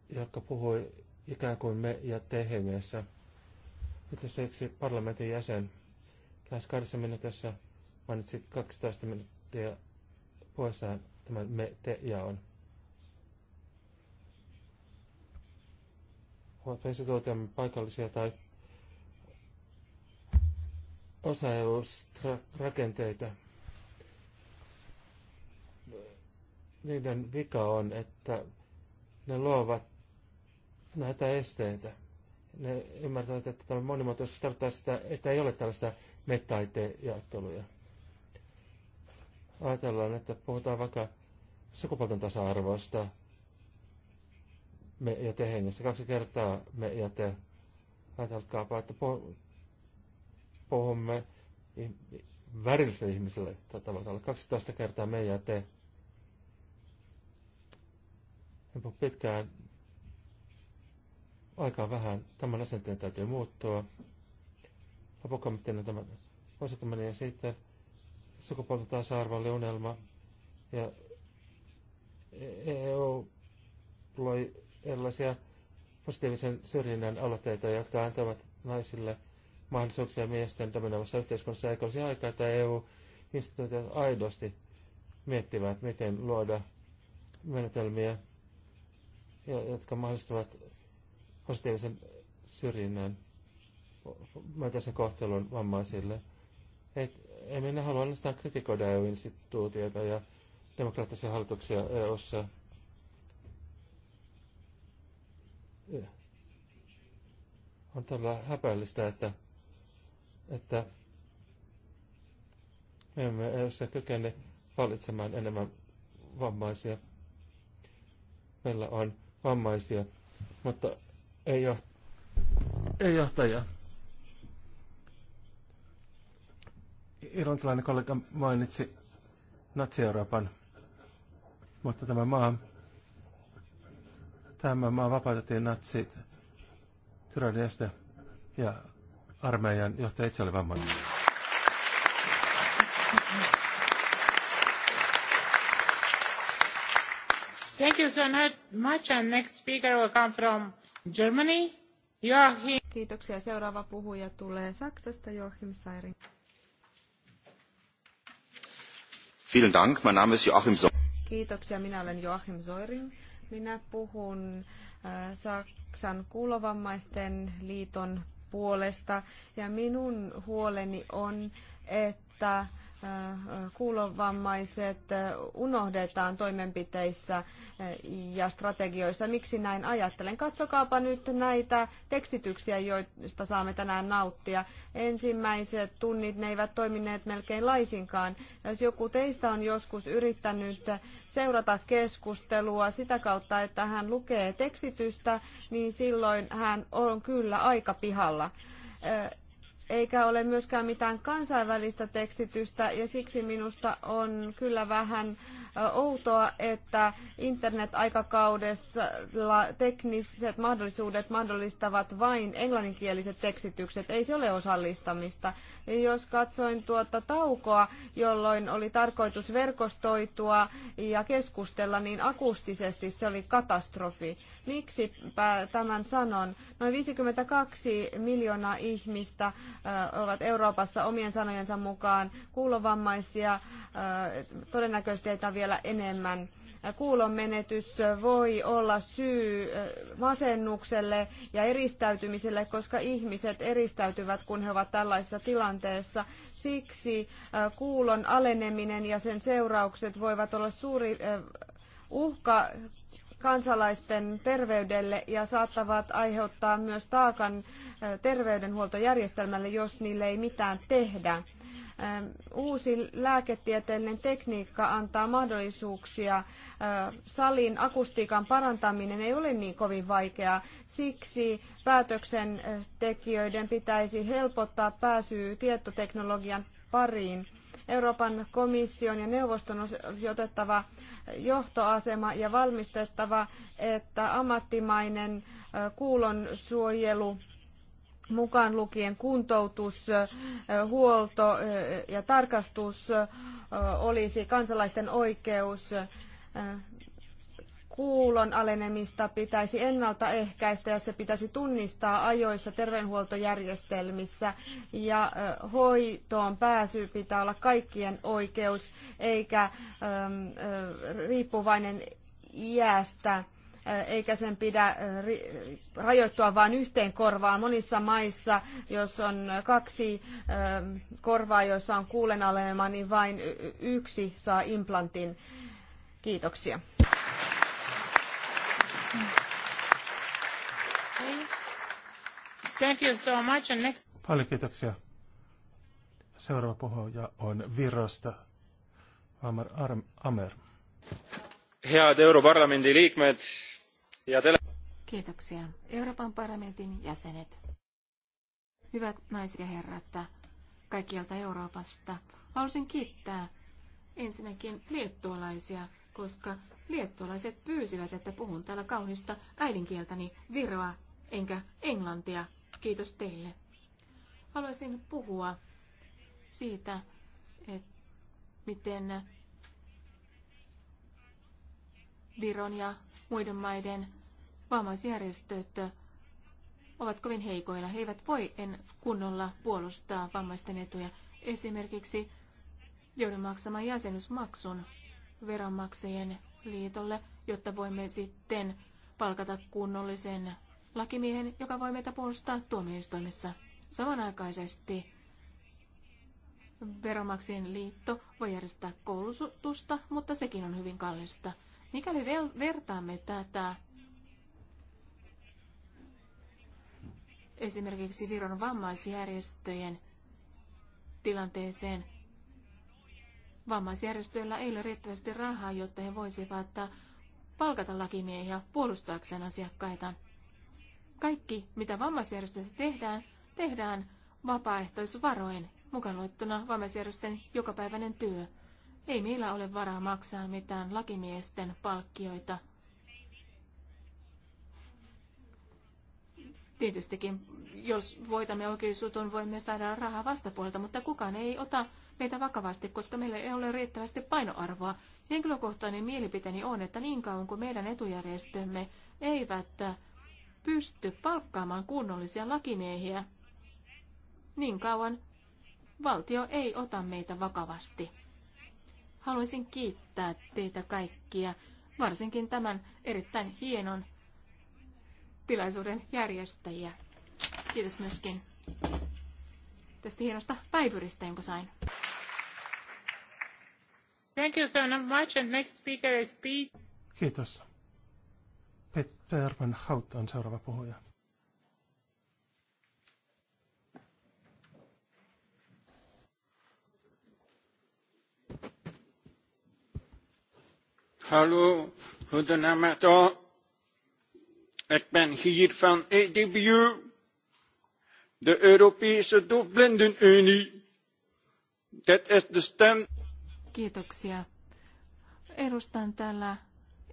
joka puhui ikään kuin me ja te hengessä. Itse asiassa yksi parlamentin jäsen lähes kahdessa minuutissa mainitsi 12 minuuttia puheessaan tämän me te jaon. Ovatko instituutiomme paikallisia tai osa niiden vika on, että ne luovat näitä esteitä. Ne ymmärtävät, että tämä monimuotoisuus tarkoittaa sitä, että ei ole tällaista metaiteajatteluja. Ajatellaan, että puhutaan vaikka sukupuolten tasa-arvoista, me ja te hengessä. Kaksi kertaa me ja te. Ajatelkaapa, että puhumme värilliselle ihmiselle tavalla 12 kertaa me ja te. En puhu pitkään. Aikaa vähän. Tämän asenteen täytyy muuttua. Lopukommenttina tämä vuosikymmenien sitten sukupuolten tasa-arvo oli unelma. Ja EU e loi erilaisia positiivisen syrjinnän aloitteita, jotka antavat naisille – mahdollisuuksia miesten dominoimassa yhteiskunnassa, eikä olisi aikaa, että EU-instituutiot aidosti miettivät, miten luoda menetelmiä, jotka mahdollistavat positiivisen syrjinnän myötäisen kohtelun vammaisille. Et, emme ne halua ainoastaan kritikoida EU-instituutioita ja demokraattisia hallituksia EU-ssa. On todella häpeällistä, että että me emme eu kykene valitsemaan enemmän vammaisia. Meillä on vammaisia, mutta ei, ole, ei johtajaa. Irlantilainen kollega mainitsi Natsi-Euroopan, mutta tämä maa, tämä maa vapautettiin natsit tyranniasta ja armeijan johtaja itse oli vammainen. Thank you so much. And next speaker will come from Germany. Joachim. Kiitoksia. Seuraava puhuja tulee Saksasta, Joachim Seiring. Vielen Dank. Mein Name ist Joachim Soirin. Kiitoksia. Minä olen Joachim Soirin. Minä puhun äh, Saksan kuulovammaisten liiton puolesta. Ja minun huoleni on, että äh, kuulovammaiset äh, unohdetaan toimenpiteissä äh, ja strategioissa. Miksi näin ajattelen? Katsokaapa nyt näitä tekstityksiä, joista saamme tänään nauttia. Ensimmäiset tunnit ne eivät toimineet melkein laisinkaan. Jos joku teistä on joskus yrittänyt seurata keskustelua sitä kautta, että hän lukee tekstitystä, niin silloin hän on kyllä aika pihalla eikä ole myöskään mitään kansainvälistä tekstitystä ja siksi minusta on kyllä vähän outoa, että internet aikakaudessa tekniset mahdollisuudet mahdollistavat vain englanninkieliset tekstitykset. Ei se ole osallistamista. Ja jos katsoin tuota taukoa, jolloin oli tarkoitus verkostoitua ja keskustella, niin akustisesti se oli katastrofi. Miksi tämän sanon? Noin 52 miljoonaa ihmistä ovat Euroopassa omien sanojensa mukaan kuulovammaisia, todennäköisesti heitä vielä enemmän kuulon menetys voi olla syy masennukselle ja eristäytymiselle, koska ihmiset eristäytyvät, kun he ovat tällaisessa tilanteessa. Siksi kuulon aleneminen ja sen seuraukset voivat olla suuri uhka kansalaisten terveydelle ja saattavat aiheuttaa myös taakan terveydenhuoltojärjestelmälle, jos niille ei mitään tehdä. Uusi lääketieteellinen tekniikka antaa mahdollisuuksia. Salin akustiikan parantaminen ei ole niin kovin vaikeaa. Siksi päätöksentekijöiden pitäisi helpottaa pääsyä tietoteknologian pariin Euroopan komission ja neuvoston olisi otettava johtoasema ja valmistettava, että ammattimainen kuulon suojelu mukaan lukien kuntoutus, huolto ja tarkastus olisi kansalaisten oikeus kuulon alenemista pitäisi ennaltaehkäistä ja se pitäisi tunnistaa ajoissa terveydenhuoltojärjestelmissä ja hoitoon pääsy pitää olla kaikkien oikeus eikä riippuvainen iästä eikä sen pidä rajoittua vain yhteen korvaan. Monissa maissa, jos on kaksi korvaa, joissa on kuulen alenema, niin vain yksi saa implantin. Kiitoksia. Thank you so much. And next... Paljon kiitoksia. Seuraava puhuja on Virosta. Amar Arm, Amer. Head Europarlamendi liikmed ja tele... Kiitoksia. Euroopan parlamentin jäsenet. Hyvät naiset ja herrat kaikkialta Euroopasta. Haluaisin kiittää ensinnäkin liettualaisia, koska Liettualaiset pyysivät, että puhun täällä kaunista äidinkieltäni viroa enkä englantia. Kiitos teille. Haluaisin puhua siitä, että miten Viron ja muiden maiden vammaisjärjestöt ovat kovin heikoilla. He eivät voi en kunnolla puolustaa vammaisten etuja. Esimerkiksi joudun maksamaan jäsenysmaksun veronmaksajien liitolle, jotta voimme sitten palkata kunnollisen lakimiehen, joka voi meitä puolustaa tuomioistuimessa. Samanaikaisesti Veromaksien liitto voi järjestää koulutusta, mutta sekin on hyvin kallista. Mikäli vertaamme tätä esimerkiksi Viron vammaisjärjestöjen tilanteeseen, Vammaisjärjestöillä ei ole riittävästi rahaa, jotta he voisivat palkata lakimiehiä puolustaakseen asiakkaita. Kaikki, mitä vammaisjärjestöissä tehdään, tehdään vapaaehtoisvaroin, mukaan luettuna vammaisjärjestön jokapäiväinen työ. Ei meillä ole varaa maksaa mitään lakimiesten palkkioita. Tietystikin, jos voitamme oikeusjutun, voimme saada rahaa vastapuolelta, mutta kukaan ei ota meitä vakavasti, koska meillä ei ole riittävästi painoarvoa. Henkilökohtainen mielipiteeni on, että niin kauan kuin meidän etujärjestömme eivät pysty palkkaamaan kunnollisia lakimiehiä, niin kauan valtio ei ota meitä vakavasti. Haluaisin kiittää teitä kaikkia, varsinkin tämän erittäin hienon tilaisuuden järjestäjiä. Kiitos myöskin tästä hienosta päivyristä, jonka sain. Thank you so much and next speaker is Pete. Kiitos. Peter Van Hout on seuraava puhuja. Hallo, goedenavond. Oh, ik ben hier van EDBU de Europese Dovblindenunie. Dat is de stem. Kiitoksia. Edustan täällä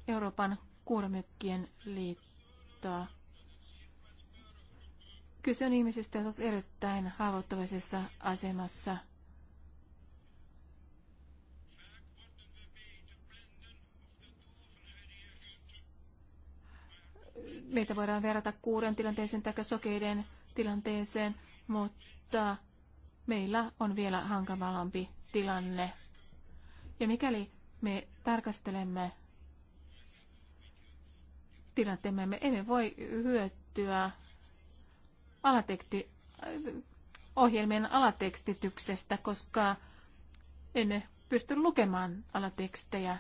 Euroopan kuuromökkien liittoa. Kyse on ihmisistä, jotka ovat erittäin haavoittuvaisessa asemassa. Meitä voidaan verrata kuuren tilanteeseen tai sokeiden tilanteeseen, mutta meillä on vielä hankalampi tilanne. Ja mikäli me tarkastelemme tilanteemme, me emme voi hyötyä alatekti, ohjelmien alatekstityksestä, koska emme pysty lukemaan alatekstejä,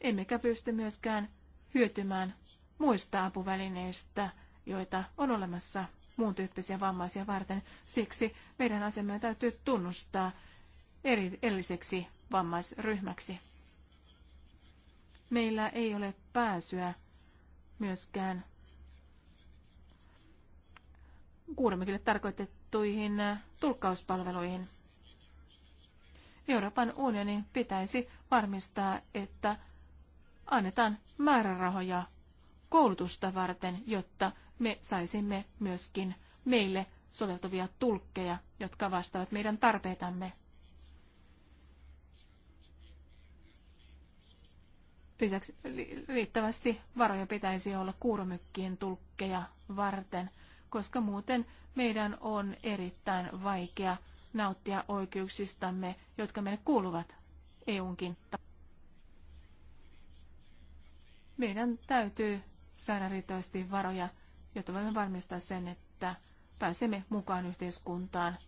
emmekä pysty myöskään hyötymään muista apuvälineistä, joita on olemassa muun tyyppisiä vammaisia varten. Siksi meidän asemme täytyy tunnustaa erilliseksi vammaisryhmäksi. Meillä ei ole pääsyä myöskään kuuremikille tarkoitettuihin tulkkauspalveluihin. Euroopan unionin pitäisi varmistaa, että annetaan määrärahoja koulutusta varten, jotta me saisimme myöskin meille soveltuvia tulkkeja, jotka vastaavat meidän tarpeitamme. Lisäksi riittävästi varoja pitäisi olla kuuromykkien tulkkeja varten, koska muuten meidän on erittäin vaikea nauttia oikeuksistamme, jotka meille kuuluvat EUnkin. Meidän täytyy saada riittävästi varoja jotta voimme varmistaa sen, että pääsemme mukaan yhteiskuntaan.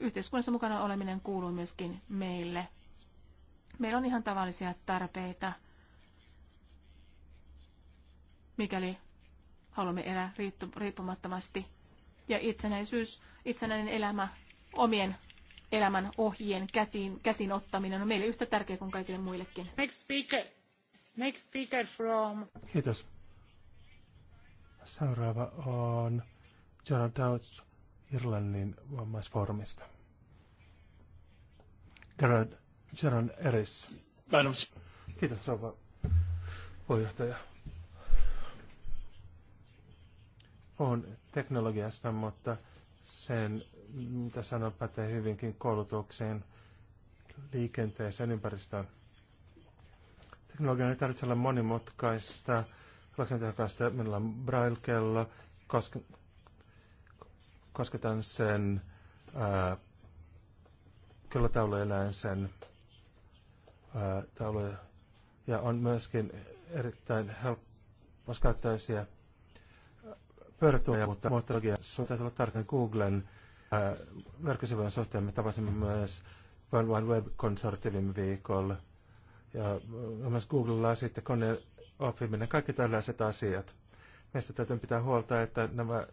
Yhteiskunnassa mukana oleminen kuuluu myöskin meille. Meillä on ihan tavallisia tarpeita, mikäli haluamme elää riippumattomasti. Ja itsenäisyys, itsenäinen elämä, omien elämän ohjien käsin, käsin ottaminen on meille yhtä tärkeä kuin kaikille muillekin. Next speaker. Next speaker from... Kiitos. Seuraava on John Dowds Irlannin vammaisfoorumista. Gerard, Gerard Eris. Kiitos rouva puheenjohtaja. On teknologiasta, mutta sen, mitä sanon, pätee hyvinkin koulutukseen, liikenteeseen, ympäristöön. Teknologian ei tarvitse olla monimutkaista Laksentehokasta minulla on braille-kello. Koske, kosketan sen kellotaulu eläin sen taulu, tauluja. Ja on myöskin erittäin helpposkäyttäisiä pyörätuoja, mutta muotologia suhtaisi olla tarkemmin Googlen verkkosivujen suhteen. Me tapasimme myös World Wide Web-konsortti viikolla. Ja myös Googlella sitten kone oppiminen, kaikki tällaiset asiat. Meistä täytyy pitää huolta, että nämä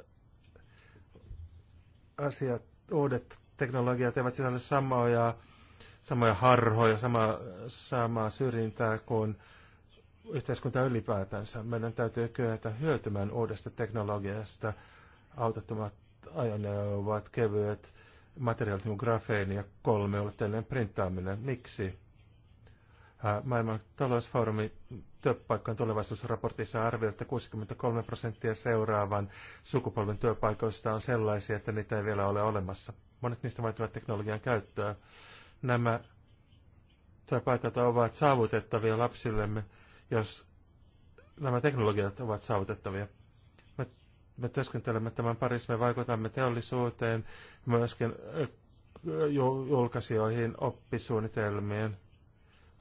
asiat, uudet teknologiat eivät sisällä samoja, samoja harhoja, sama, samaa syrjintää kuin yhteiskunta ylipäätänsä. Meidän täytyy kyetä hyötymään uudesta teknologiasta, autottomat ajoneuvot, kevyet materiaalit, niin grafeeni ja kolmeulotteinen printtaaminen. Miksi? Äh, Maailman talousfoorumi työpaikkojen tulevaisuusraportissa arvioi, että 63 prosenttia seuraavan sukupolven työpaikoista on sellaisia, että niitä ei vielä ole olemassa. Monet niistä vaativat teknologian käyttöä. Nämä työpaikat ovat saavutettavia lapsillemme, jos nämä teknologiat ovat saavutettavia. Me, me työskentelemme tämän parissa, me vaikutamme teollisuuteen, myöskin julkaisijoihin, oppisuunnitelmien –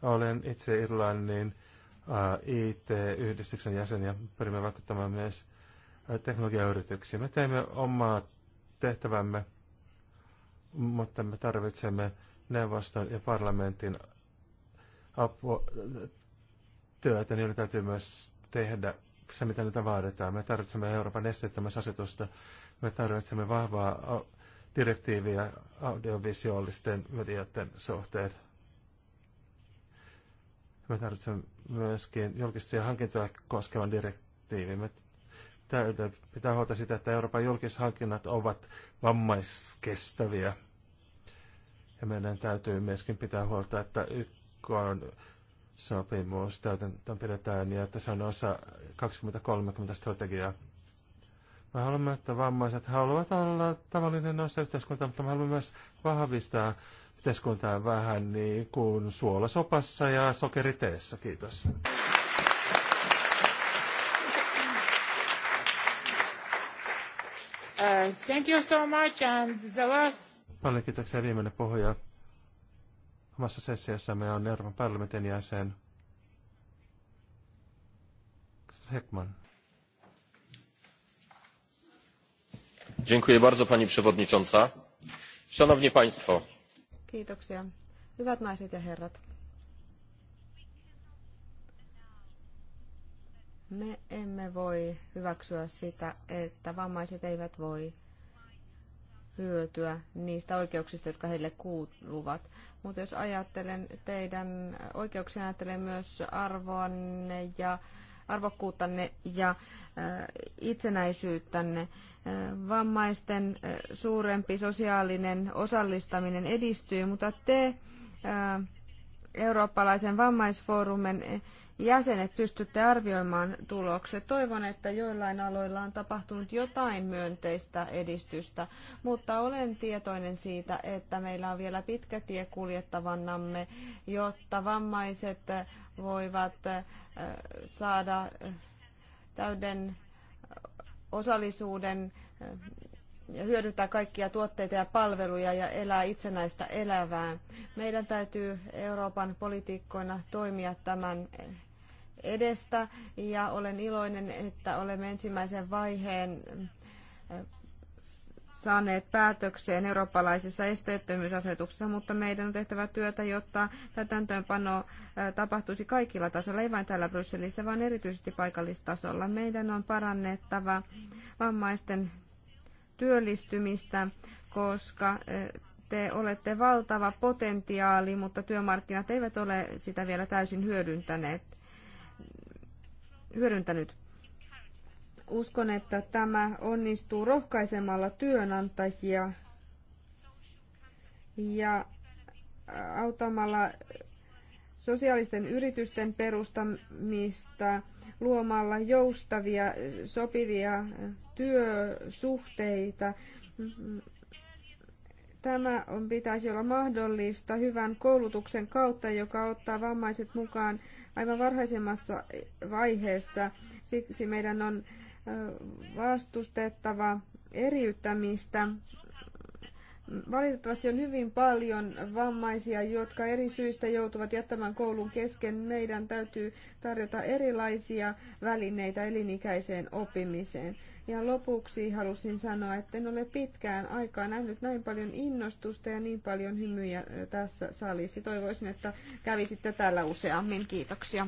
olen itse Irlannin äh, IT-yhdistyksen jäsen ja pyrimme vaikuttamaan myös äh, teknologiayrityksiin. Me teemme omaa tehtävämme, mutta me tarvitsemme neuvoston ja parlamentin apua, työtä, niin täytyy myös tehdä se, mitä niitä vaaditaan. Me tarvitsemme Euroopan esteettömyysasetusta, me tarvitsemme vahvaa direktiiviä audiovisuaalisten medioiden suhteen me tarvitsemme myöskin julkisia hankintoja koskevan direktiivin. Me täydä, pitää huolta sitä, että Euroopan julkishankinnat ovat vammaiskestäviä. Ja meidän täytyy myöskin pitää huolta, että YK on sopimus täytäntöön pidetään ja että se on osa 2030 strategiaa. Me haluamme, että vammaiset haluavat olla tavallinen osa yhteiskuntaa, mutta me haluamme myös vahvistaa yhteiskuntaa vähän niin kuin suolasopassa ja sokeriteessä. Kiitos. Uh, thank you so much and the last... Paljon kiitoksia viimeinen puhuja. Omassa sessiassamme on Euroopan parlamentin jäsen Heckman. Dziękuję bardzo pani przewodnicząca. Szanowni państwo, Kiitoksia. Hyvät naiset ja herrat. Me emme voi hyväksyä sitä, että vammaiset eivät voi hyötyä niistä oikeuksista, jotka heille kuuluvat. Mutta jos ajattelen teidän oikeuksia, ajattelen myös arvoanne ja arvokkuuttanne ja äh, itsenäisyyttänne. Äh, vammaisten äh, suurempi sosiaalinen osallistaminen edistyy, mutta te eurooppalaisen vammaisfoorumin jäsenet pystytte arvioimaan tulokset. Toivon, että joillain aloilla on tapahtunut jotain myönteistä edistystä, mutta olen tietoinen siitä, että meillä on vielä pitkä tie kuljettavannamme, jotta vammaiset voivat saada täyden osallisuuden ja hyödyntää kaikkia tuotteita ja palveluja ja elää itsenäistä elävää. Meidän täytyy Euroopan politiikkoina toimia tämän edestä ja olen iloinen, että olemme ensimmäisen vaiheen saaneet päätökseen eurooppalaisessa esteettömyysasetuksessa, mutta meidän on tehtävä työtä, jotta täytäntöönpano tapahtuisi kaikilla tasoilla, ei vain täällä Brysselissä, vaan erityisesti paikallistasolla. Meidän on parannettava vammaisten työllistymistä, koska te olette valtava potentiaali, mutta työmarkkinat eivät ole sitä vielä täysin hyödyntäneet hyödyntänyt. Uskon, että tämä onnistuu rohkaisemalla työnantajia ja auttamalla sosiaalisten yritysten perustamista, luomalla joustavia, sopivia työsuhteita. Tämä on, pitäisi olla mahdollista hyvän koulutuksen kautta, joka ottaa vammaiset mukaan aivan varhaisemmassa vaiheessa. Siksi meidän on vastustettava eriyttämistä. Valitettavasti on hyvin paljon vammaisia, jotka eri syistä joutuvat jättämään koulun kesken. Meidän täytyy tarjota erilaisia välineitä elinikäiseen oppimiseen. Ja lopuksi halusin sanoa, että en ole pitkään aikaa nähnyt näin paljon innostusta ja niin paljon hymyjä tässä salissa. Toivoisin, että kävisitte täällä useammin. Kiitoksia.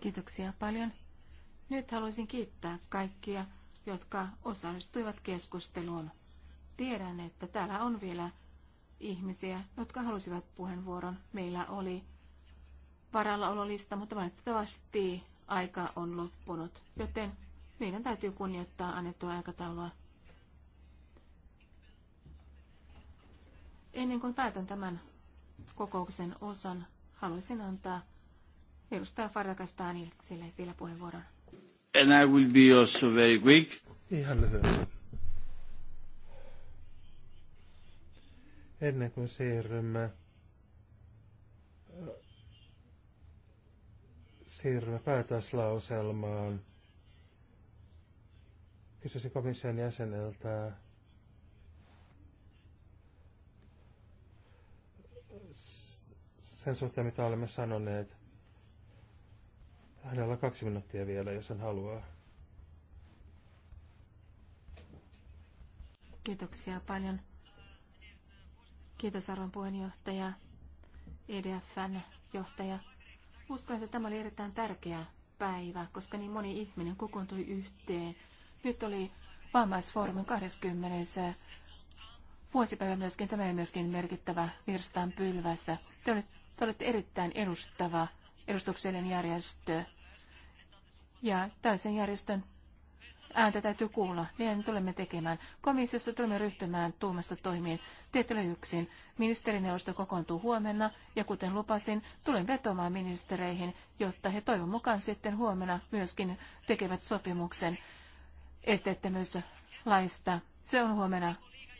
Kiitoksia paljon. Nyt haluaisin kiittää kaikkia, jotka osallistuivat keskusteluun. Tiedän, että täällä on vielä ihmisiä, jotka halusivat puheenvuoron. Meillä oli varallaololista, mutta valitettavasti aika on loppunut, joten meidän täytyy kunnioittaa annettua aikataulua. Ennen kuin päätän tämän kokouksen osan, haluaisin antaa edustaja Farrakastaan vielä puheenvuoron. And I will be also very quick. Ihan lyhyesti. ennen kuin siirrymme, siirrymme päätöslauselmaan. Kysyisin komission jäseneltä sen suhteen, mitä olemme sanoneet. Hänellä on kaksi minuuttia vielä, jos hän haluaa. Kiitoksia paljon. Kiitos arvon puheenjohtaja, EDFn johtaja. Uskon, että tämä oli erittäin tärkeä päivä, koska niin moni ihminen kokoontui yhteen. Nyt oli vammaisfoorumin 20. vuosipäivä myöskin. Tämä oli myöskin merkittävä virstaan pylvässä. Te olette, te olette erittäin edustava, edustuksellinen järjestö. Ja tällaisen järjestön Ääntä täytyy kuulla. Niin tulemme tekemään. Komissiossa tulemme ryhtymään tuumasta toimiin. Te yksin. Ministerineuvosto kokoontuu huomenna ja kuten lupasin, tulen vetomaan ministereihin, jotta he toivon mukaan sitten huomenna myöskin tekevät sopimuksen esteettömyyslaista. Se on huomenna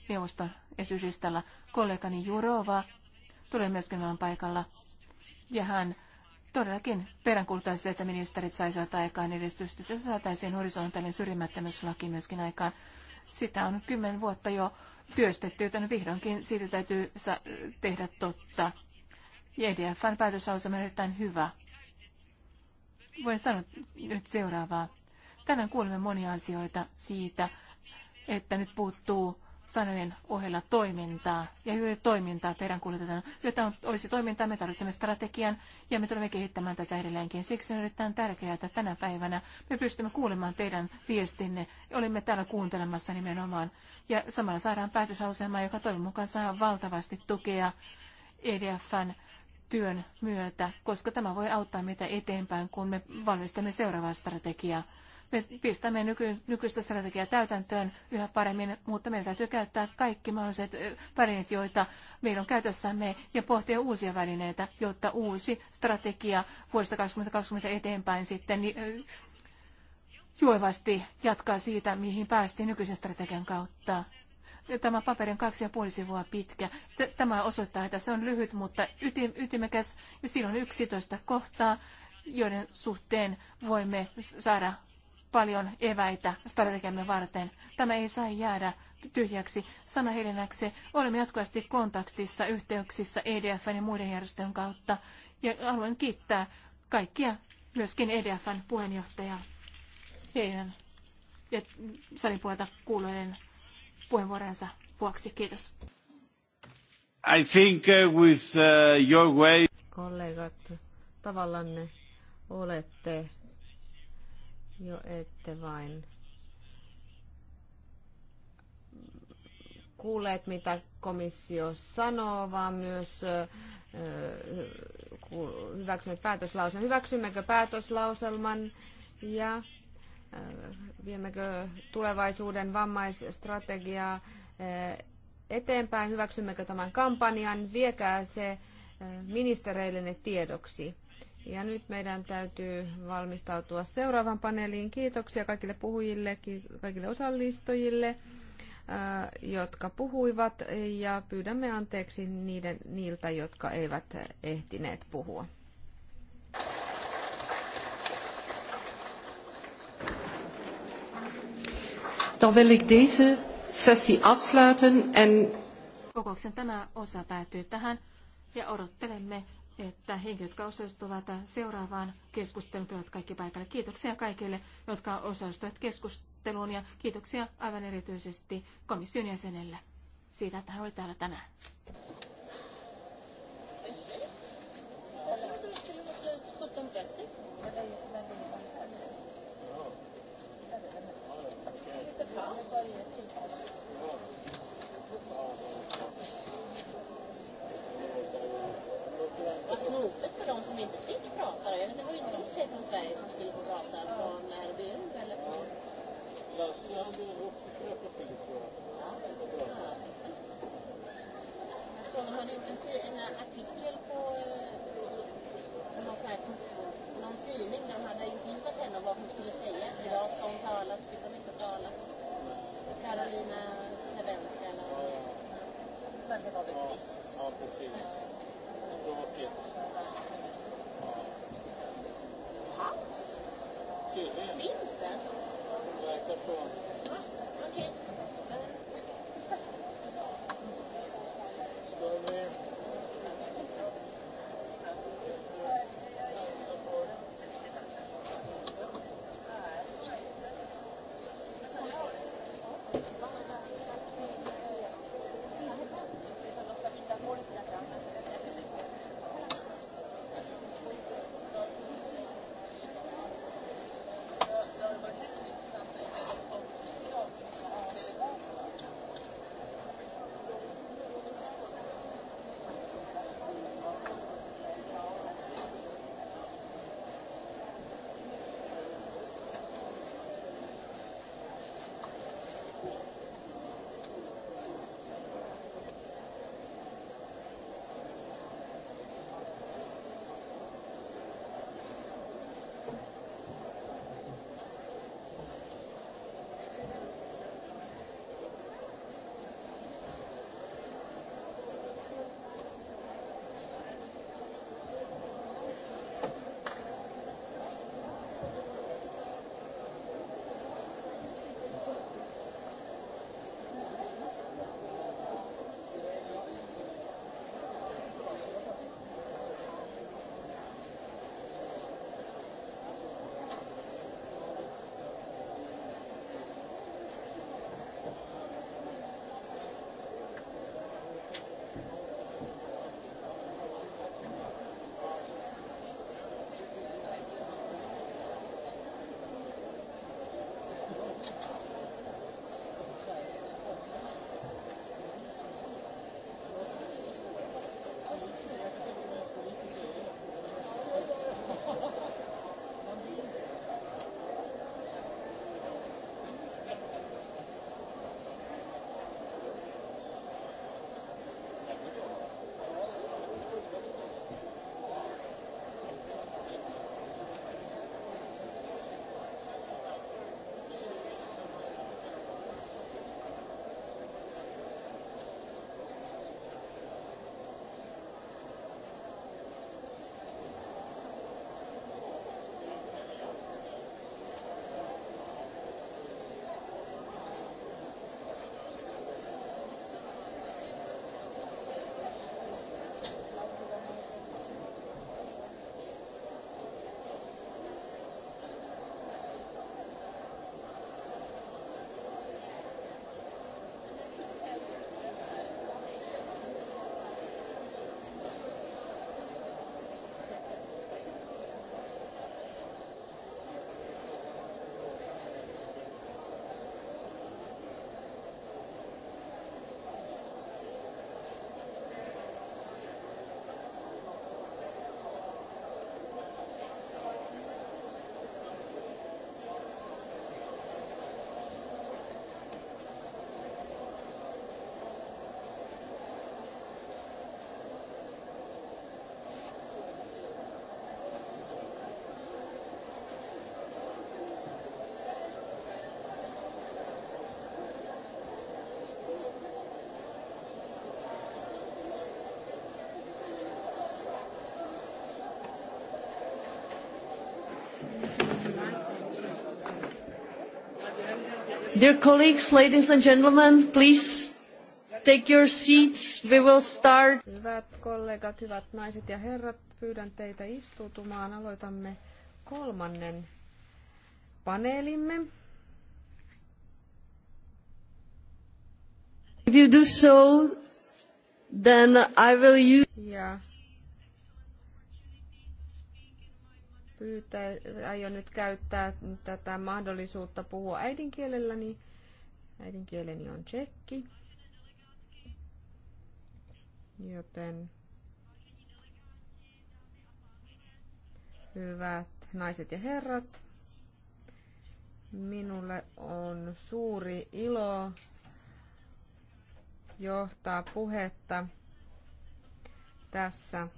neuvoston esityslistalla. Kollegani Jurova tulee myöskin olemaan paikalla ja hän todellakin peräänkuulutan sitä, että ministerit saisivat aikaan edistystä, että saataisiin horisontaalinen syrjimättömyyslaki myöskin aikaan. Sitä on kymmen vuotta jo työstetty, joten vihdoinkin siitä täytyy tehdä totta. Ja e EDFn on erittäin hyvä. Voin sanoa nyt seuraavaa. Tänään kuulemme monia asioita siitä, että nyt puuttuu sanojen ohella toimintaa ja juuri toimintaa peräänkuljetetaan. Jotta olisi toimintaa, me tarvitsemme strategian ja me tulemme kehittämään tätä edelleenkin. Siksi on erittäin tärkeää, että tänä päivänä me pystymme kuulemaan teidän viestinne. Olimme täällä kuuntelemassa nimenomaan. Ja samalla saadaan päätösasema, joka toivon mukaan saa valtavasti tukea EDFn työn myötä, koska tämä voi auttaa meitä eteenpäin, kun me valmistamme seuraavaa strategiaa. Me pistämme nyky, nykyistä strategiaa täytäntöön yhä paremmin, mutta meidän täytyy käyttää kaikki mahdolliset välineet, joita meillä on käytössämme, ja pohtia uusia välineitä, jotta uusi strategia vuodesta 2020 eteenpäin sitten juovasti jatkaa siitä, mihin päästiin nykyisen strategian kautta tämä paperi on kaksi ja puoli sivua pitkä. Tämä osoittaa, että se on lyhyt, mutta ytimekäs ja siinä on 11 kohtaa, joiden suhteen voimme saada paljon eväitä strategiamme varten. Tämä ei saa jäädä tyhjäksi sanahelinäksi. Olemme jatkuvasti kontaktissa, yhteyksissä EDFn ja muiden järjestöjen kautta. Ja haluan kiittää kaikkia, myöskin EDFn puheenjohtajaa heidän ja salin puolelta kuuluneiden puheenvuorensa vuoksi. Kiitos. I think uh, with uh, your way... Kollegat, tavallanne olette jo ette vain kuulleet, mitä komissio sanoo, vaan myös hyväksynyt päätöslauselman. Hyväksymmekö päätöslauselman ja viemmekö tulevaisuuden vammaisstrategiaa eteenpäin, hyväksymmekö tämän kampanjan, viekää se ministereillenne tiedoksi. Ja nyt meidän täytyy valmistautua seuraavan paneeliin. Kiitoksia kaikille puhujille, kaikille osallistujille, äh, jotka puhuivat, ja pyydämme anteeksi niiden, niiltä, jotka eivät ehtineet puhua. Dan wil ik deze sessie afsluiten en... Kokouksen tämä osa päätyy tähän ja odottelemme että henkilöt, jotka osallistuvat seuraavaan keskusteluun, tulevat kaikki paikalle. Kiitoksia kaikille, jotka osallistuvat keskusteluun ja kiitoksia aivan erityisesti komission jäsenelle siitä, että hän oli täällä tänään. som inte fick prata det? Det var ju inte tjejer från Sverige som skulle få prata ja. från RBU eller på... Lasse hade också träffat till tror jag. Ja. ja. Jag såg gjort en en artikel på, eh, på någon sån här någon tidning där de hade intervjuat henne och vad hon skulle säga. Idag ska hon tala, så fick hon inte tala. Karolina Svenska eller vad Ja, ja. Men det var väl trist. Ja, precis. Tråkigt. plats? Tydligen. Finns det? Det verkar så. Ja, Okay. Ska Dear colleagues, ladies and gentlemen, please take your seats. We will start. Hyvät kollegat, hyvät naiset ja herrat, pyydän teitä istuutumaan. Aloitamme kolmannen paneelimme. If you do so, then I will use... Ja pyytää, aion nyt käyttää tätä mahdollisuutta puhua äidinkielelläni. Äidinkieleni on tsekki. Joten hyvät naiset ja herrat, minulle on suuri ilo johtaa puhetta tässä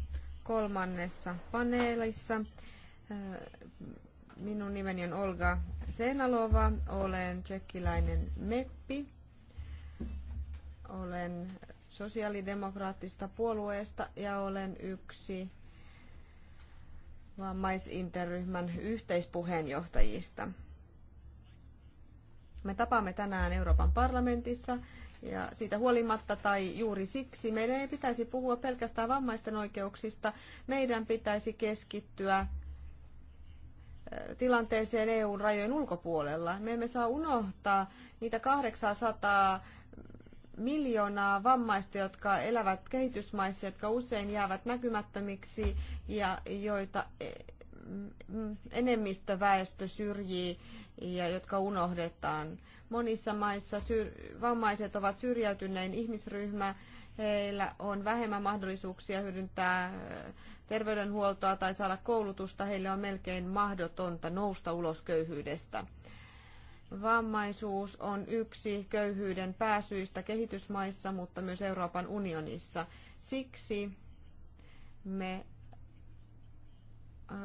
kolmannessa paneelissa. Minun nimeni on Olga Senalova. olen tsekkiläinen meppi. Olen sosiaalidemokraattista puolueesta ja olen yksi vammaisinterryhmän yhteispuheenjohtajista. Me tapaamme tänään Euroopan parlamentissa ja siitä huolimatta tai juuri siksi meidän ei pitäisi puhua pelkästään vammaisten oikeuksista. Meidän pitäisi keskittyä tilanteeseen EUn rajojen ulkopuolella. Me emme saa unohtaa niitä 800 miljoonaa vammaista, jotka elävät kehitysmaissa, jotka usein jäävät näkymättömiksi ja joita e- enemmistöväestö syrjii ja jotka unohdetaan. Monissa maissa vammaiset ovat syrjäytyneen ihmisryhmä, heillä on vähemmän mahdollisuuksia hyödyntää äh, terveydenhuoltoa tai saada koulutusta, heille on melkein mahdotonta nousta ulos köyhyydestä. Vammaisuus on yksi köyhyyden pääsyistä kehitysmaissa, mutta myös Euroopan unionissa. Siksi me äh,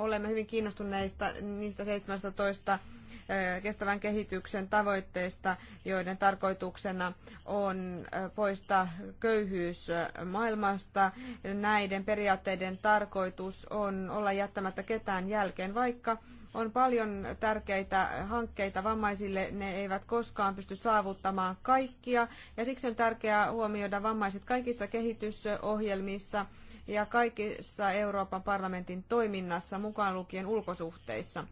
olemme hyvin kiinnostuneista niistä 17 kestävän kehityksen tavoitteista, joiden tarkoituksena on poistaa köyhyys maailmasta. Näiden periaatteiden tarkoitus on olla jättämättä ketään jälkeen, vaikka on paljon tärkeitä hankkeita vammaisille, ne eivät koskaan pysty saavuttamaan kaikkia, ja siksi on tärkeää huomioida vammaiset kaikissa kehitysohjelmissa ja kaikissa Euroopan parlamentin toiminnassa, mukaan lukien ulkosuhteissa.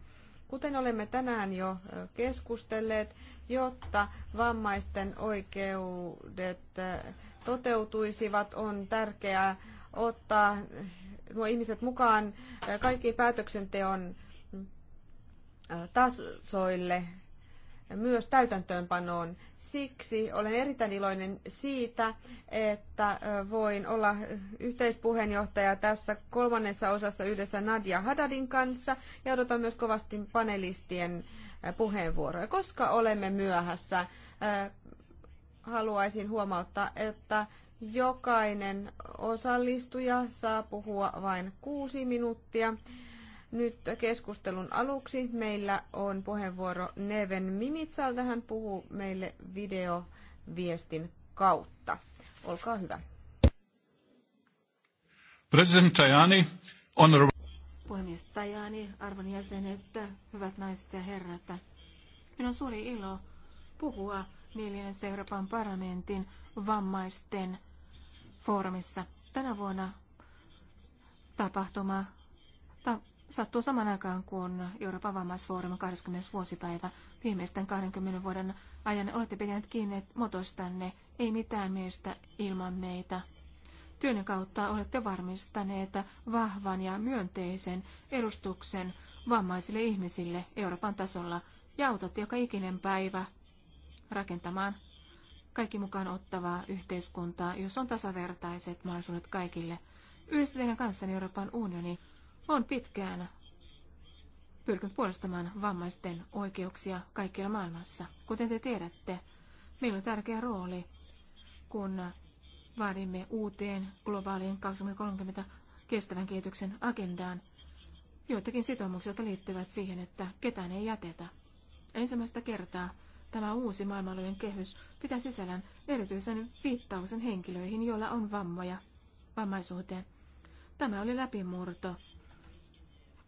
Kuten olemme tänään jo keskustelleet, jotta vammaisten oikeudet toteutuisivat, on tärkeää ottaa nuo ihmiset mukaan kaikkiin päätöksenteon tasoille myös täytäntöönpanoon. Siksi olen erittäin iloinen siitä, että voin olla yhteispuheenjohtaja tässä kolmannessa osassa yhdessä Nadia Hadadin kanssa ja odotan myös kovasti panelistien puheenvuoroja. Koska olemme myöhässä, haluaisin huomauttaa, että jokainen osallistuja saa puhua vain kuusi minuuttia. Nyt keskustelun aluksi meillä on puheenvuoro Neven Mimitsalta. Hän puhuu meille videoviestin kautta. Olkaa hyvä. President Tajani, honorable... Puhemies Tajani, arvon jäsenet, hyvät naiset ja herrat. Minun on suuri ilo puhua neljännessä Euroopan parlamentin vammaisten foorumissa. Tänä vuonna tapahtuma sattuu saman aikaan kuin Euroopan vammaisfoorumin 20. vuosipäivä. Viimeisten 20 vuoden ajan olette pitäneet kiinni motostanne, ei mitään meistä ilman meitä. Työn kautta olette varmistaneet vahvan ja myönteisen edustuksen vammaisille ihmisille Euroopan tasolla ja autatte joka ikinen päivä rakentamaan kaikki mukaan ottavaa yhteiskuntaa, jossa on tasavertaiset mahdollisuudet kaikille. Yhdessä teidän kanssani Euroopan unioni on pitkään pyrkinyt puolustamaan vammaisten oikeuksia kaikkialla maailmassa. Kuten te tiedätte, meillä on tärkeä rooli, kun vaadimme uuteen globaaliin 2030 kestävän kehityksen agendaan joitakin sitoumuksia, jotka liittyvät siihen, että ketään ei jätetä. Ensimmäistä kertaa tämä uusi maailmanlojen kehys pitää sisällään erityisen viittauksen henkilöihin, joilla on vammoja vammaisuuteen. Tämä oli läpimurto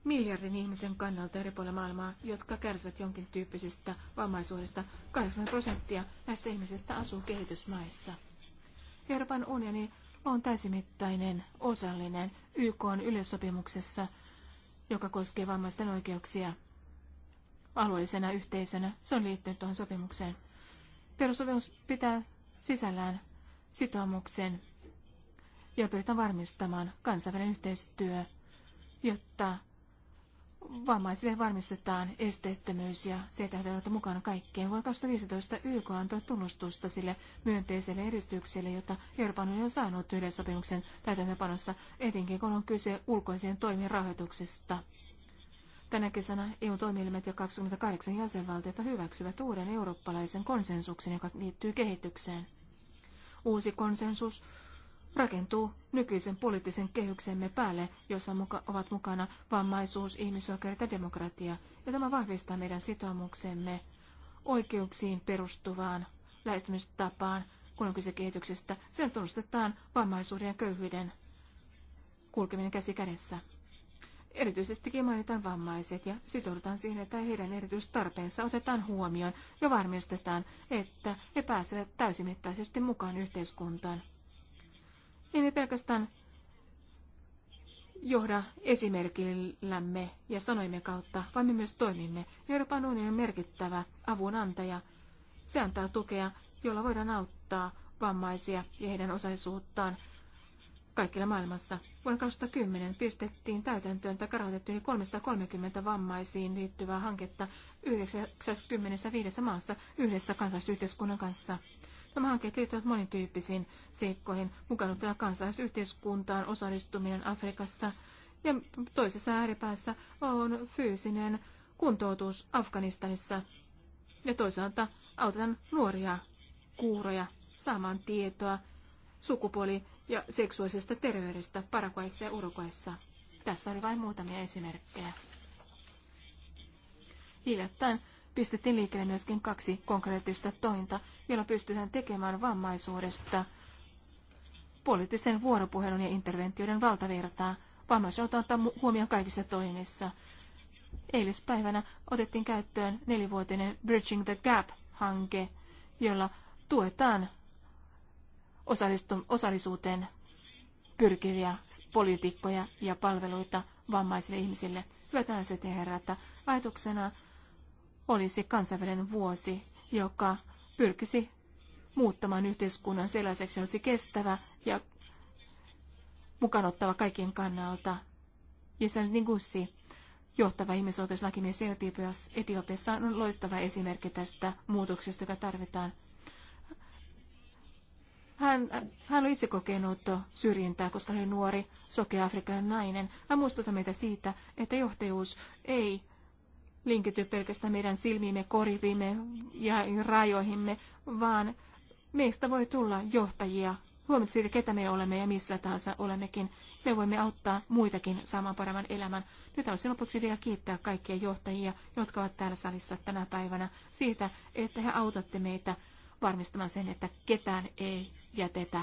miljardin ihmisen kannalta eri puolilla maailmaa, jotka kärsivät jonkin tyyppisestä vammaisuudesta. 80 prosenttia näistä ihmisistä asuu kehitysmaissa. Euroopan unioni on täysimittainen osallinen YK on yleissopimuksessa, joka koskee vammaisten oikeuksia. Alueellisena yhteisönä se on liittynyt tuohon sopimukseen. Perussopimus pitää sisällään sitoumuksen, ja pyritään varmistamaan kansainvälinen yhteistyö, jotta Vammaisille varmistetaan esteettömyys ja se, että he mukana kaikkeen. Vuonna 2015 YK antoi tunnustusta sille myönteiselle edistykselle, jota Euroopan unioni on saanut yleissopimuksen täytäntöpanossa, etenkin kun on kyse ulkoisien toimien rahoituksesta. Tänä kesänä EU-toimielimet ja 28 jäsenvaltiota hyväksyvät uuden eurooppalaisen konsensuksen, joka liittyy kehitykseen. Uusi konsensus rakentuu nykyisen poliittisen kehyksemme päälle, jossa muka, ovat mukana vammaisuus, ihmisoikeudet ja demokratia. Ja tämä vahvistaa meidän sitoumuksemme oikeuksiin perustuvaan lähestymistapaan, kun on kyse kehityksestä. Sen tunnustetaan vammaisuuden ja köyhyyden kulkeminen käsi kädessä. Erityisestikin mainitaan vammaiset ja sitoudutaan siihen, että heidän erityistarpeensa otetaan huomioon ja varmistetaan, että he pääsevät täysimittaisesti mukaan yhteiskuntaan emme pelkästään johda esimerkillämme ja sanoimme kautta, vaan me myös toimimme. Euroopan unioni on merkittävä avunantaja. Se antaa tukea, jolla voidaan auttaa vammaisia ja heidän osallisuuttaan kaikilla maailmassa. Vuonna 2010 pistettiin täytäntöön tai karhoitettiin 330 vammaisiin liittyvää hanketta 95 maassa yhdessä kansallisyhteiskunnan kanssa. Nämä hankkeet liittyvät monityyppisiin seikkoihin, mukaan ottaen kansalaisyhteiskuntaan osallistuminen Afrikassa ja toisessa ääripäässä on fyysinen kuntoutus Afganistanissa. Ja toisaalta autetaan nuoria kuuroja saamaan tietoa sukupuoli- ja seksuaalisesta terveydestä Paraguayssa ja Uruguayssa. Tässä oli vain muutamia esimerkkejä. Hiljattain pistettiin liikkeelle myöskin kaksi konkreettista tointa, joilla pystytään tekemään vammaisuudesta poliittisen vuoropuhelun ja interventioiden valtavirtaa. Vammaisuutta ottaa huomioon kaikissa toimissa. Eilispäivänä otettiin käyttöön nelivuotinen Bridging the Gap-hanke, jolla tuetaan osallisuuteen pyrkiviä poliitikkoja ja palveluita vammaisille ihmisille. Hyvät naiset ja herrat, ajatuksena olisi kansainvälinen vuosi, joka pyrkisi muuttamaan yhteiskunnan sellaiseksi, olisi kestävä ja mukanottava kaikkien kannalta. Jesan Nigussi, niin johtava ihmisoikeuslakimies Etiopiassa, on loistava esimerkki tästä muutoksesta, joka tarvitaan. Hän, hän on itse kokenut syrjintää, koska hän oli nuori, sokea afrikkalainen nainen. Hän muistuttaa meitä siitä, että johtajuus ei linkity pelkästään meidän silmiimme, korviimme ja rajoihimme, vaan meistä voi tulla johtajia Huomitsi, siitä, ketä me olemme ja missä tahansa olemmekin. Me voimme auttaa muitakin saamaan paremman elämän. Nyt haluaisin lopuksi vielä kiittää kaikkia johtajia, jotka ovat täällä salissa tänä päivänä siitä, että he autatte meitä varmistamaan sen, että ketään ei jätetä.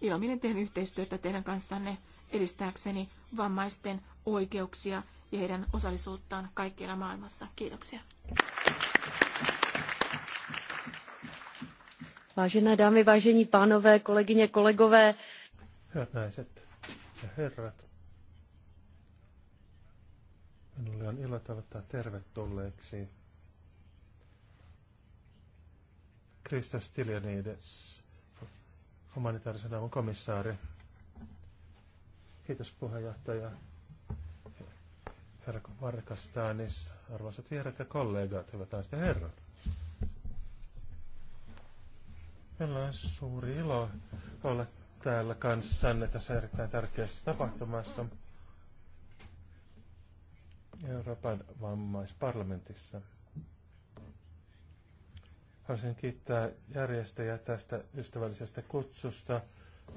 Ilomielen teen yhteistyötä teidän kanssanne edistääkseni vammaisten oikeuksia ja heidän osallisuuttaan kaikkialla maailmassa. Kiitoksia. Vážené dámy, vážení pánové, kolegyně, kolegové. Hyvät naiset ja herrat, minulle on ilo toivottaa tervetulleeksi Krista Stiljanides, humanitaarisen avun komissaari. Kiitos puheenjohtaja herra Varkastanis, arvoisat vierat ja kollegat, hyvät naiset ja herrat. Meillä on suuri ilo olla täällä kanssanne tässä erittäin tärkeässä tapahtumassa Euroopan vammaisparlamentissa. Haluaisin kiittää järjestäjää tästä ystävällisestä kutsusta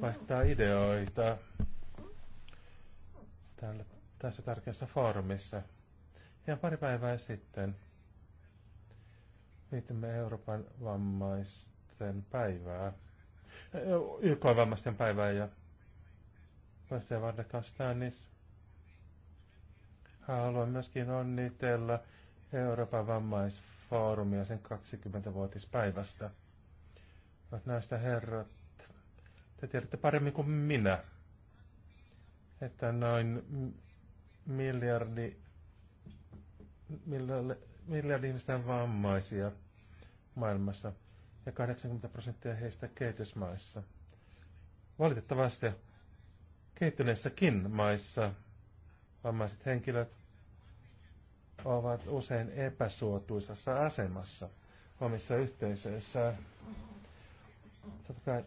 vaihtaa ideoita. Täällä tässä tärkeässä foorumissa. Ihan pari päivää sitten viitimme Euroopan vammaisten päivää, YK vammaisten päivää ja puheenjohtaja Varda Kastanis. Haluan myöskin onnitella Euroopan vammaisfoorumia sen 20-vuotispäivästä. Hyvät näistä herrat, te tiedätte paremmin kuin minä, että noin miljardi, miljardi, miljardi ihmistä on vammaisia maailmassa ja 80 prosenttia heistä kehitysmaissa. Valitettavasti kehittyneissäkin maissa vammaiset henkilöt ovat usein epäsuotuisassa asemassa omissa yhteisöissä. Totta kai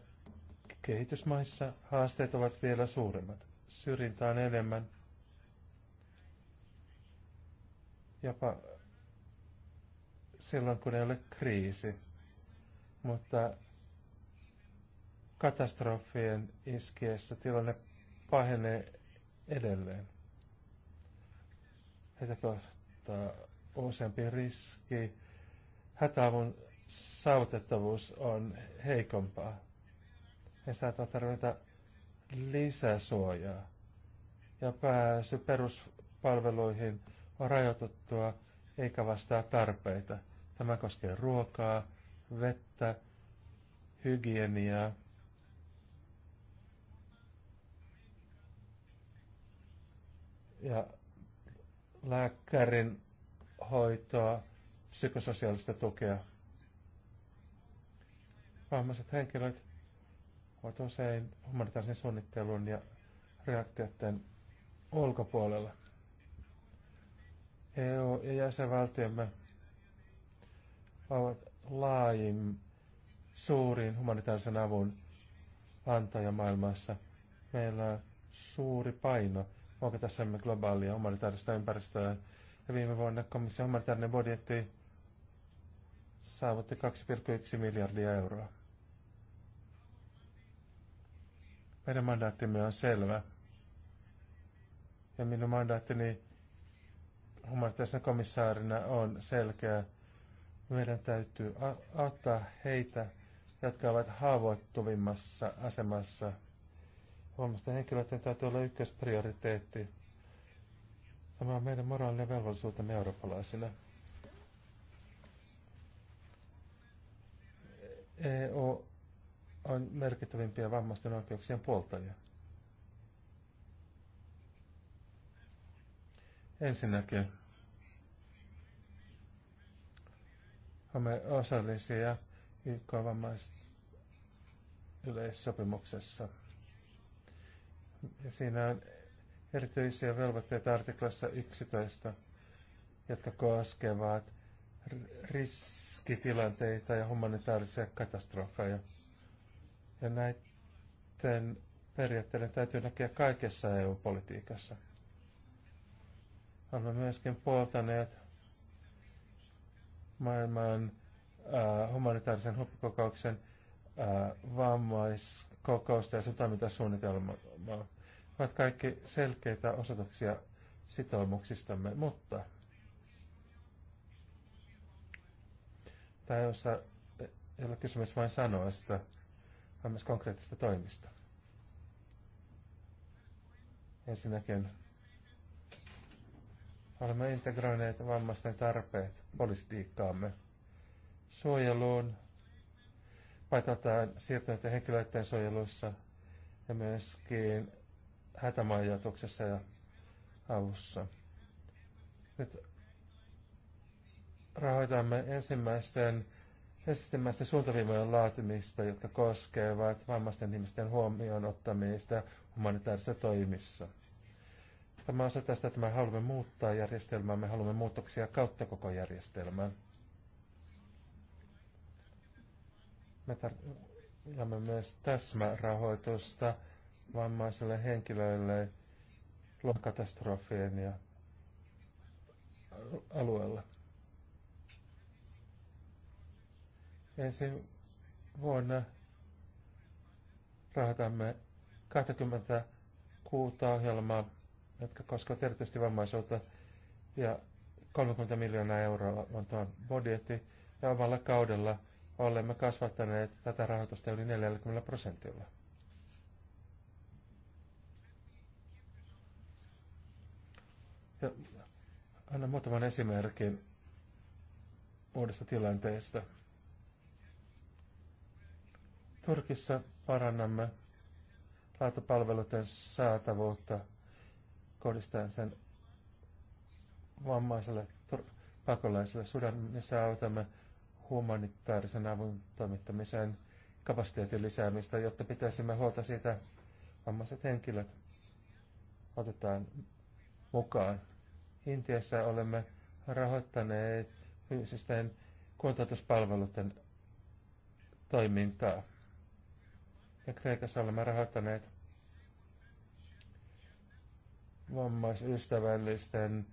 kehitysmaissa haasteet ovat vielä suuremmat. Syrjintää on enemmän, jopa silloin, kun ei ole kriisi. Mutta katastrofien iskiessä tilanne pahenee edelleen. Heitä kohtaa useampi riski. Hätäavun saavutettavuus on heikompaa. He saattavat tarvita lisäsuojaa ja pääsy peruspalveluihin – on rajoitettua eikä vastaa tarpeita. Tämä koskee ruokaa, vettä, hygieniaa, ja lääkärin hoitoa, psykososiaalista tukea. Vammaiset henkilöt ovat usein humanitaarisen suunnittelun ja reaktioiden ulkopuolella. EU ja jäsenvaltiomme ovat laajin, suurin humanitaarisen avun antaja maailmassa. Meillä on suuri paino muokatassamme globaalia humanitaarista ympäristöä. Ja viime vuonna komission humanitaarinen budjetti saavutti 2,1 miljardia euroa. Meidän mandaattimme on selvä. Ja minun mandaattini humanitaarisen komissaarina on selkeä. Meidän täytyy auttaa heitä, jotka ovat haavoittuvimmassa asemassa. Huomasta henkilöiden täytyy olla ykkösprioriteetti. Tämä on meidän moraalinen velvollisuutemme eurooppalaisina. EU e on merkittävimpiä vammaisten oikeuksien puoltajia. Ensinnäkin olemme osallisia YK vammaisyleissopimuksessa. Ja siinä on erityisiä velvoitteita artiklassa 11, jotka koskevat riskitilanteita ja humanitaarisia katastrofeja. Ja näiden periaatteiden täytyy näkyä kaikessa EU-politiikassa. Olemme myöskin puoltaneet maailman äh, humanitaarisen huippukokouksen äh, vammaiskokousta ja sen toimintasuunnitelmaa. Ovat kaikki selkeitä osoituksia sitoumuksistamme, mutta tämä jossa ei ole kysymys vain sanoista, vaan myös konkreettista toimista. Ensinnäkin Olemme integroineet vammaisten tarpeet politiikkaamme suojeluun, paitataan siirtyneiden henkilöiden suojelussa ja myöskin hätämajoituksessa ja avussa. Nyt rahoitamme ensimmäisten ensimmäisten suuntaviivojen laatimista, jotka koskevat vammaisten ihmisten huomioon ottamista humanitaarisissa toimissa. Tämä on se tästä, että me haluamme muuttaa järjestelmää, me haluamme muutoksia kautta koko järjestelmään. Me tarvitsemme myös täsmärahoitusta vammaisille henkilöille luokkatastrofien ja alueella. Ensi vuonna rahoitamme 26 ohjelmaa jotka koskevat erityisesti vammaisuutta. Ja 30 miljoonaa euroa on tuo budjetti. Ja omalla kaudella olemme kasvattaneet tätä rahoitusta yli 40 prosentilla. Ja annan muutaman esimerkin uudesta tilanteesta. Turkissa parannamme laatupalveluiden saatavuutta – kohdistaen sen vammaiselle pakolaiselle. Sudanissa autamme humanitaarisen avun toimittamisen kapasiteetin lisäämistä, jotta pitäisimme huolta siitä, vammaiset henkilöt otetaan mukaan. Intiassa olemme rahoittaneet fyysisten kuntoutuspalveluiden toimintaa. Ja Kreikassa olemme rahoittaneet vammaisystävällisten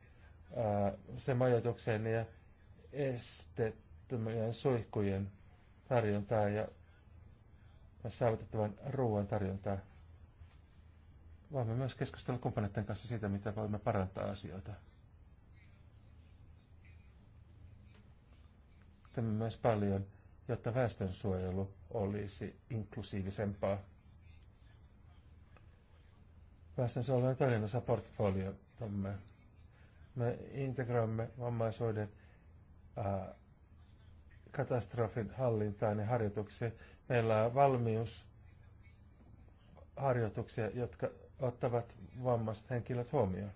ää, sen majoituksen ja estettömien suihkujen tarjontaa ja saavutettavan ruoan tarjontaa. Voimme myös keskustella kumppaneiden kanssa siitä, mitä voimme parantaa asioita. Teemme myös paljon, jotta väestönsuojelu olisi inklusiivisempaa. Lastensuojelu on toinen osa portfoliotamme. Me integroimme vammaisuuden ää, katastrofin hallintaan ja harjoituksiin. Meillä on valmiusharjoituksia, jotka ottavat vammaiset henkilöt huomioon.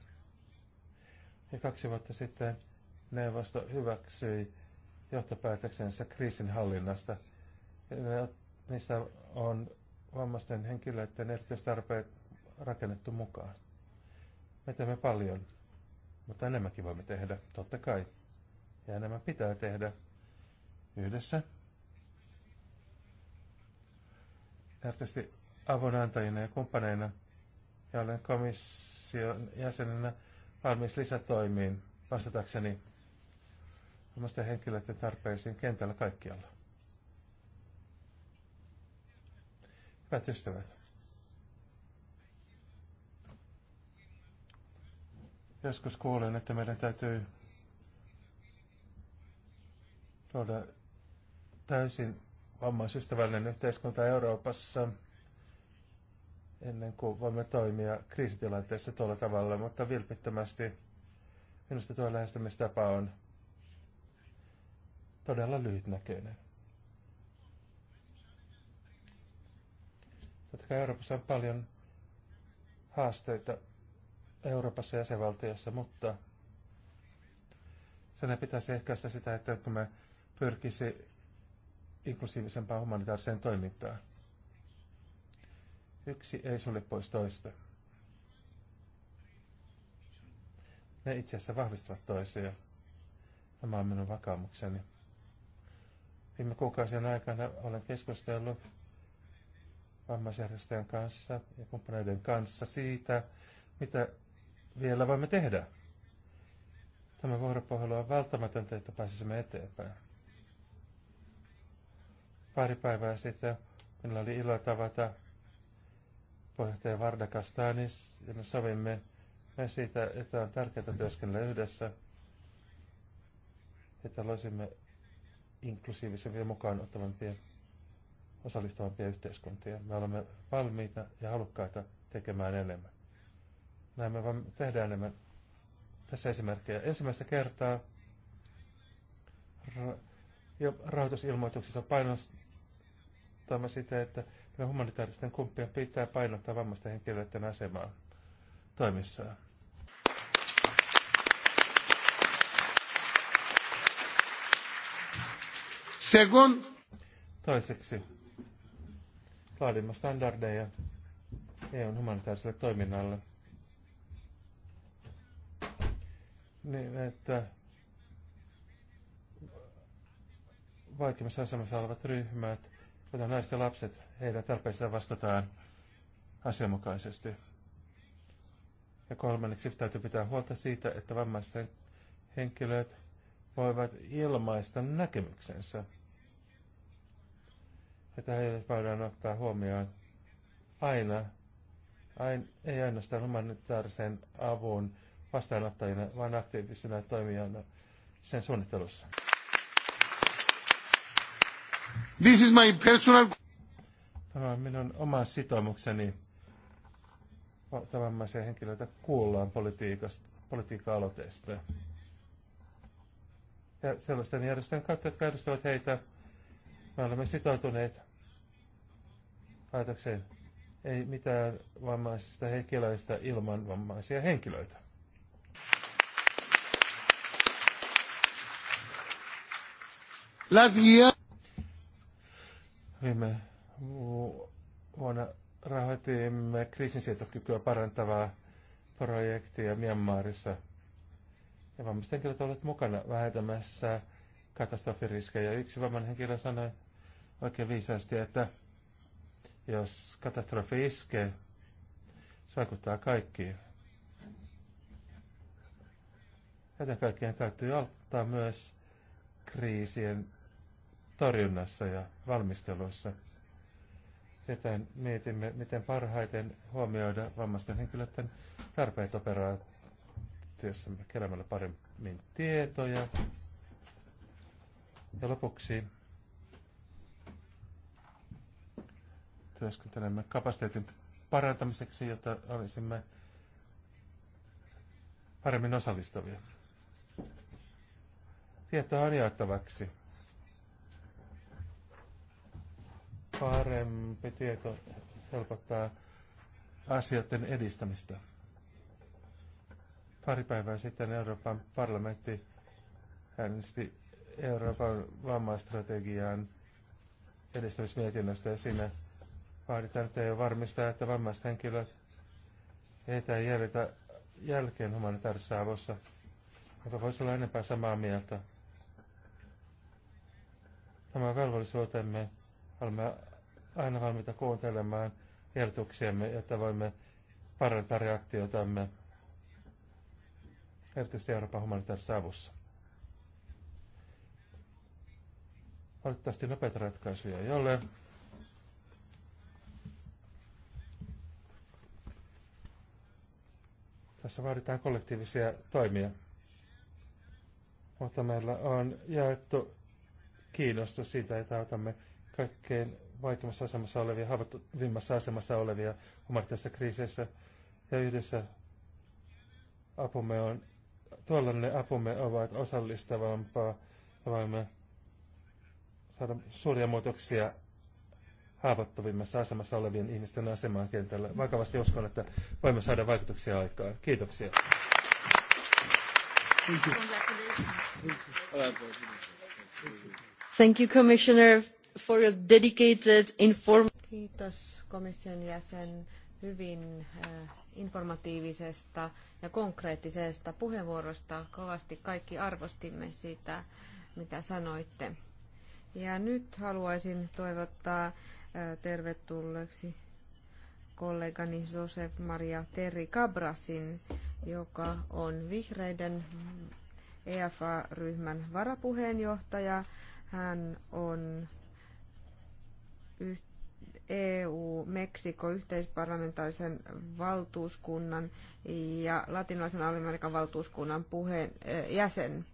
Ja kaksi vuotta sitten neuvosto hyväksyi johtopäätöksensä kriisinhallinnasta. Niissä on vammaisten henkilöiden erityistarpeet rakennettu mukaan. Me teemme paljon, mutta enemmänkin voimme tehdä, totta kai. Ja enemmän pitää tehdä yhdessä. Erityisesti avunantajina ja kumppaneina, ja olen komission jäsenenä valmis lisätoimiin vastatakseni omasta henkilöiden tarpeisiin kentällä kaikkialla. Hyvät ystävät, Joskus kuulen, että meidän täytyy luoda täysin vammaisystävällinen yhteiskunta Euroopassa ennen kuin voimme toimia kriisitilanteessa tuolla tavalla, mutta vilpittömästi minusta tuo lähestymistapa on todella lyhytnäköinen. Totta kai Euroopassa on paljon haasteita, Euroopassa ja jäsenvaltiossa, mutta sen pitäisi ehkäistä sitä, että kun me pyrkisi inklusiivisempaan humanitaariseen toimintaan. Yksi ei sulle pois toista. Ne itse asiassa vahvistavat toisia. Tämä on minun vakaumukseni. Viime kuukausien aikana olen keskustellut vammaisjärjestöjen kanssa ja kumppaneiden kanssa siitä, mitä vielä voimme tehdä. Tämä vuoropuhelu on välttämätöntä, että pääsisimme eteenpäin. Pari päivää sitten minulla oli ilo tavata puheenjohtaja Varda Kastanis, ja me sovimme me siitä, että on tärkeää työskennellä yhdessä, että loisimme inklusiivisempia mukaan ottavampia osallistavampia yhteiskuntia. Me olemme valmiita ja halukkaita tekemään enemmän. Näin me vaan tehdään enemmän. Niin tässä esimerkkejä. Ensimmäistä kertaa ra- ja rahoitusilmoituksissa painostamme sitä, että humanitaaristen kumppien pitää painottaa vammaisten henkilöiden asemaa toimissaan. Second. Toiseksi laadimme standardeja EUn humanitaariselle toiminnalle. niin, että vaikeimmassa asemassa olevat ryhmät, kuten naiset ja lapset, heidän tarpeissaan vastataan asianmukaisesti. Ja kolmanneksi täytyy pitää huolta siitä, että vammaisten henkilöt voivat ilmaista näkemyksensä. Että heidät voidaan ottaa huomioon aina, ain, ei ainoastaan humanitaarisen avun vastaanottajina, vaan aktiivisina toimijoina sen suunnittelussa. This is my personal... Tämä on minun oma sitoumukseni tavammaisia henkilöitä kuullaan politiikasta, politiikka-aloiteista. Ja sellaisten järjestöjen kautta, jotka edustavat heitä, me olemme sitoutuneet päätökseen. Ei mitään vammaisista henkilöistä ilman vammaisia henkilöitä. Las guías. Viime vuonna rahoitimme kriisinsietokykyä parantavaa projektia Myanmarissa. Ja vammaiset henkilöt ovat mukana vähentämässä katastrofiriskejä. Yksi vammainen henkilö sanoi oikein viisaasti, että jos katastrofi iskee, se vaikuttaa kaikkiin. Joten kaikkien täytyy auttaa myös kriisien torjunnassa ja valmisteluissa. Joten mietimme, miten parhaiten huomioida vammaisten henkilöiden tarpeet operaatiossa keräämällä paremmin tietoja. Ja lopuksi työskentelemme kapasiteetin parantamiseksi, jotta olisimme paremmin osallistuvia. Tietoa on jaettavaksi parempi tieto helpottaa asioiden edistämistä. Pari päivää sitten Euroopan parlamentti äänesti Euroopan vammaistrategian edistämismietinnöstä ja siinä vaaditaan, että ei varmistaa, että vammaiset henkilöt heitä ei jäljitä jälkeen humanitaarisessa avussa. Mutta voisi olla enempää samaa mieltä. Tämä velvollisuutemme olemme aina valmiita kuuntelemaan ehdotuksiamme, jotta voimme parantaa reaktiotamme erityisesti Euroopan humanitaarisessa avussa. Valitettavasti nopeita ratkaisuja ei ole. Tässä vaaditaan kollektiivisia toimia. Mutta meillä on jaettu kiinnostus siitä, että otamme kaikkein vaikeimmassa asemassa olevia, haavoittuvimmassa asemassa olevia humanitaarisissa kriiseissä. Ja yhdessä apumme on, tuollainen apumme ovat osallistavampaa ja voimme saada suuria muutoksia haavoittuvimmassa asemassa olevien ihmisten asemaan kentällä. Vakavasti uskon, että voimme saada vaikutuksia aikaan. Kiitoksia. Thank you. Thank you, Commissioner for your dedicated inform- Kiitos komission jäsen hyvin äh, informatiivisesta ja konkreettisesta puheenvuorosta. Kovasti kaikki arvostimme sitä, mitä sanoitte. Ja nyt haluaisin toivottaa äh, tervetulleeksi kollegani Josef Maria Terri Cabrasin, joka on vihreiden EFA-ryhmän varapuheenjohtaja. Hän on EU-Meksiko-yhteisparlamentaisen valtuuskunnan ja latinalaisen Amerikan valtuuskunnan puheen, jäsen.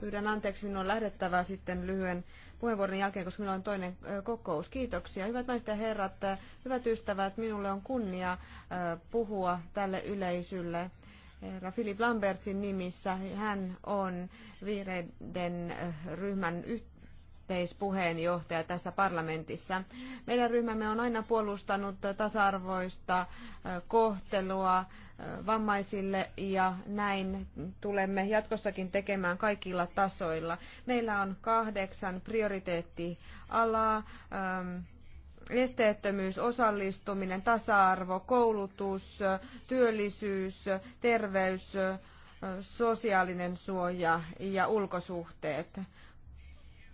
Pyydän anteeksi, minun on lähdettävä sitten lyhyen puheenvuoron jälkeen, koska minulla on toinen e, kokous. Kiitoksia. Hyvät naiset ja herrat, e, hyvät ystävät, minulle on kunnia e, puhua tälle yleisölle. Herra Philip Lambertsin nimissä. Hän on vihreiden ryhmän yhteydessä yhteispuheenjohtaja tässä parlamentissa. Meidän ryhmämme on aina puolustanut tasa-arvoista kohtelua vammaisille ja näin tulemme jatkossakin tekemään kaikilla tasoilla. Meillä on kahdeksan prioriteettialaa. esteettömyys, osallistuminen, tasa-arvo, koulutus, työllisyys, terveys, sosiaalinen suoja ja ulkosuhteet.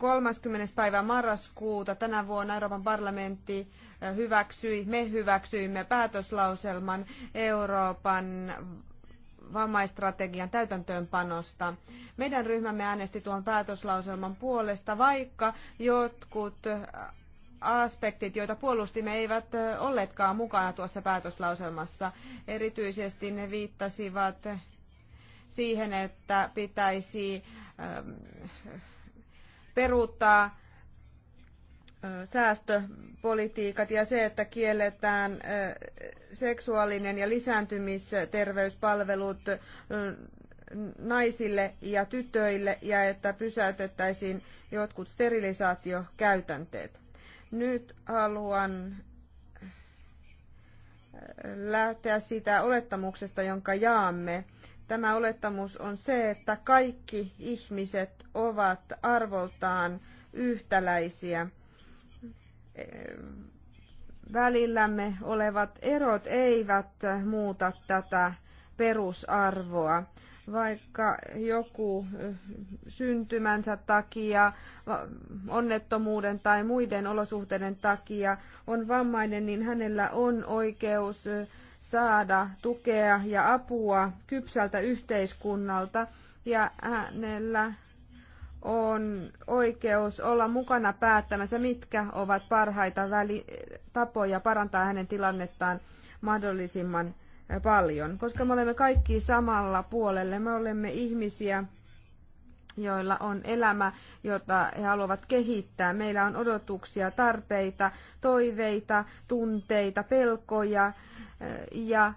30. päivä marraskuuta tänä vuonna Euroopan parlamentti hyväksyi, me hyväksyimme päätöslauselman Euroopan vammaistrategian täytäntöönpanosta. Meidän ryhmämme äänesti tuon päätöslauselman puolesta, vaikka jotkut aspektit, joita puolustimme, eivät olleetkaan mukana tuossa päätöslauselmassa. Erityisesti ne viittasivat siihen, että pitäisi peruuttaa säästöpolitiikat ja se, että kielletään seksuaalinen ja lisääntymisterveyspalvelut naisille ja tytöille ja että pysäytettäisiin jotkut sterilisaatiokäytänteet. Nyt haluan lähteä siitä olettamuksesta, jonka jaamme, Tämä olettamus on se, että kaikki ihmiset ovat arvoltaan yhtäläisiä. Välillämme olevat erot eivät muuta tätä perusarvoa vaikka joku syntymänsä takia, onnettomuuden tai muiden olosuhteiden takia on vammainen, niin hänellä on oikeus saada tukea ja apua kypsältä yhteiskunnalta ja hänellä on oikeus olla mukana päättämässä, mitkä ovat parhaita väli- tapoja parantaa hänen tilannettaan mahdollisimman paljon. Koska me olemme kaikki samalla puolelle, me olemme ihmisiä, joilla on elämä, jota he haluavat kehittää. Meillä on odotuksia, tarpeita, toiveita, tunteita, pelkoja, ja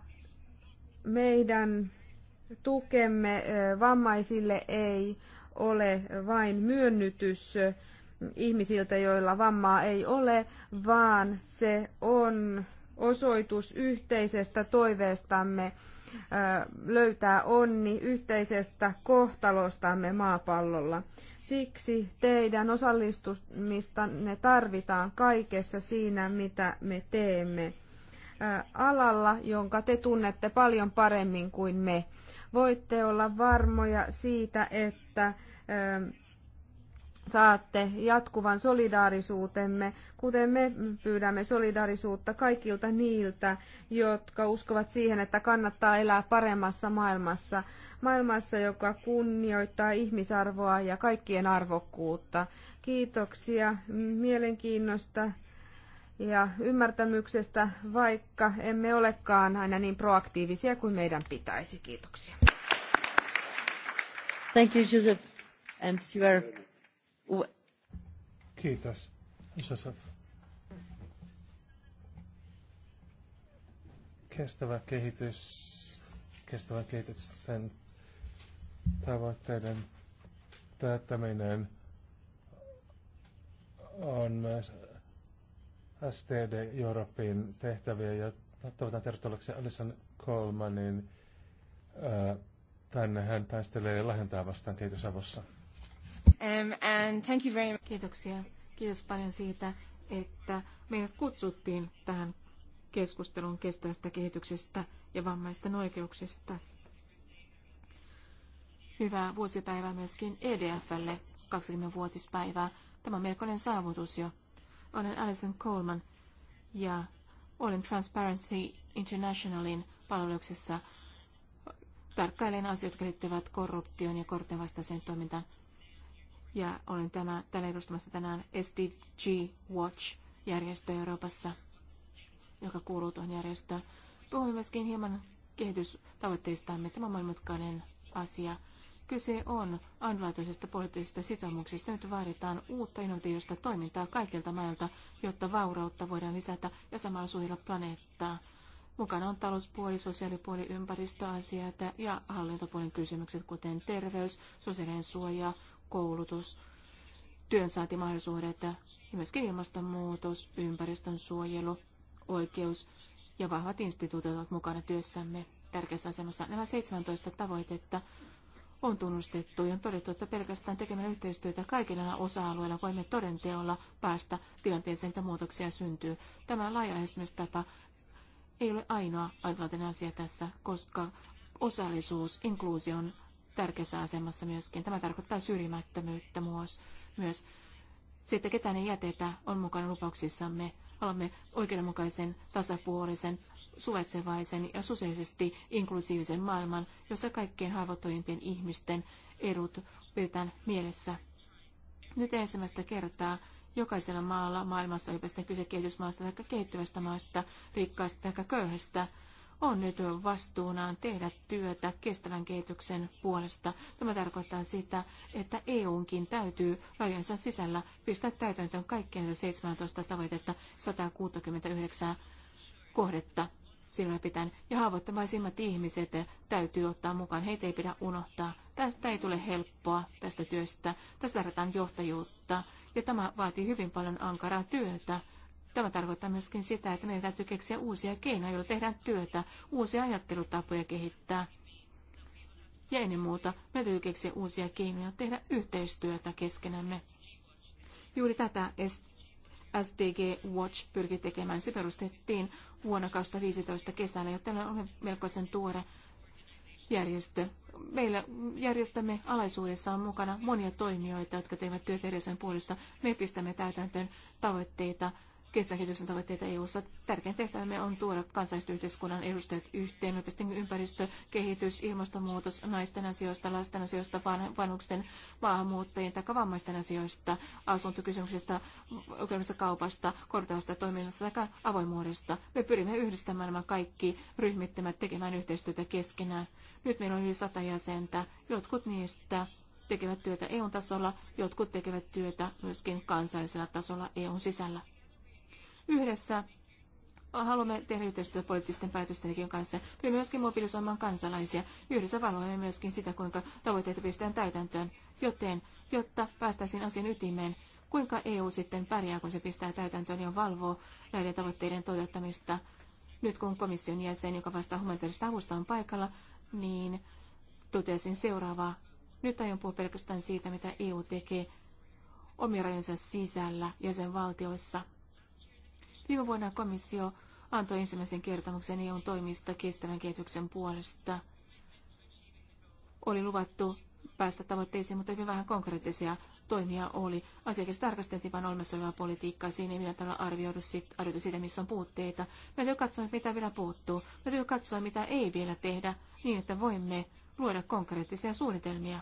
meidän tukemme e, vammaisille ei ole vain myönnytys e, ihmisiltä, joilla vammaa ei ole, vaan se on osoitus yhteisestä toiveestamme e, löytää onni yhteisestä kohtalostamme maapallolla. Siksi teidän osallistumistanne tarvitaan kaikessa siinä, mitä me teemme alalla, jonka te tunnette paljon paremmin kuin me. Voitte olla varmoja siitä, että saatte jatkuvan solidaarisuutemme, kuten me pyydämme solidaarisuutta kaikilta niiltä, jotka uskovat siihen, että kannattaa elää paremmassa maailmassa, maailmassa, joka kunnioittaa ihmisarvoa ja kaikkien arvokkuutta. Kiitoksia mielenkiinnosta ja ymmärtämyksestä, vaikka emme olekaan aina niin proaktiivisia kuin meidän pitäisi. Kiitoksia. Thank you, Joseph. And you Kiitos, Joseph. Kestävä kehitys, kestävän kehityksen tavoitteiden täyttäminen on myös STD Euroopin tehtäviä ja toivotan tervetulleeksi Alison Colmanin. Äh, tänne hän taistelee lähentää vastaan kehitysavussa. Um, and thank you very much. Kiitoksia. Kiitos paljon siitä, että meidät kutsuttiin tähän keskusteluun kestävästä kehityksestä ja vammaisten oikeuksista. Hyvää vuosipäivää myöskin EDFlle, 20-vuotispäivää. Tämä on melkoinen saavutus jo. Olen Alison Coleman ja olen Transparency Internationalin palveluksessa. Tarkkailen asioita, jotka liittyvät korruptioon ja korten vastaiseen toimintaan. Ja olen tänään, täällä edustamassa tänään SDG Watch-järjestö Euroopassa, joka kuuluu tuohon järjestöön. Puhumme myöskin hieman kehitystavoitteistamme. Tämä on monimutkainen asia. Kyse on ainutlaatuisesta poliittisesta sitoumuksesta. Nyt vaaditaan uutta innovatiivista toimintaa kaikilta mailta, jotta vaurautta voidaan lisätä ja samalla suojella planeettaa. Mukana on talouspuoli, sosiaalipuoli, ympäristöasiat ja hallintopuolen kysymykset, kuten terveys, sosiaalinen suoja, koulutus, työnsaantimahdollisuudet ja myöskin ilmastonmuutos, ympäristön suojelu, oikeus ja vahvat instituutiot ovat mukana työssämme tärkeässä asemassa. Nämä 17 tavoitetta on tunnustettu ja on todettu, että pelkästään tekemällä yhteistyötä kaikilla osa-alueilla voimme todenteolla päästä tilanteeseen, että muutoksia syntyy. Tämä laaja tapa ei ole ainoa ainutlaatuinen asia tässä, koska osallisuus, inkluusio on tärkeässä asemassa myöskin. Tämä tarkoittaa syrjimättömyyttä myös. Se, että ketään ei jätetä, on mukana lupauksissamme. Haluamme oikeudenmukaisen, tasapuolisen, suvaitsevaisen ja sosiaalisesti inklusiivisen maailman, jossa kaikkein haavoittuvimpien ihmisten edut pidetään mielessä. Nyt ensimmäistä kertaa jokaisella maalla maailmassa, olipa sitten kyse kehitysmaasta tai kehittyvästä maasta, rikkaasta tai köyhästä, on nyt vastuunaan tehdä työtä kestävän kehityksen puolesta. Tämä tarkoittaa sitä, että EUnkin täytyy rajansa sisällä pistää täytäntöön kaikkien 17 tavoitetta 169 kohdetta silmällä pitäen. Ja haavoittavaisimmat ihmiset täytyy ottaa mukaan. Heitä ei pidä unohtaa. Tästä ei tule helppoa tästä työstä. Tässä tarvitaan johtajuutta. Ja tämä vaatii hyvin paljon ankaraa työtä. Tämä tarkoittaa myöskin sitä, että meidän täytyy keksiä uusia keinoja, joilla tehdään työtä, uusia ajattelutapoja kehittää. Ja ennen muuta, meidän täytyy keksiä uusia keinoja tehdä yhteistyötä keskenämme. Juuri tätä SDG Watch pyrki tekemään. Se perustettiin vuonna 2015 kesällä, joten on melkoisen tuore järjestö. Meillä järjestämme alaisuudessa on mukana monia toimijoita, jotka tekevät työtä puolesta. Me pistämme täytäntöön tavoitteita kestävän kehityksen tavoitteita EU-ssa. Tärkein tehtävämme on tuoda kansallisyhteiskunnan edustajat yhteen, yliopiston niin ympäristö, kehitys, ilmastonmuutos, naisten asioista, lasten asioista, vanhusten, maahanmuuttajien tai vammaisten asioista, asuntokysymyksistä, oikeudesta kaupasta, korjaavasta toiminnasta tai avoimuudesta. Me pyrimme yhdistämään nämä kaikki ryhmittymät tekemään yhteistyötä keskenään. Nyt meillä on yli sata jäsentä. Jotkut niistä tekevät työtä EU-tasolla, jotkut tekevät työtä myöskin kansallisella tasolla EUn sisällä. Yhdessä haluamme tehdä yhteistyötä poliittisten päätöstentekijöiden kanssa. Pyrimme myöskin mobilisoimaan kansalaisia. Yhdessä valvomme myöskin sitä, kuinka tavoitteita pistetään täytäntöön, joten, jotta päästäisiin asian ytimeen, kuinka EU sitten pärjää, kun se pistää täytäntöön ja niin valvoo näiden tavoitteiden toteuttamista. Nyt kun komission jäsen, joka vastaa humanitaarista avusta, on paikalla, niin totesin seuraavaa. Nyt aion puhua pelkästään siitä, mitä EU tekee omien sisällä jäsenvaltioissa – Viime vuonna komissio antoi ensimmäisen kertomuksen EUn toimista kestävän kehityksen puolesta. Oli luvattu päästä tavoitteisiin, mutta hyvin vähän konkreettisia toimia oli. Asiakas tarkasteltiin vain olemassa olevaa politiikkaa. Siinä ei millään tavalla arvioidu sit, arvioitu sitä, missä on puutteita. Me täytyy katsoa, mitä vielä puuttuu. Me täytyy katsoa, mitä ei vielä tehdä, niin että voimme luoda konkreettisia suunnitelmia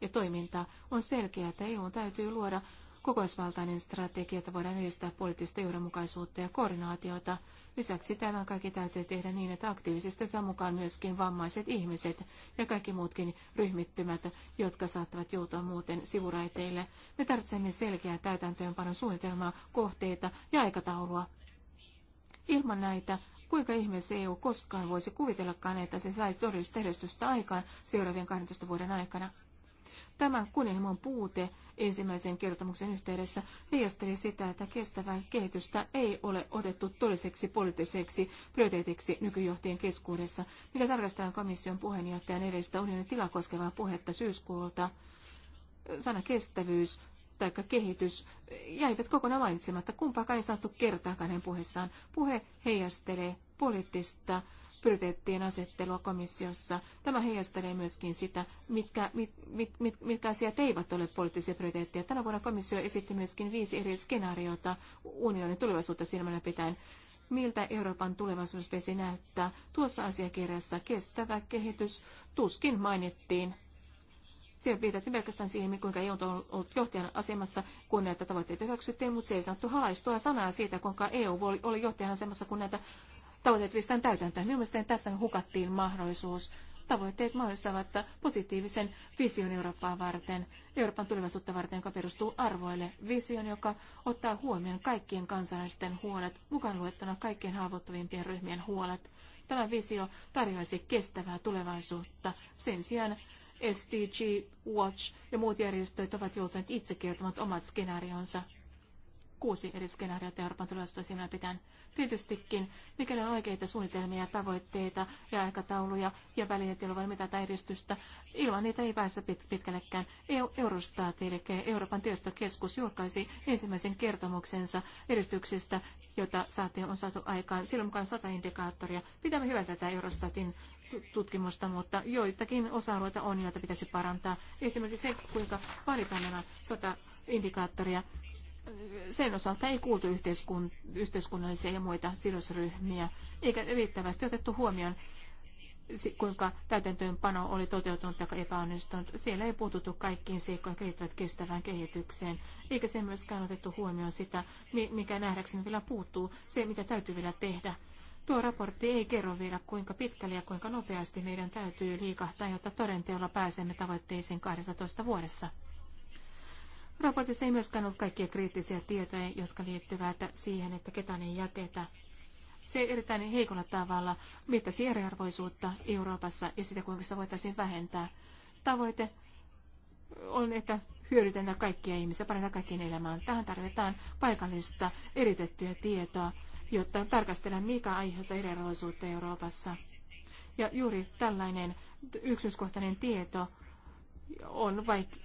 ja toimintaa. On selkeää, että EU täytyy luoda kokonaisvaltainen strategia, jotta voidaan edistää poliittista johdonmukaisuutta ja koordinaatiota. Lisäksi tämän kaikki täytyy tehdä niin, että aktiivisesti otetaan mukaan myöskin vammaiset ihmiset ja kaikki muutkin ryhmittymät, jotka saattavat joutua muuten sivuraiteille. Me tarvitsemme selkeää täytäntöönpanon suunnitelmaa, kohteita ja aikataulua. Ilman näitä Kuinka ihmeessä EU koskaan voisi kuvitellakaan, että se saisi todellista edistystä aikaan seuraavien 12 vuoden aikana? Tämä kunnianhimon puute ensimmäisen kertomuksen yhteydessä heijasteli sitä, että kestävää kehitystä ei ole otettu toiseksi poliittiseksi prioriteetiksi nykyjohtien keskuudessa, mikä tarkastellaan komission puheenjohtajan edellistä unionin tilaa koskevaa puhetta syyskuulta. Sana kestävyys tai kehitys jäivät kokonaan mainitsematta. Kumpaakaan ei saatu kertaakaan hänen puheessaan. Puhe heijastelee poliittista prioriteettien asettelua komissiossa. Tämä heijastelee myöskin sitä, mitkä, mit, mit, mit, mitkä asiat eivät ole poliittisia prioriteetteja. Tänä vuonna komissio esitti myöskin viisi eri skenaariota unionin tulevaisuutta silmällä pitäen. Miltä Euroopan tulevaisuuspesi näyttää? Tuossa asiakirjassa kestävä kehitys tuskin mainittiin Siinä viitattiin pelkästään siihen, kuinka EU on ollut johtajan asemassa, kun näitä tavoitteita hyväksyttiin, mutta se ei sanottu halaistua sanaa siitä, kuinka EU oli johtajan asemassa, kun näitä tavoitteet pistetään täytäntöön. Minun mielestäni tässä hukattiin mahdollisuus. Tavoitteet mahdollistavat positiivisen vision Eurooppaa varten, Euroopan tulevaisuutta varten, joka perustuu arvoille. Vision, joka ottaa huomioon kaikkien kansalaisten huolet, mukaan luettuna kaikkien haavoittuvimpien ryhmien huolet. Tämä visio tarjoaisi kestävää tulevaisuutta. Sen sijaan SDG Watch ja muut järjestöt ovat joutuneet itse kertomaan omat skenaarionsa. Kuusi eri skenaariota Euroopan tulevaisuutta sinä pitää Tietystikin, mikäli on oikeita suunnitelmia, tavoitteita ja aikatauluja ja välineet, joilla voi mitata edistystä, ilman niitä ei päästä pit- pitkällekään. E-, Eurostat, eli Euroopan tilastokeskus, julkaisi ensimmäisen kertomuksensa edistyksestä, jota saatiin on saatu aikaan. Silloin mukaan sata indikaattoria. Pitää hyvää tätä Eurostatin tutkimusta, mutta joitakin osa-alueita on, joita pitäisi parantaa. Esimerkiksi se, kuinka valitaan nämä sata indikaattoria sen osalta ei kuultu yhteiskun, yhteiskunnallisia ja muita sidosryhmiä, eikä riittävästi otettu huomioon, kuinka täytäntöönpano oli toteutunut tai epäonnistunut. Siellä ei puututtu kaikkiin seikkoihin, jotka liittyvät kestävään kehitykseen, eikä se myöskään otettu huomioon sitä, mikä nähdäkseni vielä puuttuu, se mitä täytyy vielä tehdä. Tuo raportti ei kerro vielä, kuinka pitkälle ja kuinka nopeasti meidän täytyy liikahtaa, jotta todenteolla pääsemme tavoitteisiin 12 vuodessa. Raportissa ei myöskään ollut kaikkia kriittisiä tietoja, jotka liittyvät siihen, että ketään ei jätetä. Se erittäin heikolla tavalla mittasi eriarvoisuutta Euroopassa ja sitä, kuinka sitä voitaisiin vähentää. Tavoite on, että hyödytetään kaikkia ihmisiä, parantaa kaikkien elämään. Tähän tarvitaan paikallista eritettyä tietoa, jotta tarkastellaan, mikä aiheuttaa eriarvoisuutta Euroopassa. Ja juuri tällainen yksityiskohtainen tieto on vaik-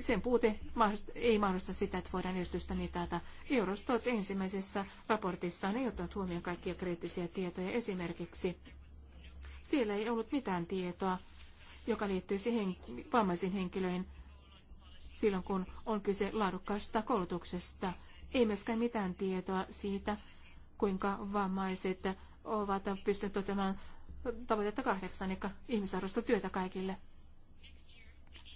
sen puute ei mahdollista sitä, että voidaan estystä mitata. Eurostot ensimmäisessä raportissaan ei ottanut huomioon kaikkia kriittisiä tietoja. Esimerkiksi siellä ei ollut mitään tietoa, joka liittyisi hen- vammaisiin henkilöihin silloin, kun on kyse laadukkaasta koulutuksesta. Ei myöskään mitään tietoa siitä, kuinka vammaiset ovat pystyneet toteamaan tavoitetta kahdeksan, eli ihmisarvoista työtä kaikille.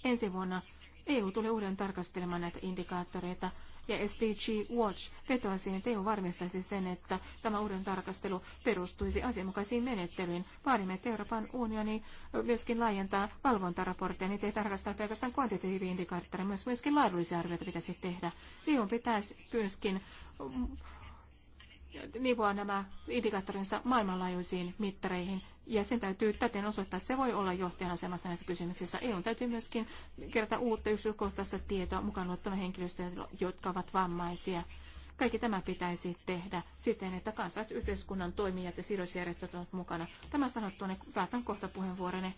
Ensi vuonna EU tulee uuden tarkastelemaan näitä indikaattoreita ja SDG Watch vetoaa siihen, että EU varmistaisi sen, että tämä uuden tarkastelu perustuisi asianmukaisiin menettelyyn. Vaadimme, että Euroopan unioni myöskin laajentaa valvontaraportteja, niitä ei tarkastaa pelkästään kvantitatiivisia indikaattoreita, myös myöskin laadullisia arvioita pitäisi tehdä. EU pitäisi myöskin mm, nivoa nämä indikaattorinsa maailmanlaajuisiin mittareihin ja sen täytyy täten osoittaa, että se voi olla johtajan asemassa näissä kysymyksissä. EU täytyy myöskin kerätä uutta yksityiskohtaista tietoa mukaan luettuna henkilöistä, jotka ovat vammaisia. Kaikki tämä pitäisi tehdä siten, että kansat, yhteiskunnan toimijat ja sidosjärjestöt ovat mukana. Tämä sanottu niin päätän kohta puheenvuoroni.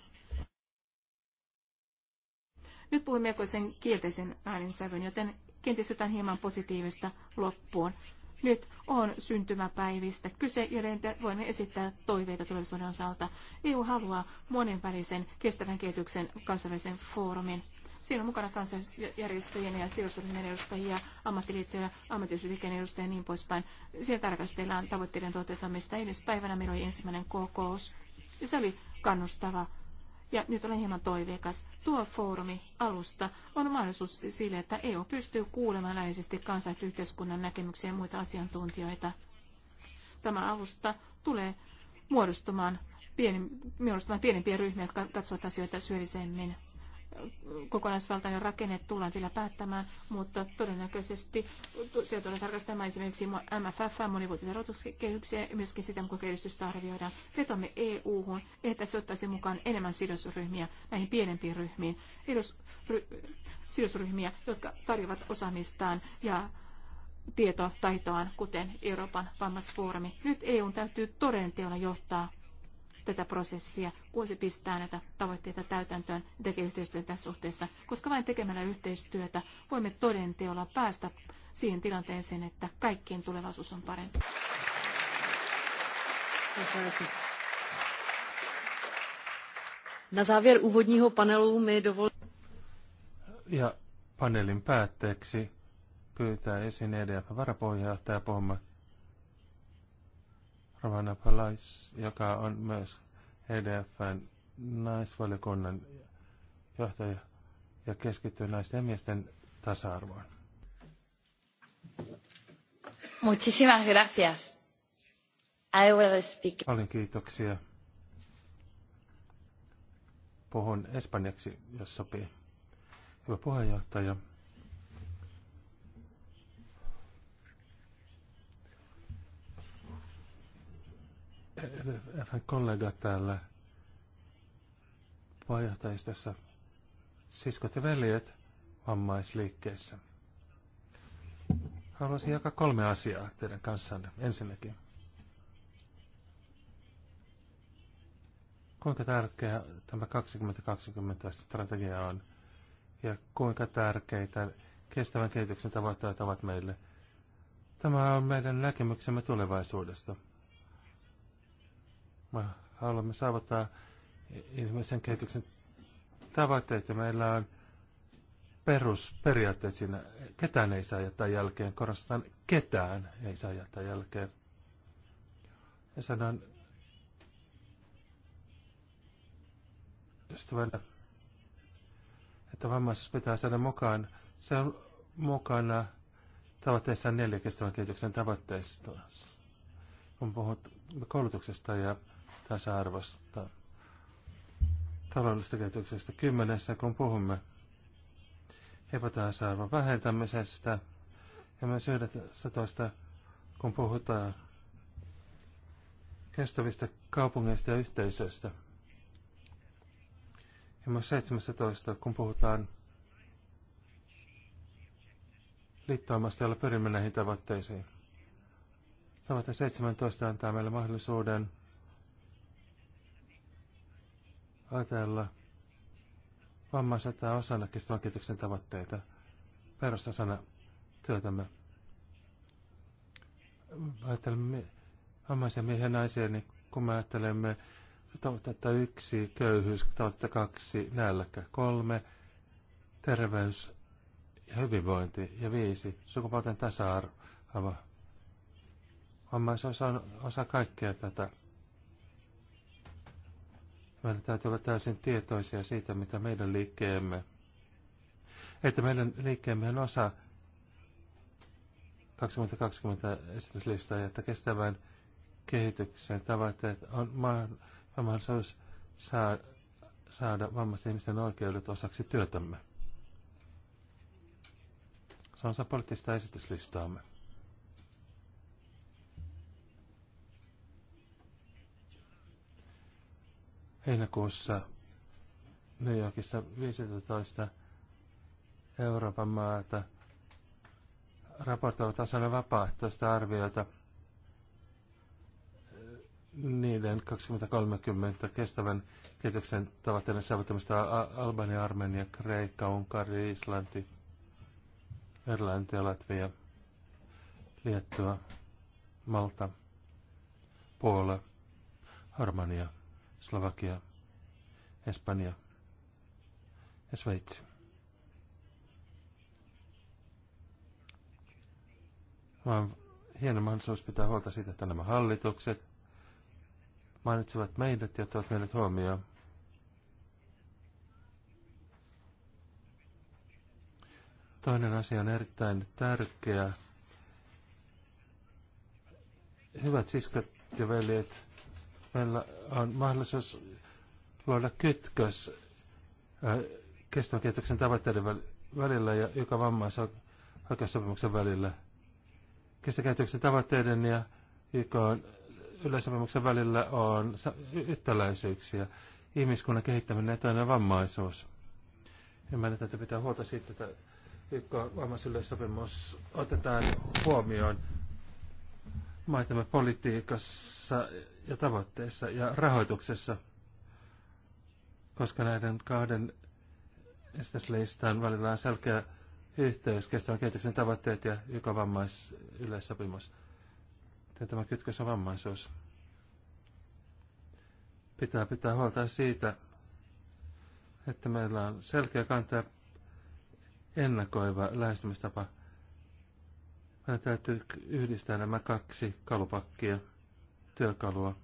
Nyt puhuin melkoisen kielteisen äänensävyn, joten kenties jotain hieman positiivista loppuun. Nyt on syntymäpäivistä kyse, joten voimme esittää toiveita tulevaisuuden osalta. EU haluaa monenvälisen kestävän kehityksen kansainvälisen foorumin. Siinä on mukana kansanjärjestöjen ja sijoitusryhmien edustajia, ammattiliittoja, ammattiyhdistysliikkeen edustajia ja niin poispäin. Siellä tarkastellaan tavoitteiden toteuttamista. Eilispäivänä meillä oli ensimmäinen kokous. Ja se oli kannustava ja nyt olen hieman toiveikas. Tuo foorumi alusta on mahdollisuus sille, että EU pystyy kuulemaan läheisesti yhteiskunnan näkemyksiä ja muita asiantuntijoita. Tämä alusta tulee muodostumaan, pieni, muodostumaan pienempiä ryhmiä, jotka katsovat asioita syöllisemmin kokonaisvaltainen rakenne tullaan vielä päättämään, mutta todennäköisesti se tulee tarkastamaan esimerkiksi MFF, monivuotisen rahoituskehyksiä ja myöskin sitä, kun kehitystä arvioidaan. Vetomme EU-hun, että se ottaisi mukaan enemmän sidosryhmiä näihin pienempiin ryhmiin, sidosryhmiä, jotka tarjoavat osaamistaan ja tietotaitoaan, kuten Euroopan vammaisfoorumi. Nyt EUn täytyy todenteolla johtaa tätä prosessia, kun se pistää näitä tavoitteita täytäntöön ja tekee yhteistyön tässä suhteessa, koska vain tekemällä yhteistyötä voimme todenteolla päästä siihen tilanteeseen, että kaikkien tulevaisuus on parempi. Na závěr úvodního panelu mi dovol... Ja panelin päätteeksi pyytää esiin EDF-varapuheenjohtaja puhumaan Ravana Palais, joka on myös EDFn naisvalikunnan johtaja ja keskittyy naisten ja miesten tasa-arvoon. Muchísimas gracias. I will speak. Paljon kiitoksia. Puhun espanjaksi, jos sopii. Hyvä puheenjohtaja. FN:n kollega täällä, puheenjohtajistossa, siskot ja veljet vammaisliikkeessä. Haluaisin jakaa kolme asiaa teidän kanssanne. Ensinnäkin, kuinka tärkeä tämä 2020-strategia on ja kuinka tärkeitä kestävän kehityksen tavoitteet ovat meille. Tämä on meidän näkemyksemme tulevaisuudesta – me haluamme saavuttaa ihmisen kehityksen tavoitteet ja meillä on perusperiaatteet siinä. Ketään ei saa jättää jälkeen. Korostan, ketään ei saa jättää jälkeen. Ja sanon ystävänä, että vammaisuus pitää saada mukaan. Se on mukana tavoitteessa neljä kestävän kehityksen tavoitteista. On puhut koulutuksesta ja tasa-arvosta, taloudellisesta kehityksestä kymmenessä, kun puhumme epätasa-arvon vähentämisestä ja myös toista, kun puhutaan kestävistä kaupungeista ja yhteisöistä. Ja myös 17, kun puhutaan liittoamasta, jolla pyrimme näihin tavoitteisiin. Tavoite 17 antaa meille mahdollisuuden ajatella vammaiselta osana kestävän kehityksen tavoitteita perusosana työtämme. Ajattelemme vammaisia miehiä ja naisia, niin kun me ajattelemme tavoitetta yksi, köyhyys, tavoitetta kaksi, nälkä, kolme, terveys ja hyvinvointi ja viisi, sukupuolten tasa-arvo. Vammaisuus on osa kaikkea tätä meidän täytyy olla täysin tietoisia siitä, mitä meidän liikkeemme, että meidän liikkeemme on osa 2020 esityslistaa ja että kestävän kehityksen tavoitteet on mahdollisuus saada vammaisten ihmisten oikeudet osaksi työtämme. Se on osa poliittista esityslistaamme. heinäkuussa New Yorkissa 15 Euroopan maata raportoivat osana vapaaehtoista arviota niiden 2030 kestävän kehityksen tavoitteiden saavuttamista Albania, Armenia, Kreikka, Unkari, Islanti, Irlanti ja Latvia, Liettua, Malta, Puola, Armenia. Slovakia, Espanja ja Sveitsi. Vaan hieno mahdollisuus pitää huolta siitä, että nämä hallitukset mainitsevat meidät ja tuot meidät huomioon. Toinen asia on erittäin tärkeä. Hyvät siskot ja veljet, meillä on mahdollisuus luoda kytkös kestävän kehityksen tavoitteiden välillä ja joka oikeussopimuksen välillä. Kestävän kehityksen tavoitteiden ja YK yleisopimuksen välillä on yhtäläisyyksiä. Ihmiskunnan kehittäminen ja toinen vammaisuus. Ja meidän täytyy pitää huolta siitä, että YK vammaisyleissopimus otetaan huomioon maitamme politiikassa ja tavoitteissa ja rahoituksessa, koska näiden kahden esityslistan välillä on selkeä yhteys kestävän kehityksen tavoitteet ja YK vammaisyleissopimus. Tämä kytkös on vammaisuus. Pitää pitää huolta siitä, että meillä on selkeä kanta ennakoiva lähestymistapa – meidän täytyy yhdistää nämä kaksi kalupakkia, työkalua.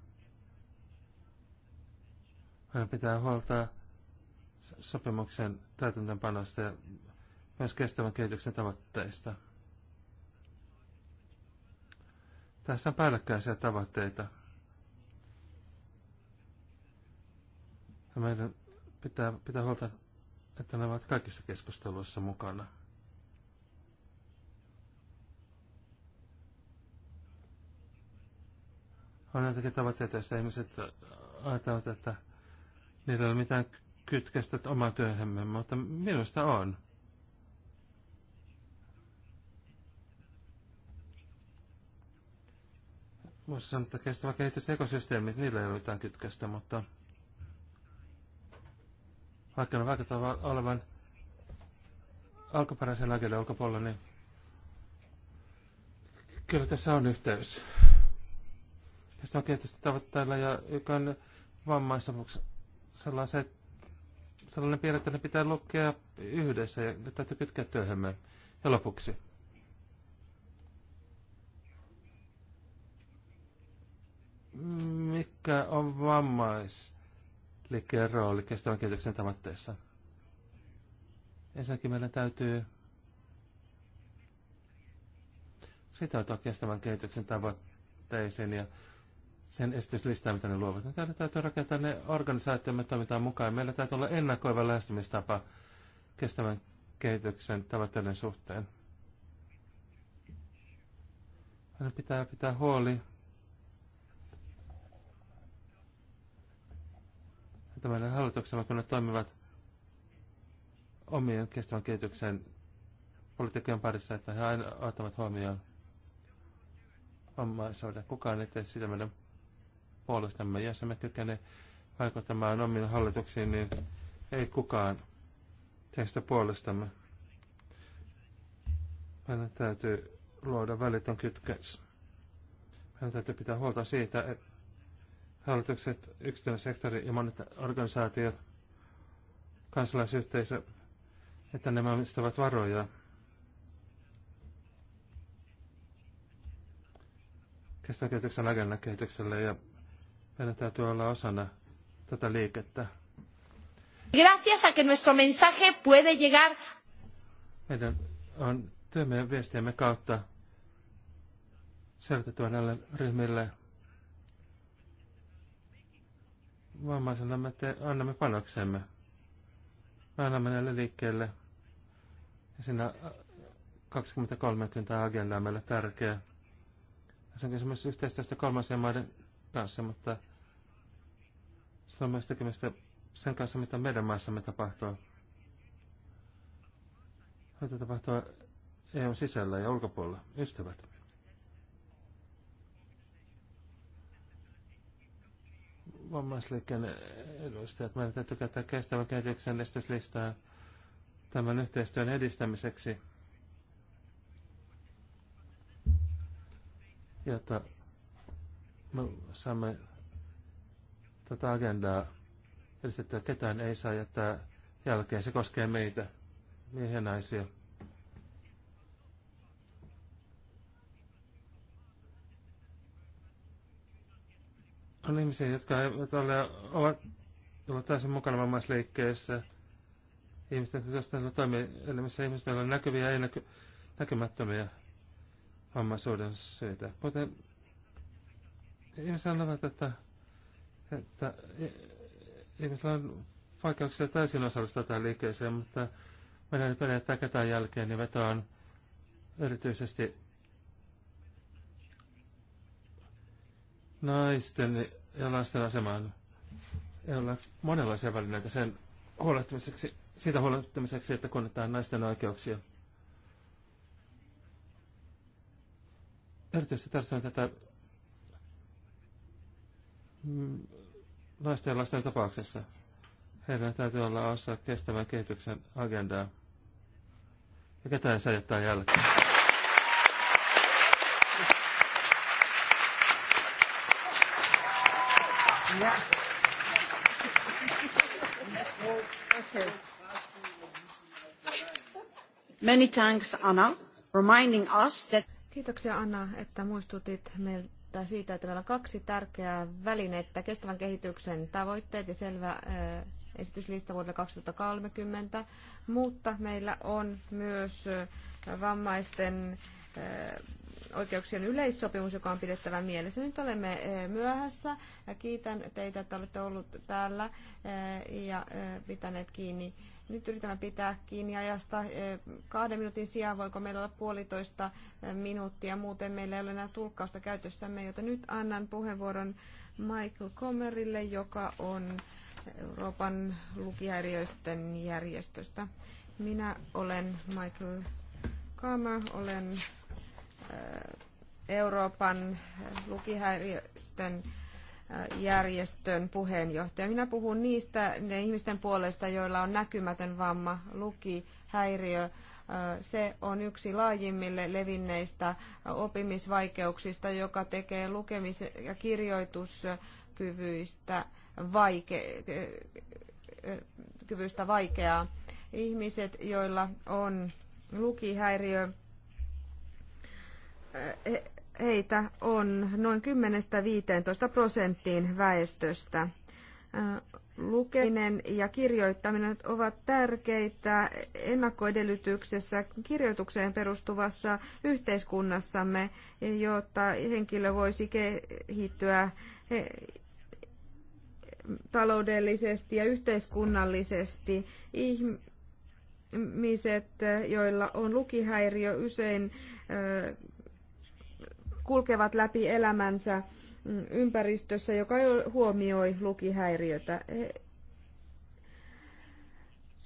Meidän pitää huoltaa sopimuksen täytäntöönpanosta ja myös kestävän kehityksen tavoitteista. Tässä on päällekkäisiä tavoitteita. Ja meidän pitää, pitää huolta, että ne ovat kaikissa keskusteluissa mukana. on jotakin tavoitteita, ihmiset ajattelevat, että niillä ei ole mitään kytkästä omaan työhemme, mutta minusta on. Voisi sanoa, että kestävä kehitys ekosysteemit, niillä ei ole mitään kytkästä, mutta vaikka ne vaikuttavat olevan alkuperäisen lääkeiden ulkopuolella, niin kyllä tässä on yhteys. Tästä on kehitystä tavoitteilla ja joka on vammaissa sellaiset, sellainen piirre, että ne pitää lukea yhdessä ja ne täytyy kytkeä työhömme. Ja lopuksi. Mikä on vammaisliikkeen rooli kestävän kehityksen tavoitteissa? Ensinnäkin meidän täytyy sitoutua kestävän kehityksen tavoitteisiin ja sen esityslistaa, mitä ne luovat. Me täällä täytyy rakentaa ne me toimitaan mukaan. Meillä täytyy olla ennakoiva lähestymistapa kestävän kehityksen tavoitteiden suhteen. Aina pitää pitää huoli. Että meidän hallituksemme, kun ne toimivat omien kestävän kehityksen poliitikkojen parissa, että he aina ottavat huomioon vammaisuuden. Kukaan ei tee sitä meidän puolustamme ja emme kykene vaikuttamaan omiin hallituksiin, niin ei kukaan teistä puolustamme. Meidän täytyy luoda välitön kytkös. Meidän täytyy pitää huolta siitä, että hallitukset, yksityinen sektori ja monet organisaatiot, kansalaisyhteisö, että ne omistavat varoja. Kestävän kehityksen agenda kehitykselle ja meidän täytyy olla osana tätä liikettä. Gracias a que nuestro mensaje puede llegar. Meidän on työmme ja viestiemme kautta selitettävä näille ryhmille. Vammaisena me te, annamme panoksemme. Me annamme näille liikkeelle. Ja siinä 2030 agenda on meille tärkeä. Tässä on kysymys yhteistyöstä kolmansien maiden kanssa, mutta se on myös tekemistä sen kanssa, mitä meidän maassamme tapahtuu. Mitä tapahtuu EUn sisällä ja ulkopuolella, ystävät. Vammaisliikkeen edustajat, meidän täytyy käyttää kestävän kehityksen esityslistaa tämän yhteistyön edistämiseksi, jotta me saamme tätä agendaa edistettyä. Ketään ei saa jättää jälkeen. Se koskee meitä, miehiä naisia. On ihmisiä, jotka eivät ole, ovat, ovat täysin mukana vammaisliikkeessä. Ihmiset, jotka jostain toimielimissä, ihmiset, joilla on näkyviä ja näky, näkymättömiä vammaisuuden syitä. Muuten he sanovat, että, että ihmisillä on vaikeuksia täysin osallistua tähän liikkeeseen, mutta meidän periaatteessa ketään jälkeen niin vetoan erityisesti naisten ja lasten asemaan. Ei ole monenlaisia välineitä sen huolehtimiseksi, siitä huolehtimiseksi, että kunnetaan naisten oikeuksia. Erityisesti tässä on tätä Mm, naisten ja lasten tapauksessa. Heidän täytyy olla osa kestävän kehityksen agendaa. Ja ketä ei saa jälkeen. Yeah. Many thanks, Anna, reminding us that... Kiitoksia Anna, että muistutit meiltä päättää siitä, että meillä on kaksi tärkeää välinettä, kestävän kehityksen tavoitteet ja selvä esityslista vuodelle 2030, mutta meillä on myös vammaisten oikeuksien yleissopimus, joka on pidettävä mielessä. Nyt olemme myöhässä. Kiitän teitä, että olette ollut täällä ja pitäneet kiinni nyt yritämme pitää kiinni ajasta. Eh, kahden minuutin sijaan voiko meillä olla puolitoista eh, minuuttia, muuten meillä ei ole enää tulkkausta käytössämme, joten nyt annan puheenvuoron Michael Comerille, joka on Euroopan lukihäiriöisten järjestöstä. Minä olen Michael Comer, olen eh, Euroopan lukihäiriöisten järjestön puheenjohtaja. Minä puhun niistä ne ihmisten puolesta, joilla on näkymätön vamma, luki, häiriö. Se on yksi laajimmille levinneistä oppimisvaikeuksista, joka tekee lukemis- ja kirjoituskyvyistä vaike- kyvystä vaikeaa. Ihmiset, joilla on lukihäiriö, heitä on noin 10-15 prosenttiin väestöstä. Lukeminen ja kirjoittaminen ovat tärkeitä ennakkoedellytyksessä kirjoitukseen perustuvassa yhteiskunnassamme, jotta henkilö voisi kehittyä taloudellisesti ja yhteiskunnallisesti. Ihmiset, joilla on lukihäiriö, usein kulkevat läpi elämänsä mm, ympäristössä, joka huomioi lukihäiriötä.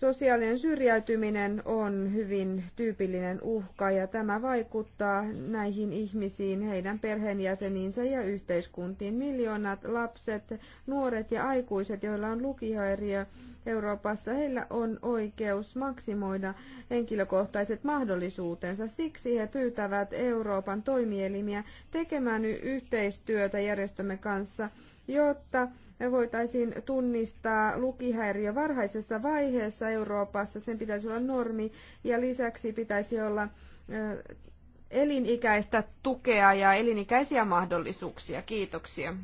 Sosiaalinen syrjäytyminen on hyvin tyypillinen uhka ja tämä vaikuttaa näihin ihmisiin, heidän perheenjäseniinsä ja yhteiskuntiin. Miljoonat lapset, nuoret ja aikuiset, joilla on lukihäiriö Euroopassa, heillä on oikeus maksimoida henkilökohtaiset mahdollisuutensa. Siksi he pyytävät Euroopan toimielimiä tekemään yhteistyötä järjestömme kanssa, jotta me voitaisiin tunnistaa lukihäiriö varhaisessa vaiheessa Euroopassa. Sen pitäisi olla normi ja lisäksi pitäisi olla elinikäistä tukea ja elinikäisiä mahdollisuuksia. Kiitoksia.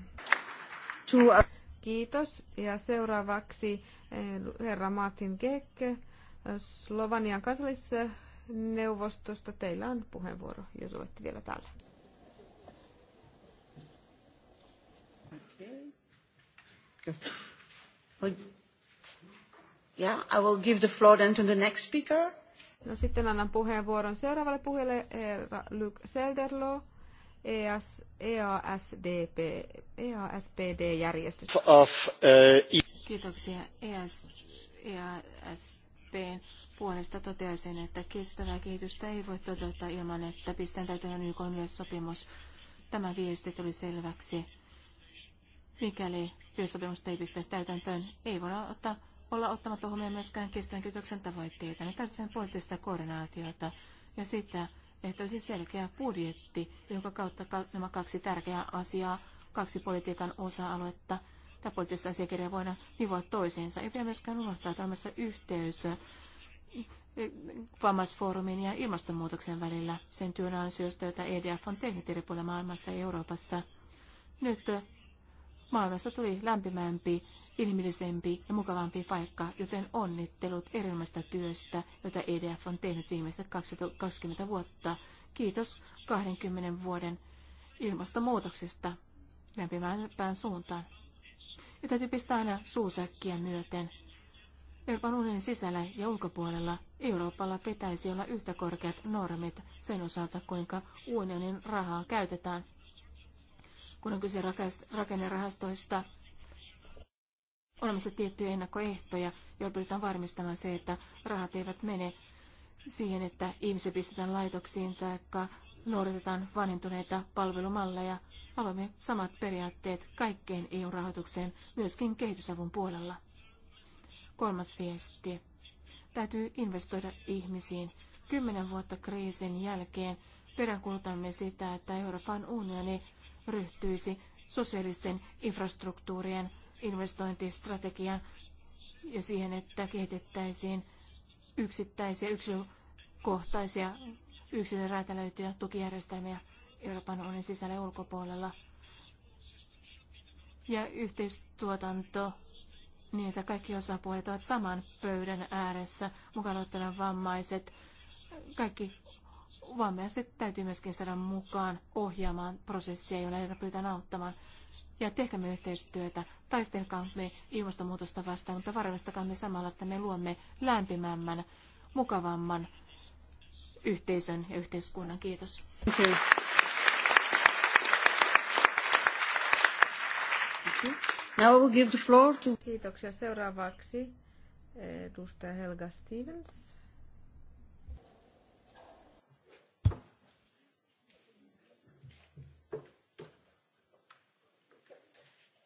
Kiitos. Ja seuraavaksi herra Martin Kekke Slovanian kansallisneuvostosta. Teillä on puheenvuoro, jos olette vielä täällä. Yeah, I will give the floor then to the next speaker. No sitten annan puheenvuoron seuraavalle puhujalle, herra Luke Selderlo, EAS, EASDP, EASPD-järjestys. Of, uh, e- Kiitoksia EAS, EASD. puolesta toteaisin, että kestävää kehitystä ei voi toteuttaa ilman, että pistetään täytäntöön YK sopimus. Tämä viesti tuli selväksi Mikäli työsopimusta ei pistetä täytäntöön, ei voida ottaa, olla ottamatta huomioon myöskään kestävän kehityksen tavoitteita. Me tarvitsemme poliittista koordinaatiota ja sitä, että olisi selkeä budjetti, jonka kautta nämä kaksi tärkeää asiaa, kaksi politiikan osa-aluetta tai poliittista asiakirjaa voidaan nivoa toisiinsa. Ei pidä myöskään unohtaa olemassa yhteys eh, vammaisfoorumin ja ilmastonmuutoksen välillä sen työn ansiosta, jota EDF on tehnyt eri puolilla maailmassa ja Euroopassa. Nyt eh, Maailmasta tuli lämpimämpi, inhimillisempi ja mukavampi paikka, joten onnittelut erilaisesta työstä, jota EDF on tehnyt viimeiset 20 vuotta. Kiitos 20 vuoden ilmastonmuutoksesta lämpimämpään suuntaan. Ja täytyy pistää aina suusäkkiä myöten. Euroopan unionin sisällä ja ulkopuolella Euroopalla pitäisi olla yhtä korkeat normit sen osalta, kuinka unionin rahaa käytetään kun on kyse rakennerahastoista, olemassa tiettyjä ennakkoehtoja, joilla pyritään varmistamaan se, että rahat eivät mene siihen, että ihmisiä pistetään laitoksiin tai noudatetaan vanhentuneita palvelumalleja. Haluamme samat periaatteet kaikkeen EU-rahoitukseen, myöskin kehitysavun puolella. Kolmas viesti. Täytyy investoida ihmisiin. Kymmenen vuotta kriisin jälkeen peräänkuulutamme sitä, että Euroopan unioni ryhtyisi sosiaalisten infrastruktuurien investointistrategiaan ja siihen, että kehitettäisiin yksittäisiä yksilökohtaisia yksilön räätälöityjä tukijärjestelmiä Euroopan unionin sisällä ja ulkopuolella. Ja yhteistuotanto niin, että kaikki osapuolet ovat saman pöydän ääressä, mukaan vammaiset, kaikki se täytyy myöskin saada mukaan ohjaamaan prosessia, jolla heitä pyritään auttamaan. Ja me yhteistyötä, me ilmastonmuutosta vastaan, mutta me samalla, että me luomme lämpimämmän, mukavamman yhteisön ja yhteiskunnan. Kiitos. Okay. Now we'll give the floor to... Kiitoksia. Seuraavaksi edustaja Helga Stevens.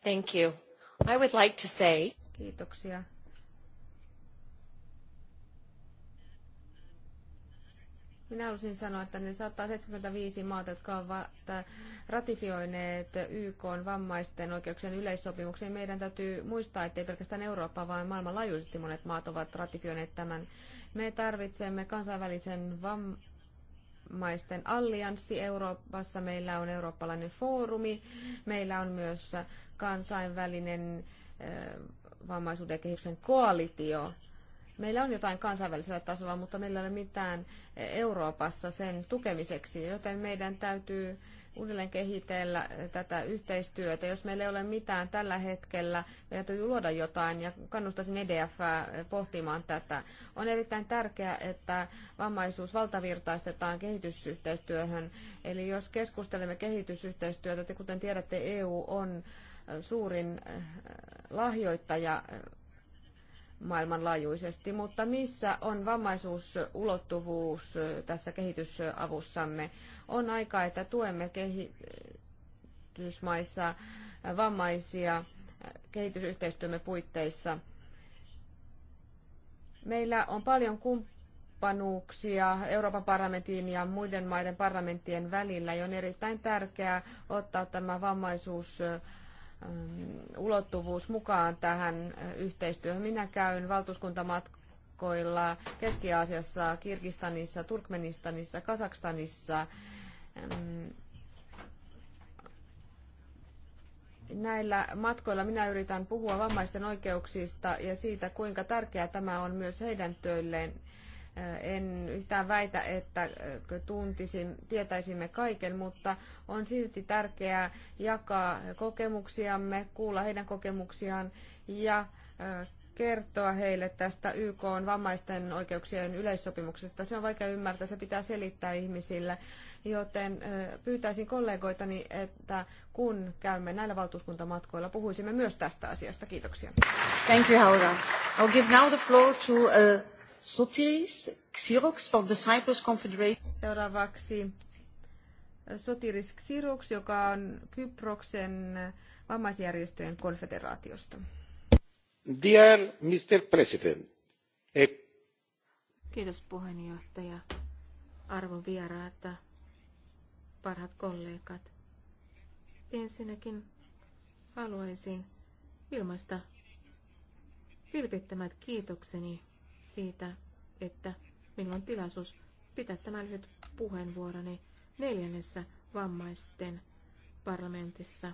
Thank you. I would like to say... Kiitoksia. Minä haluaisin sanoa, että ne 175 maata, jotka ovat ratifioineet YK vammaisten oikeuksien yleissopimuksen, niin meidän täytyy muistaa, että ei pelkästään Eurooppa, vaan maailmanlaajuisesti monet maat ovat ratifioineet tämän. Me tarvitsemme kansainvälisen vammaisten allianssi Euroopassa, meillä on eurooppalainen foorumi, meillä on myös kansainvälinen vammaisuuden ja kehityksen koalitio. Meillä on jotain kansainvälisellä tasolla, mutta meillä ei ole mitään Euroopassa sen tukemiseksi, joten meidän täytyy uudelleen kehitellä tätä yhteistyötä. Jos meillä ei ole mitään tällä hetkellä, meidän täytyy luoda jotain ja kannustaisin EDF pohtimaan tätä. On erittäin tärkeää, että vammaisuus valtavirtaistetaan kehitysyhteistyöhön. Eli jos keskustelemme kehitysyhteistyötä, te kuten tiedätte, EU on suurin äh, lahjoittaja äh, maailmanlaajuisesti, mutta missä on vammaisuusulottuvuus äh, tässä kehitysavussamme? On aika, että tuemme kehitysmaissa vammaisia kehitysyhteistyömme puitteissa. Meillä on paljon kumppanuuksia Euroopan parlamentin ja muiden maiden parlamenttien välillä, ja on erittäin tärkeää ottaa tämä vammaisuus Ähm, ulottuvuus mukaan tähän yhteistyöhön. Minä käyn valtuuskuntamatkoilla Keski-Aasiassa, Kirgistanissa, Turkmenistanissa, Kasakstanissa. Ähm, näillä matkoilla minä yritän puhua vammaisten oikeuksista ja siitä, kuinka tärkeää tämä on myös heidän työlleen. En yhtään väitä, että tuntisin, tietäisimme kaiken, mutta on silti tärkeää jakaa kokemuksiamme, kuulla heidän kokemuksiaan ja kertoa heille tästä YK on vammaisten oikeuksien yleissopimuksesta. Se on vaikea ymmärtää, se pitää selittää ihmisille. Joten pyytäisin kollegoitani, että kun käymme näillä valtuuskuntamatkoilla, puhuisimme myös tästä asiasta. Kiitoksia. Thank you, I'll give now the floor to uh, Sotiris Xerox from the Cyprus Confederation. Seuraavaksi äh, Sotiris Xerox, joka on Kyproksen vammaisjärjestöjen konfederaatiosta. Dear Mr. President. E- Kiitos puheenjohtaja. arvo vieraata. parhaat kollegat. Ensinnäkin haluaisin ilmaista vilpittämät kiitokseni siitä, että minulla on tilaisuus pitää tämä lyhyt puheenvuoroni neljännessä vammaisten parlamentissa.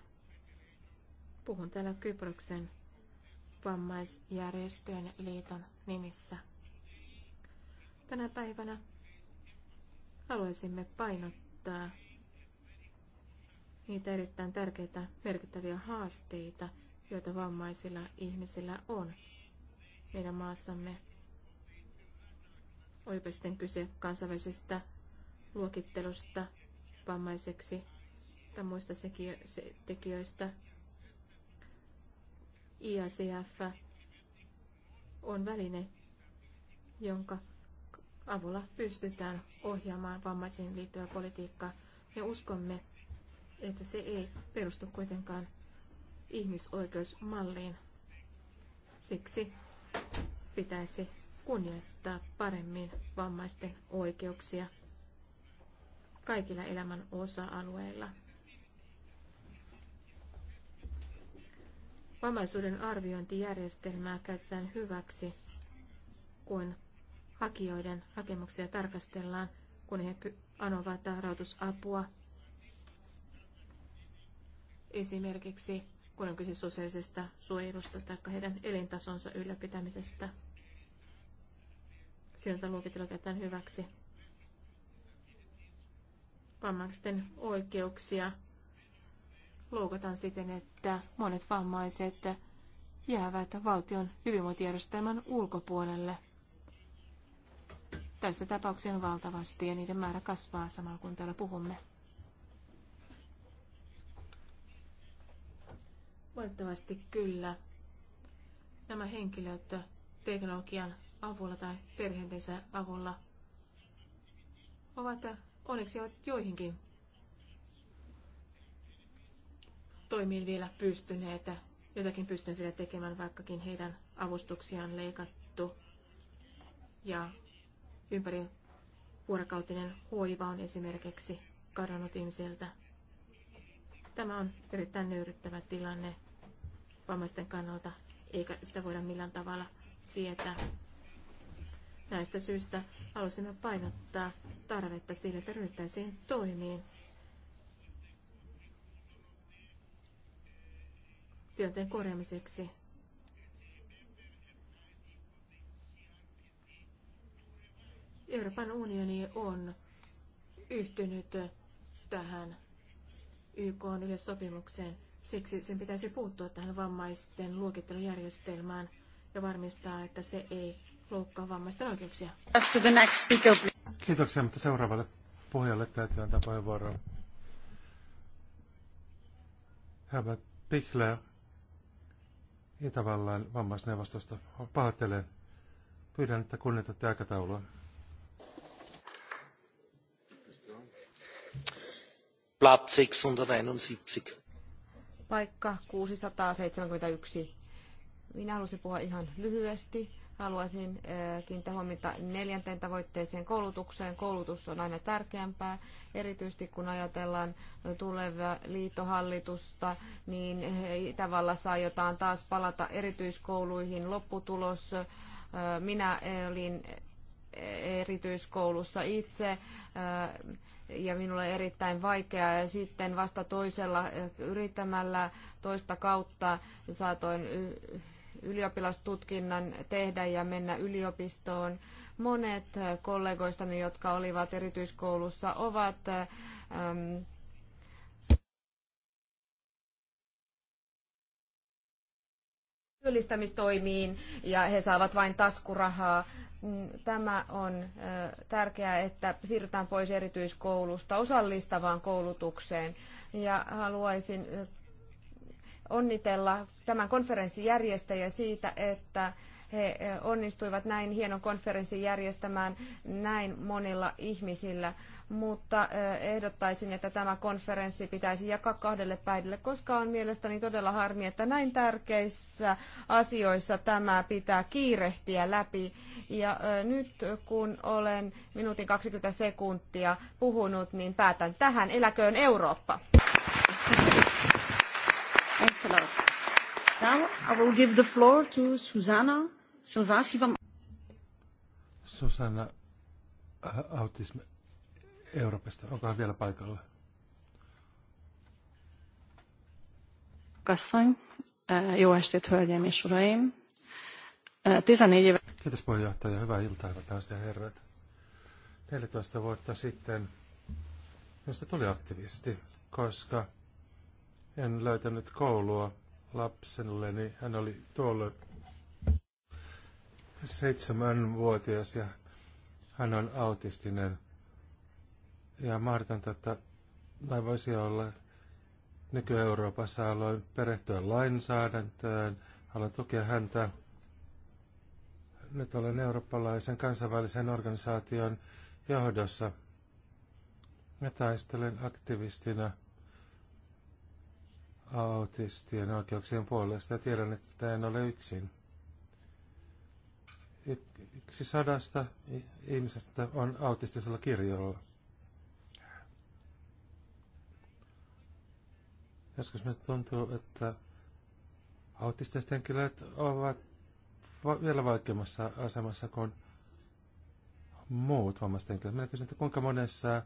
Puhun täällä Kyproksen vammaisjärjestöjen liiton nimissä. Tänä päivänä haluaisimme painottaa niitä erittäin tärkeitä, merkittäviä haasteita, joita vammaisilla ihmisillä on meidän maassamme olipa sitten kyse kansainvälisestä luokittelusta vammaiseksi tai muista tekijöistä. IACF on väline, jonka avulla pystytään ohjaamaan vammaisiin liittyvää politiikkaa. Me uskomme, että se ei perustu kuitenkaan ihmisoikeusmalliin. Siksi pitäisi kunnioittaa paremmin vammaisten oikeuksia kaikilla elämän osa-alueilla. Vammaisuuden arviointijärjestelmää käytetään hyväksi, kun hakijoiden hakemuksia tarkastellaan, kun he anovat rahoitusapua. Esimerkiksi kun on kyse sosiaalisesta suojelusta tai heidän elintasonsa ylläpitämisestä sieltä luokitellaan käytetään hyväksi. Vammaisten oikeuksia loukataan siten, että monet vammaiset jäävät valtion hyvinvointijärjestelmän ulkopuolelle. Tässä tapauksessa on valtavasti ja niiden määrä kasvaa samalla kun täällä puhumme. Valitettavasti kyllä. Nämä henkilöt teknologian avulla tai perheentensä avulla ovat onneksi ovat joihinkin toimiin vielä pystyneet, jotakin pystyneet vielä tekemään, vaikkakin heidän avustuksiaan leikattu. Ja ympäri vuorokautinen hoiva on esimerkiksi kadonnut ihmiseltä. Tämä on erittäin nöyryttävä tilanne vammaisten kannalta, eikä sitä voida millään tavalla sietää. Näistä syistä halusimme painottaa tarvetta sille, että ryhdyttäisiin toimiin. tilanteen korjaamiseksi. Euroopan unioni on yhtynyt tähän YK yleissopimukseen. Siksi sen pitäisi puuttua tähän vammaisten luokittelujärjestelmään ja varmistaa, että se ei loukkaa vammaisten oikeuksia. Kiitoksia, mutta seuraavalle puhujalle täytyy antaa puheenvuoroa. Herbert Pichler Itävallan vammaisneuvostosta. pahoittelee. Pyydän, että kunnioitatte aikataulua. Platz 671. Paikka 671. Minä halusin puhua ihan lyhyesti Haluaisin kiinnittää huomiota neljänteen tavoitteeseen koulutukseen. Koulutus on aina tärkeämpää, erityisesti kun ajatellaan tulevaa liittohallitusta, niin Itävallassa aiotaan taas palata erityiskouluihin. Lopputulos, minä olin erityiskoulussa itse ja minulle erittäin vaikeaa ja sitten vasta toisella yrittämällä toista kautta saatoin ylioppilastutkinnan tehdä ja mennä yliopistoon. Monet kollegoistani, jotka olivat erityiskoulussa, ovat ähm, työllistämistoimiin ja he saavat vain taskurahaa. Tämä on äh, tärkeää, että siirrytään pois erityiskoulusta osallistavaan koulutukseen. Ja haluaisin onnitella tämän konferenssin järjestäjä siitä, että he eh, onnistuivat näin hienon konferenssin järjestämään näin monilla ihmisillä. Mutta eh, ehdottaisin, että tämä konferenssi pitäisi jakaa kahdelle päivälle, koska on mielestäni todella harmi, että näin tärkeissä asioissa tämä pitää kiirehtiä läpi. Ja eh, nyt kun olen minuutin 20 sekuntia puhunut, niin päätän tähän. Eläköön Eurooppa! Thanks a lot. Now I will give the floor to Susanna Silvasi from Susanna äh, Autisme Euroopasta. hän vielä paikalla? Kassoin. Äh, jó estét, hölgyeim és uraim! 14 äh, éve... Kiitos puheenjohtaja. Hyvää iltaa, hyvät naiset ja herrat. 14 vuotta sitten minusta tuli aktivisti, koska en löytänyt koulua lapselleni. Hän oli tuolla seitsemänvuotias ja hän on autistinen. Ja mahdotonta, että tai voisi olla nyky-Euroopassa haluan perehtyä lainsäädäntöön, haluan tukea häntä. Nyt olen eurooppalaisen kansainvälisen organisaation johdossa. Mä taistelen aktivistina – autistien oikeuksien puolesta ja tiedän, että en ole yksin. Yksi sadasta ihmisestä on autistisella kirjolla. Joskus me tuntuu, että autistiset henkilöt ovat vielä vaikeammassa asemassa kuin muut vammaiset henkilöt. Minä kysyn, että kuinka monessa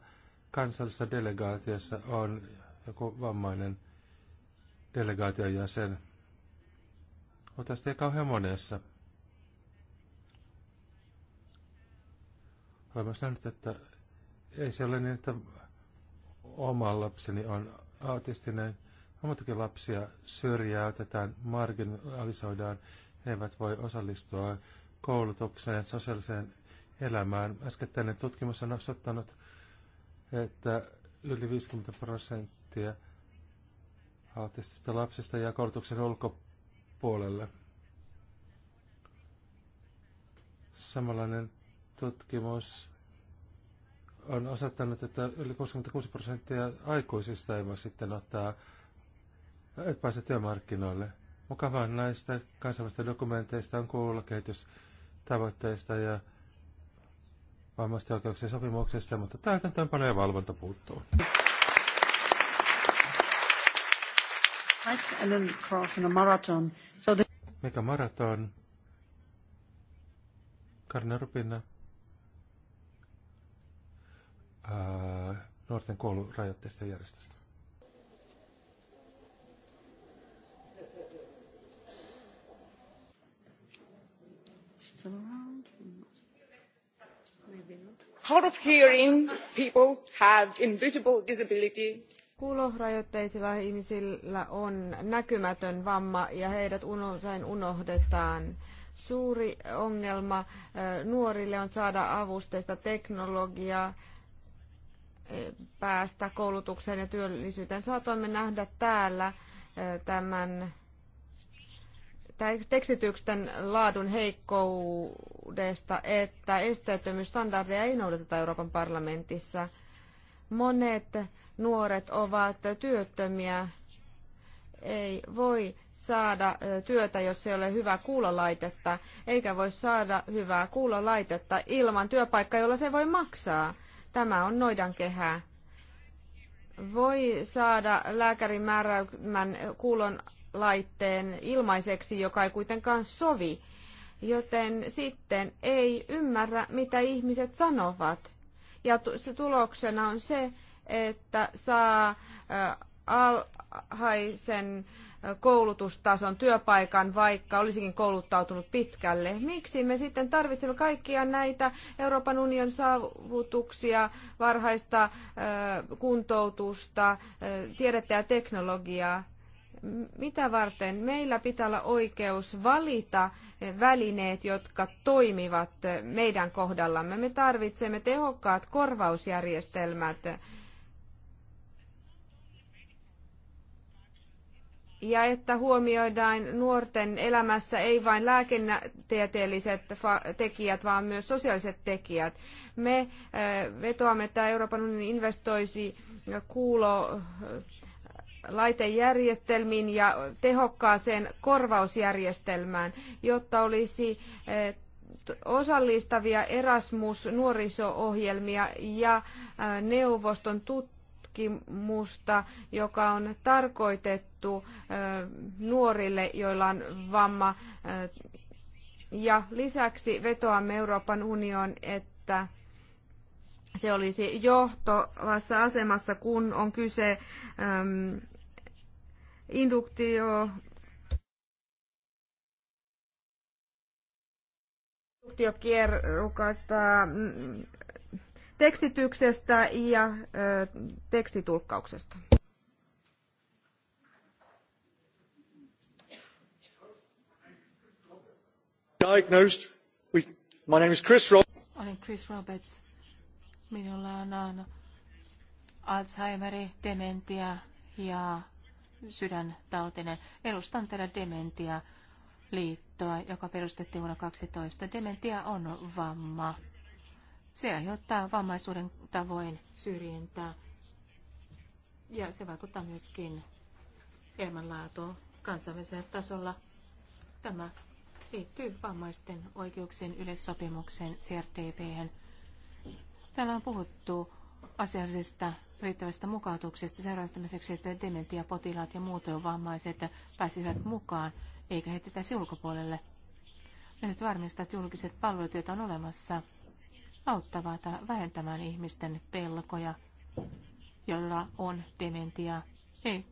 kansallisessa delegaatiossa on joku vammainen – delegaation jäsen. Olet tästä ei kauhean monessa. Olen myös nähnyt, että ei se ole niin, että oma lapseni on autistinen. Muitakin lapsia syrjäytetään, marginalisoidaan. He eivät voi osallistua koulutukseen, sosiaaliseen elämään. Äskettäinen tutkimus on osoittanut, että yli 50 prosenttia autistisista lapsista ja koulutuksen ulkopuolelle. Samanlainen tutkimus on osoittanut, että yli 66 prosenttia aikuisista ei voi sitten ottaa, et pääse työmarkkinoille. Mukavaa näistä kansainvälisistä dokumenteista on kuulla kehitystavoitteista ja vammaisten oikeuksien sopimuksesta, mutta täytäntöönpano ja valvonta puuttuu. Mega maraton? Karne Rupina. Äh, nuorten koulurajoitteista järjestöstä. Hard of hearing people have invisible disability Kuulorajoitteisilla ihmisillä on näkymätön vamma ja heidät usein unohdetaan. Suuri ongelma nuorille on saada avusteista teknologiaa, päästä koulutukseen ja työllisyyteen. Saatoimme nähdä täällä tämän tekstityksen laadun heikkoudesta, että esteettömyysstandardeja ei noudateta Euroopan parlamentissa. Monet nuoret ovat työttömiä, ei voi saada työtä, jos ei ole hyvää kuulolaitetta, eikä voi saada hyvää kuulolaitetta ilman työpaikkaa, jolla se voi maksaa. Tämä on noidan kehää. Voi saada lääkärin määräämän kuulon laitteen ilmaiseksi, joka ei kuitenkaan sovi, joten sitten ei ymmärrä, mitä ihmiset sanovat. Ja se tuloksena on se, että saa alhaisen koulutustason työpaikan, vaikka olisikin kouluttautunut pitkälle. Miksi me sitten tarvitsemme kaikkia näitä Euroopan union saavutuksia, varhaista kuntoutusta, tiedettä ja teknologiaa? Mitä varten? Meillä pitää olla oikeus valita välineet, jotka toimivat meidän kohdallamme. Me tarvitsemme tehokkaat korvausjärjestelmät ja että huomioidaan nuorten elämässä ei vain lääketieteelliset tekijät, vaan myös sosiaaliset tekijät. Me äh, vetoamme, että Euroopan unioni investoisi kuulo äh, laitejärjestelmiin ja tehokkaaseen korvausjärjestelmään, jotta olisi äh, osallistavia Erasmus-nuoriso-ohjelmia ja neuvoston tuttuja tutkimusta, joka on tarkoitettu nuorille, joilla on vamma. Ja lisäksi vetoamme Euroopan union, että se olisi johtavassa asemassa, kun on kyse äm, induktio adoptiokierrukata tekstityksestä ja ö, tekstitulkkauksesta. Diagnosed with, my name is Chris Olen Chris Roberts. Minulla on, on Alzheimeri, dementia ja sydäntautinen. Edustan tätä dementia liittoa, joka perustettiin vuonna 12. Dementia on vamma. Se aiheuttaa vammaisuuden tavoin syrjintää ja se vaikuttaa myöskin elämänlaatuun kansainvälisellä tasolla. Tämä liittyy vammaisten oikeuksien yleissopimukseen CRTP: Täällä on puhuttu asiallisesta riittävästä mukautuksesta seuraamiseksi, että dementiapotilaat ja muut vammaiset pääsivät mukaan, eikä heitettäisi ulkopuolelle. Nyt varmistaa, että julkiset palvelut, joita on olemassa, auttavat vähentämään ihmisten pelkoja, joilla on dementia. Ei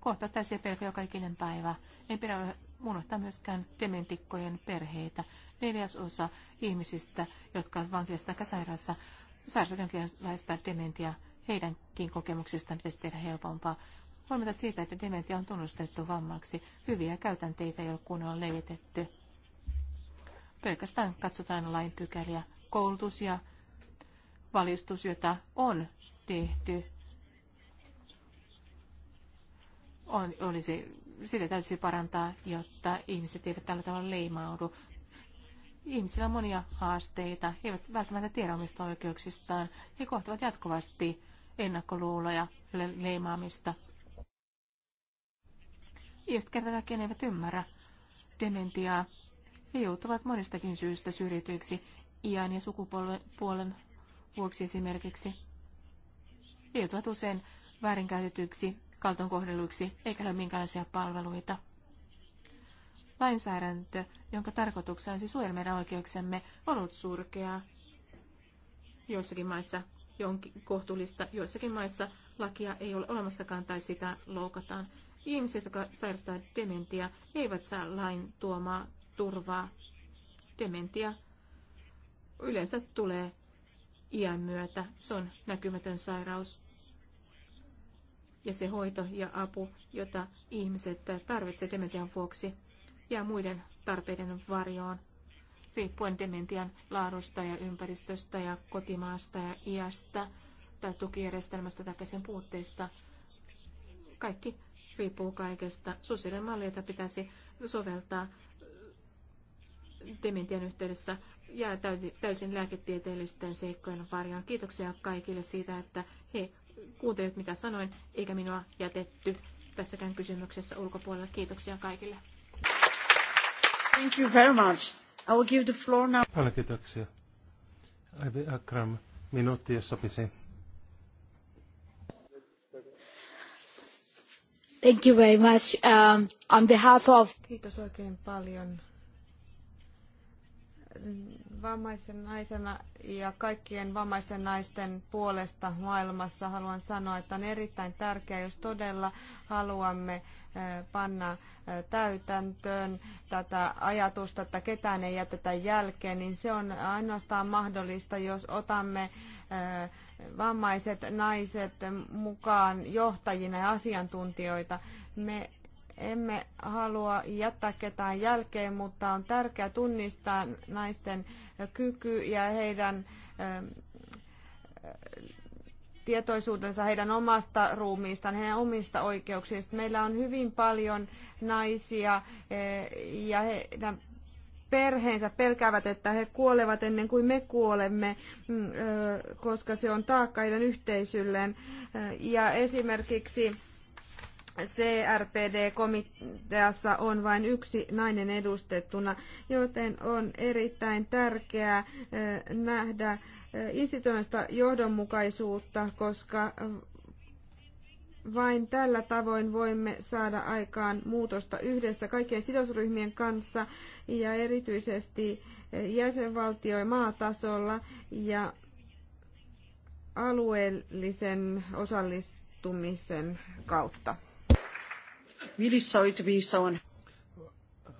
kohta tässä pelkoja kaikinen päivä. Ei pidä unohtaa myöskään dementikkojen perheitä. Neljäsosa ihmisistä, jotka ovat vankilasta tai sairaassa, sairaat jonkinlaista dementia. Heidänkin kokemuksistaan pitäisi tehdä helpompaa. Huomenta siitä, että dementia on tunnustettu vammaksi. Hyviä käytänteitä ei ole kunnolla levitetty. Pelkästään katsotaan lain pykäliä koulutus ja valistus, jota on tehty, on, olisi, sitä täytyisi parantaa, jotta ihmiset eivät tällä tavalla leimaudu. Ihmisillä on monia haasteita, he eivät välttämättä tiedä omista oikeuksistaan, he kohtavat jatkuvasti ennakkoluuloja, le- leimaamista. Ihmiset kerta kaikkiaan eivät ymmärrä dementiaa. He joutuvat monistakin syystä syrjityiksi iän ja sukupuolen vuoksi esimerkiksi joutuvat usein väärinkäytetyiksi, kaltoinkohdelluiksi eikä ole minkäänlaisia palveluita. Lainsäädäntö, jonka tarkoituksena olisi suojella meidän oikeuksemme, on ollut surkeaa. Joissakin maissa jonkin kohtuullista, joissakin maissa lakia ei ole olemassakaan tai sitä loukataan. Ihmiset, jotka sairastavat dementia, eivät saa lain tuomaa turvaa. Dementia yleensä tulee iän myötä. Se on näkymätön sairaus. Ja se hoito ja apu, jota ihmiset tarvitsevat dementian vuoksi, jää muiden tarpeiden varjoon, riippuen dementian laadusta ja ympäristöstä ja kotimaasta ja iästä tai tukijärjestelmästä tai sen puutteista. Kaikki riippuu kaikesta. jota pitäisi soveltaa dementian yhteydessä jää täysin lääketieteellisten seikkojen varjoon. Kiitoksia kaikille siitä, että he kuuntelivat mitä sanoin, eikä minua jätetty tässäkään kysymyksessä ulkopuolella. Kiitoksia kaikille. Thank you very much. I will give the floor now. Paljon kiitoksia. Aivi Akram, minuutti, jos sopisi. Thank you very much. Um, on behalf of... Kiitos oikein paljon vammaisen naisena ja kaikkien vammaisten naisten puolesta maailmassa haluan sanoa, että on erittäin tärkeää, jos todella haluamme panna täytäntöön tätä ajatusta, että ketään ei jätetä jälkeen, niin se on ainoastaan mahdollista, jos otamme vammaiset naiset mukaan johtajina ja asiantuntijoita. Me emme halua jättää ketään jälkeen, mutta on tärkeää tunnistaa naisten kyky ja heidän ähm, äh, tietoisuutensa heidän omasta ruumiistaan, heidän omista oikeuksista. Meillä on hyvin paljon naisia äh, ja heidän perheensä pelkäävät, että he kuolevat ennen kuin me kuolemme, mm, äh, koska se on taakka heidän yhteisölleen. Ja esimerkiksi CRPD-komiteassa on vain yksi nainen edustettuna, joten on erittäin tärkeää eh, nähdä eh, instituutioista johdonmukaisuutta, koska vain tällä tavoin voimme saada aikaan muutosta yhdessä kaikkien sidosryhmien kanssa ja erityisesti eh, jäsenvaltio- ja maatasolla ja alueellisen osallistumisen kautta really sorry to be so un-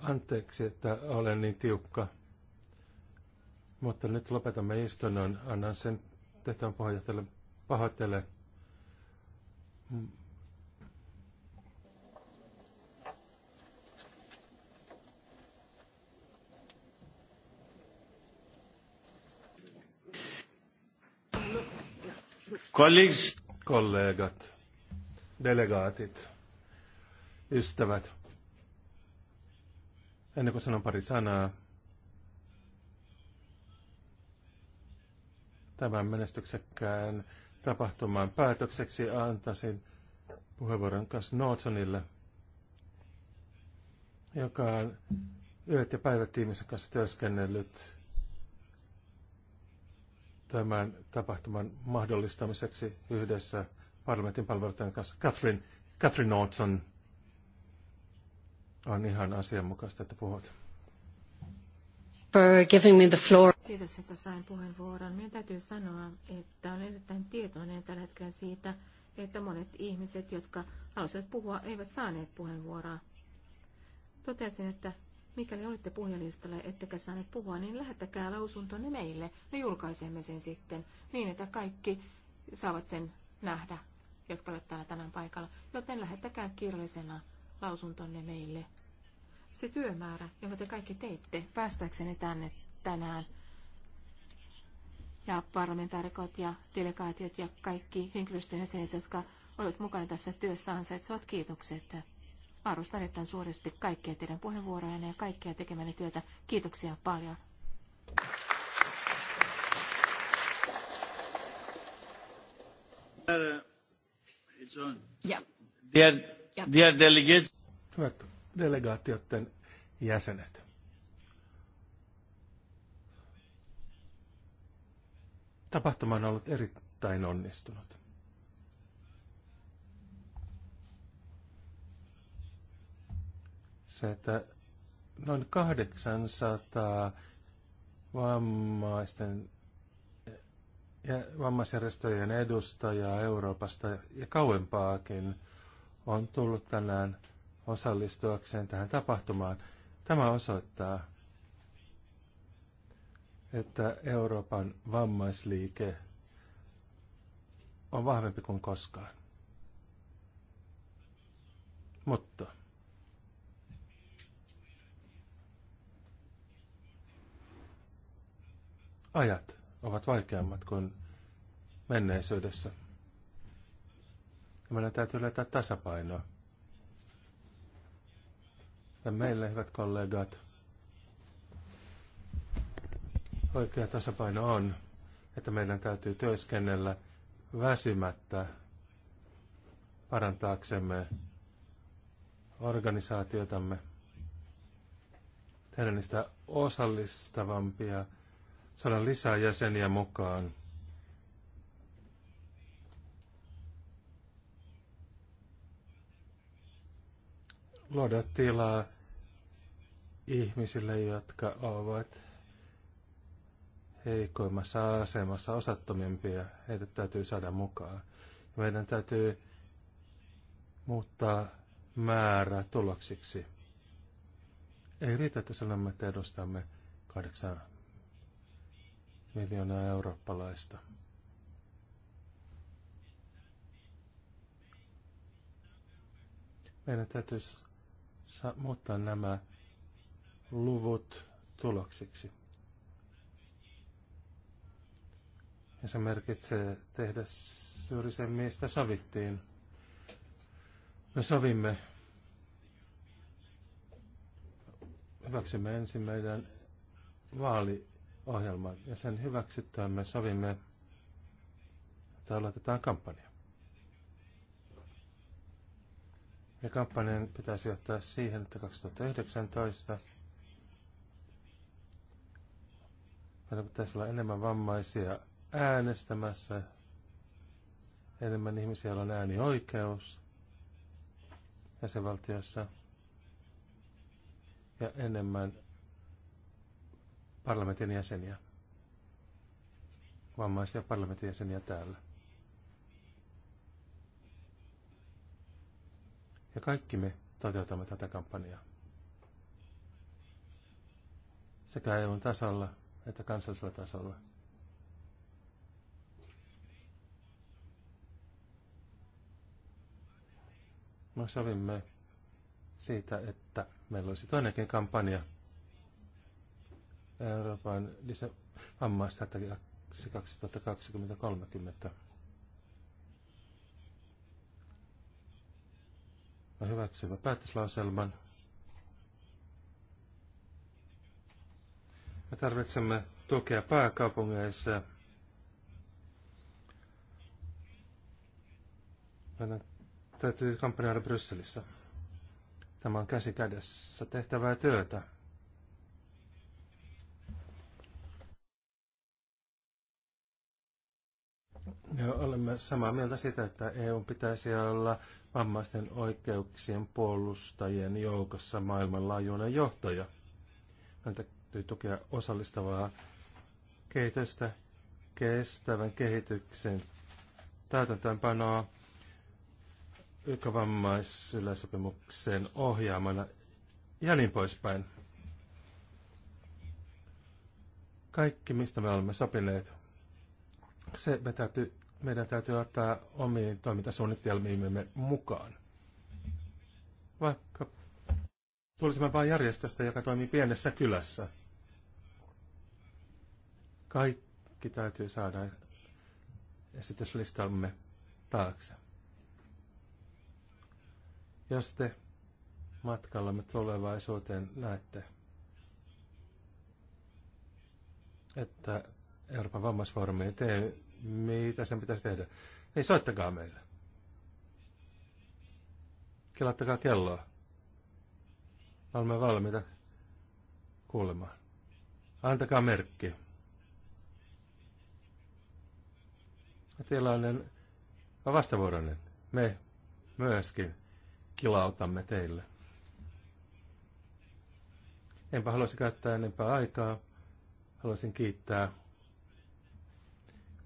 Anteeksi, että olen niin tiukka. Mutta nyt lopetamme istunnon. Annan sen tehtävän puheenjohtajalle pahoittele. Colleagues. Kollegat, delegaatit. Ystävät, ennen kuin sanon pari sanaa, tämän menestyksekkään tapahtuman päätökseksi antaisin puheenvuoron kanssa Nordsonille, joka on yöt ja päivät kanssa työskennellyt tämän tapahtuman mahdollistamiseksi yhdessä parlamentin palveluiden kanssa. Catherine, Catherine Nordson. On ihan asianmukaista, että puhut. For giving me the floor. Kiitos, että sain puheenvuoron. Minun täytyy sanoa, että olen erittäin tietoinen tällä hetkellä siitä, että monet ihmiset, jotka halusivat puhua, eivät saaneet puheenvuoroa. Totesin, että mikäli olette puhujalistalla ettekä saaneet puhua, niin lähettäkää lausuntonne meille. Me julkaisemme sen sitten niin, että kaikki saavat sen nähdä, jotka olette täällä tänään paikalla. Joten lähettäkää kirjallisena lausuntonne meille. Se työmäärä, jonka te kaikki teitte päästäksenne tänne tänään, ja parlamentaarikot ja delegaatiot ja kaikki henkilöstön jäsenet, jotka olivat mukana tässä työssä, ansaitsevat kiitokset. Arvostan erittäin suuresti kaikkia teidän puheenvuorojanne ja kaikkia tekemänne työtä. Kiitoksia paljon. Ja. Dear delegates. Hyvät delegaatioiden jäsenet. Tapahtuma on ollut erittäin onnistunut. Se, että noin 800 vammaisten ja vammaisjärjestöjen edustajaa Euroopasta ja kauempaakin – on tullut tänään osallistuakseen tähän tapahtumaan. Tämä osoittaa, että Euroopan vammaisliike on vahvempi kuin koskaan. Mutta ajat ovat vaikeammat kuin menneisyydessä. Ja meidän täytyy löytää tasapainoa. Ja meille, hyvät kollegat, oikea tasapaino on, että meidän täytyy työskennellä väsymättä parantaaksemme organisaatiotamme, tehdä niistä osallistavampia, saada lisää jäseniä mukaan. luoda tilaa ihmisille, jotka ovat heikoimmassa asemassa, osattomimpia. Heidät täytyy saada mukaan. Meidän täytyy muuttaa määrä tuloksiksi. Ei riitä, että sanomme, että edustamme kahdeksan miljoonaa eurooppalaista. Meidän täytyisi sa- muuttaa nämä luvut tuloksiksi. Ja se merkitsee tehdä juuri sen, mistä sovittiin. Me sovimme. Hyväksymme ensin meidän vaaliohjelman ja sen me sovimme, että aloitetaan kampanja. Ja kampanjan pitäisi johtaa siihen, että 2019 meillä pitäisi olla enemmän vammaisia äänestämässä, enemmän ihmisiä, joilla on äänioikeus jäsenvaltiossa ja enemmän parlamentin jäseniä, vammaisia parlamentin jäseniä täällä. Ja kaikki me toteutamme tätä kampanjaa. Sekä EUn tasolla että kansallisella tasolla. Me sovimme siitä, että meillä olisi toinenkin kampanja Euroopan lisävammaistrategiaksi 2020-2030. ja hyväksyvä päätöslauselman. Me tarvitsemme tukea pääkaupungeissa. Meidän täytyy kampanjoida Brysselissä. Tämä on käsi kädessä tehtävää työtä. Me olemme samaa mieltä siitä, että EU pitäisi olla vammaisten oikeuksien puolustajien joukossa maailmanlaajuinen johtaja. Meidän täytyy tukea osallistavaa kehitystä, kestävän kehityksen täytäntöönpanoa ykkövammaisyleissopimuksen ohjaamana ja niin poispäin. Kaikki, mistä me olemme sopineet, se me täytyy meidän täytyy ottaa omiin toimintasuunnitelmiimme mukaan. Vaikka tulisimme vain järjestöstä, joka toimii pienessä kylässä. Kaikki täytyy saada esityslistamme taakse. Jos te matkallamme tulevaisuuteen näette, että Euroopan vammaisfoorumi ei tee mitä sen pitäisi tehdä. Ei niin soittakaa meille. Kelattakaa kelloa. Me olemme valmiita kuulemaan. Antakaa merkki. Tilanne on vastavuoroinen. Me myöskin kilautamme teille. Enpä haluaisi käyttää enempää aikaa. Haluaisin kiittää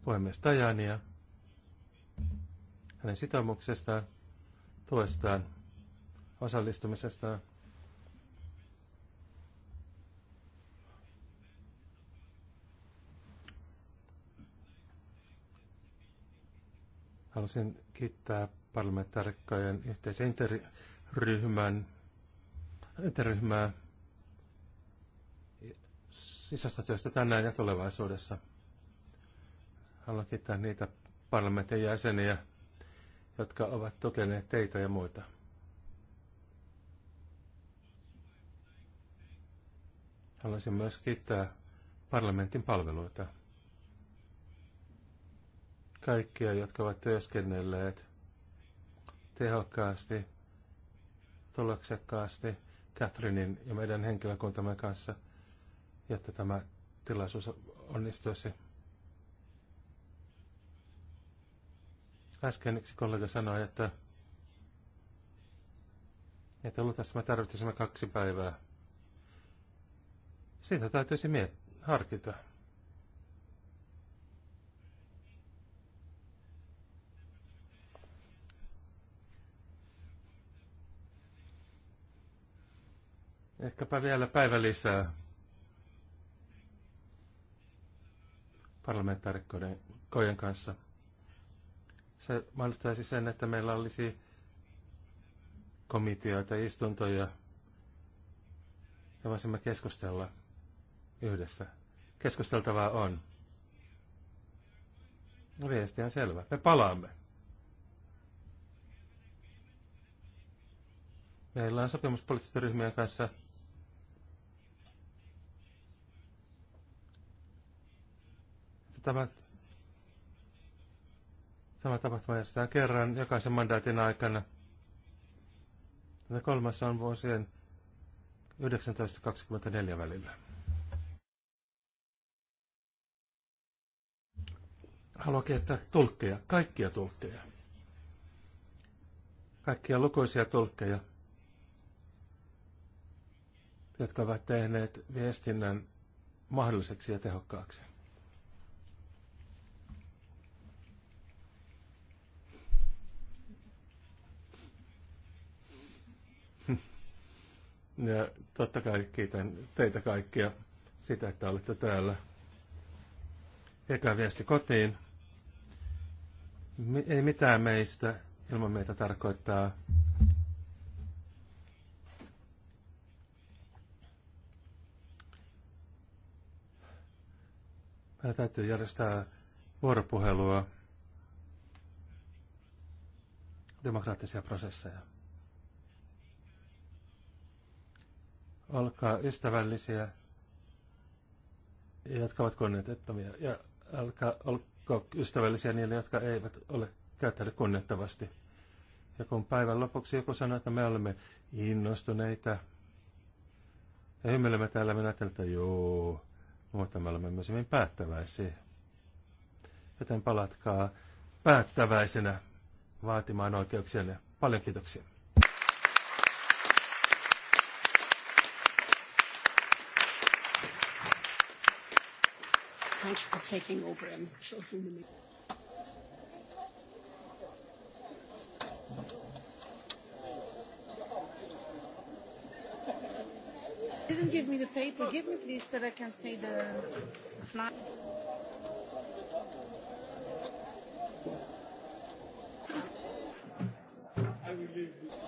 puhemies Tajania hänen sitoumuksestaan, tuestaan, osallistumisestaan. Haluaisin kiittää parlamentaarikkojen yhteisen interryhmän, interryhmää sisäistä työstä tänään ja tulevaisuudessa. Haluan kiittää niitä parlamentin jäseniä, jotka ovat tukeneet teitä ja muita. Haluaisin myös kiittää parlamentin palveluita. Kaikkia, jotka ovat työskennelleet tehokkaasti, tuloksekkaasti Catherinein ja meidän henkilökuntamme kanssa, jotta tämä tilaisuus onnistuisi. Äsken yksi kollega sanoi, että, että luultavasti mä tarvitsisin kaksi päivää. Sitä täytyisi miet- harkita. Ehkäpä vielä päivä lisää parlamentaarikkojen kanssa. Se mahdollistaisi sen, että meillä olisi komiteoita, istuntoja ja voisimme keskustella yhdessä. Keskusteltavaa on. Viesti on selvä. Me palaamme. Meillä on sopimus poliittisten ryhmien kanssa. Tämä Tämä tapahtuma järjestetään kerran jokaisen mandaatin aikana. Tätä kolmas on vuosien 1924 välillä. Haluan kiittää tulkkeja, kaikkia tulkkeja. Kaikkia lukuisia tulkkeja, jotka ovat tehneet viestinnän mahdolliseksi ja tehokkaaksi. Ja totta kai kiitän teitä kaikkia sitä, että olette täällä. Eka viesti kotiin. Ei mitään meistä ilman meitä tarkoittaa Meillä täytyy järjestää vuoropuhelua, demokraattisia prosesseja. Olkaa ystävällisiä, jotka ovat kunnioitettavia, ja älkää olko ystävällisiä niille, jotka eivät ole käyttäneet kunnioittavasti. Ja kun päivän lopuksi joku sanoo, että me olemme innostuneita ja hymyilemme täällä, minä ajattelen, että joo, mutta me olemme myös hyvin päättäväisiä. Joten palatkaa päättäväisenä vaatimaan oikeuksia. Paljon kiitoksia. Thank you for taking over and closing the meeting. didn't give me the paper. Give me, please, that I can see the flag. I will leave.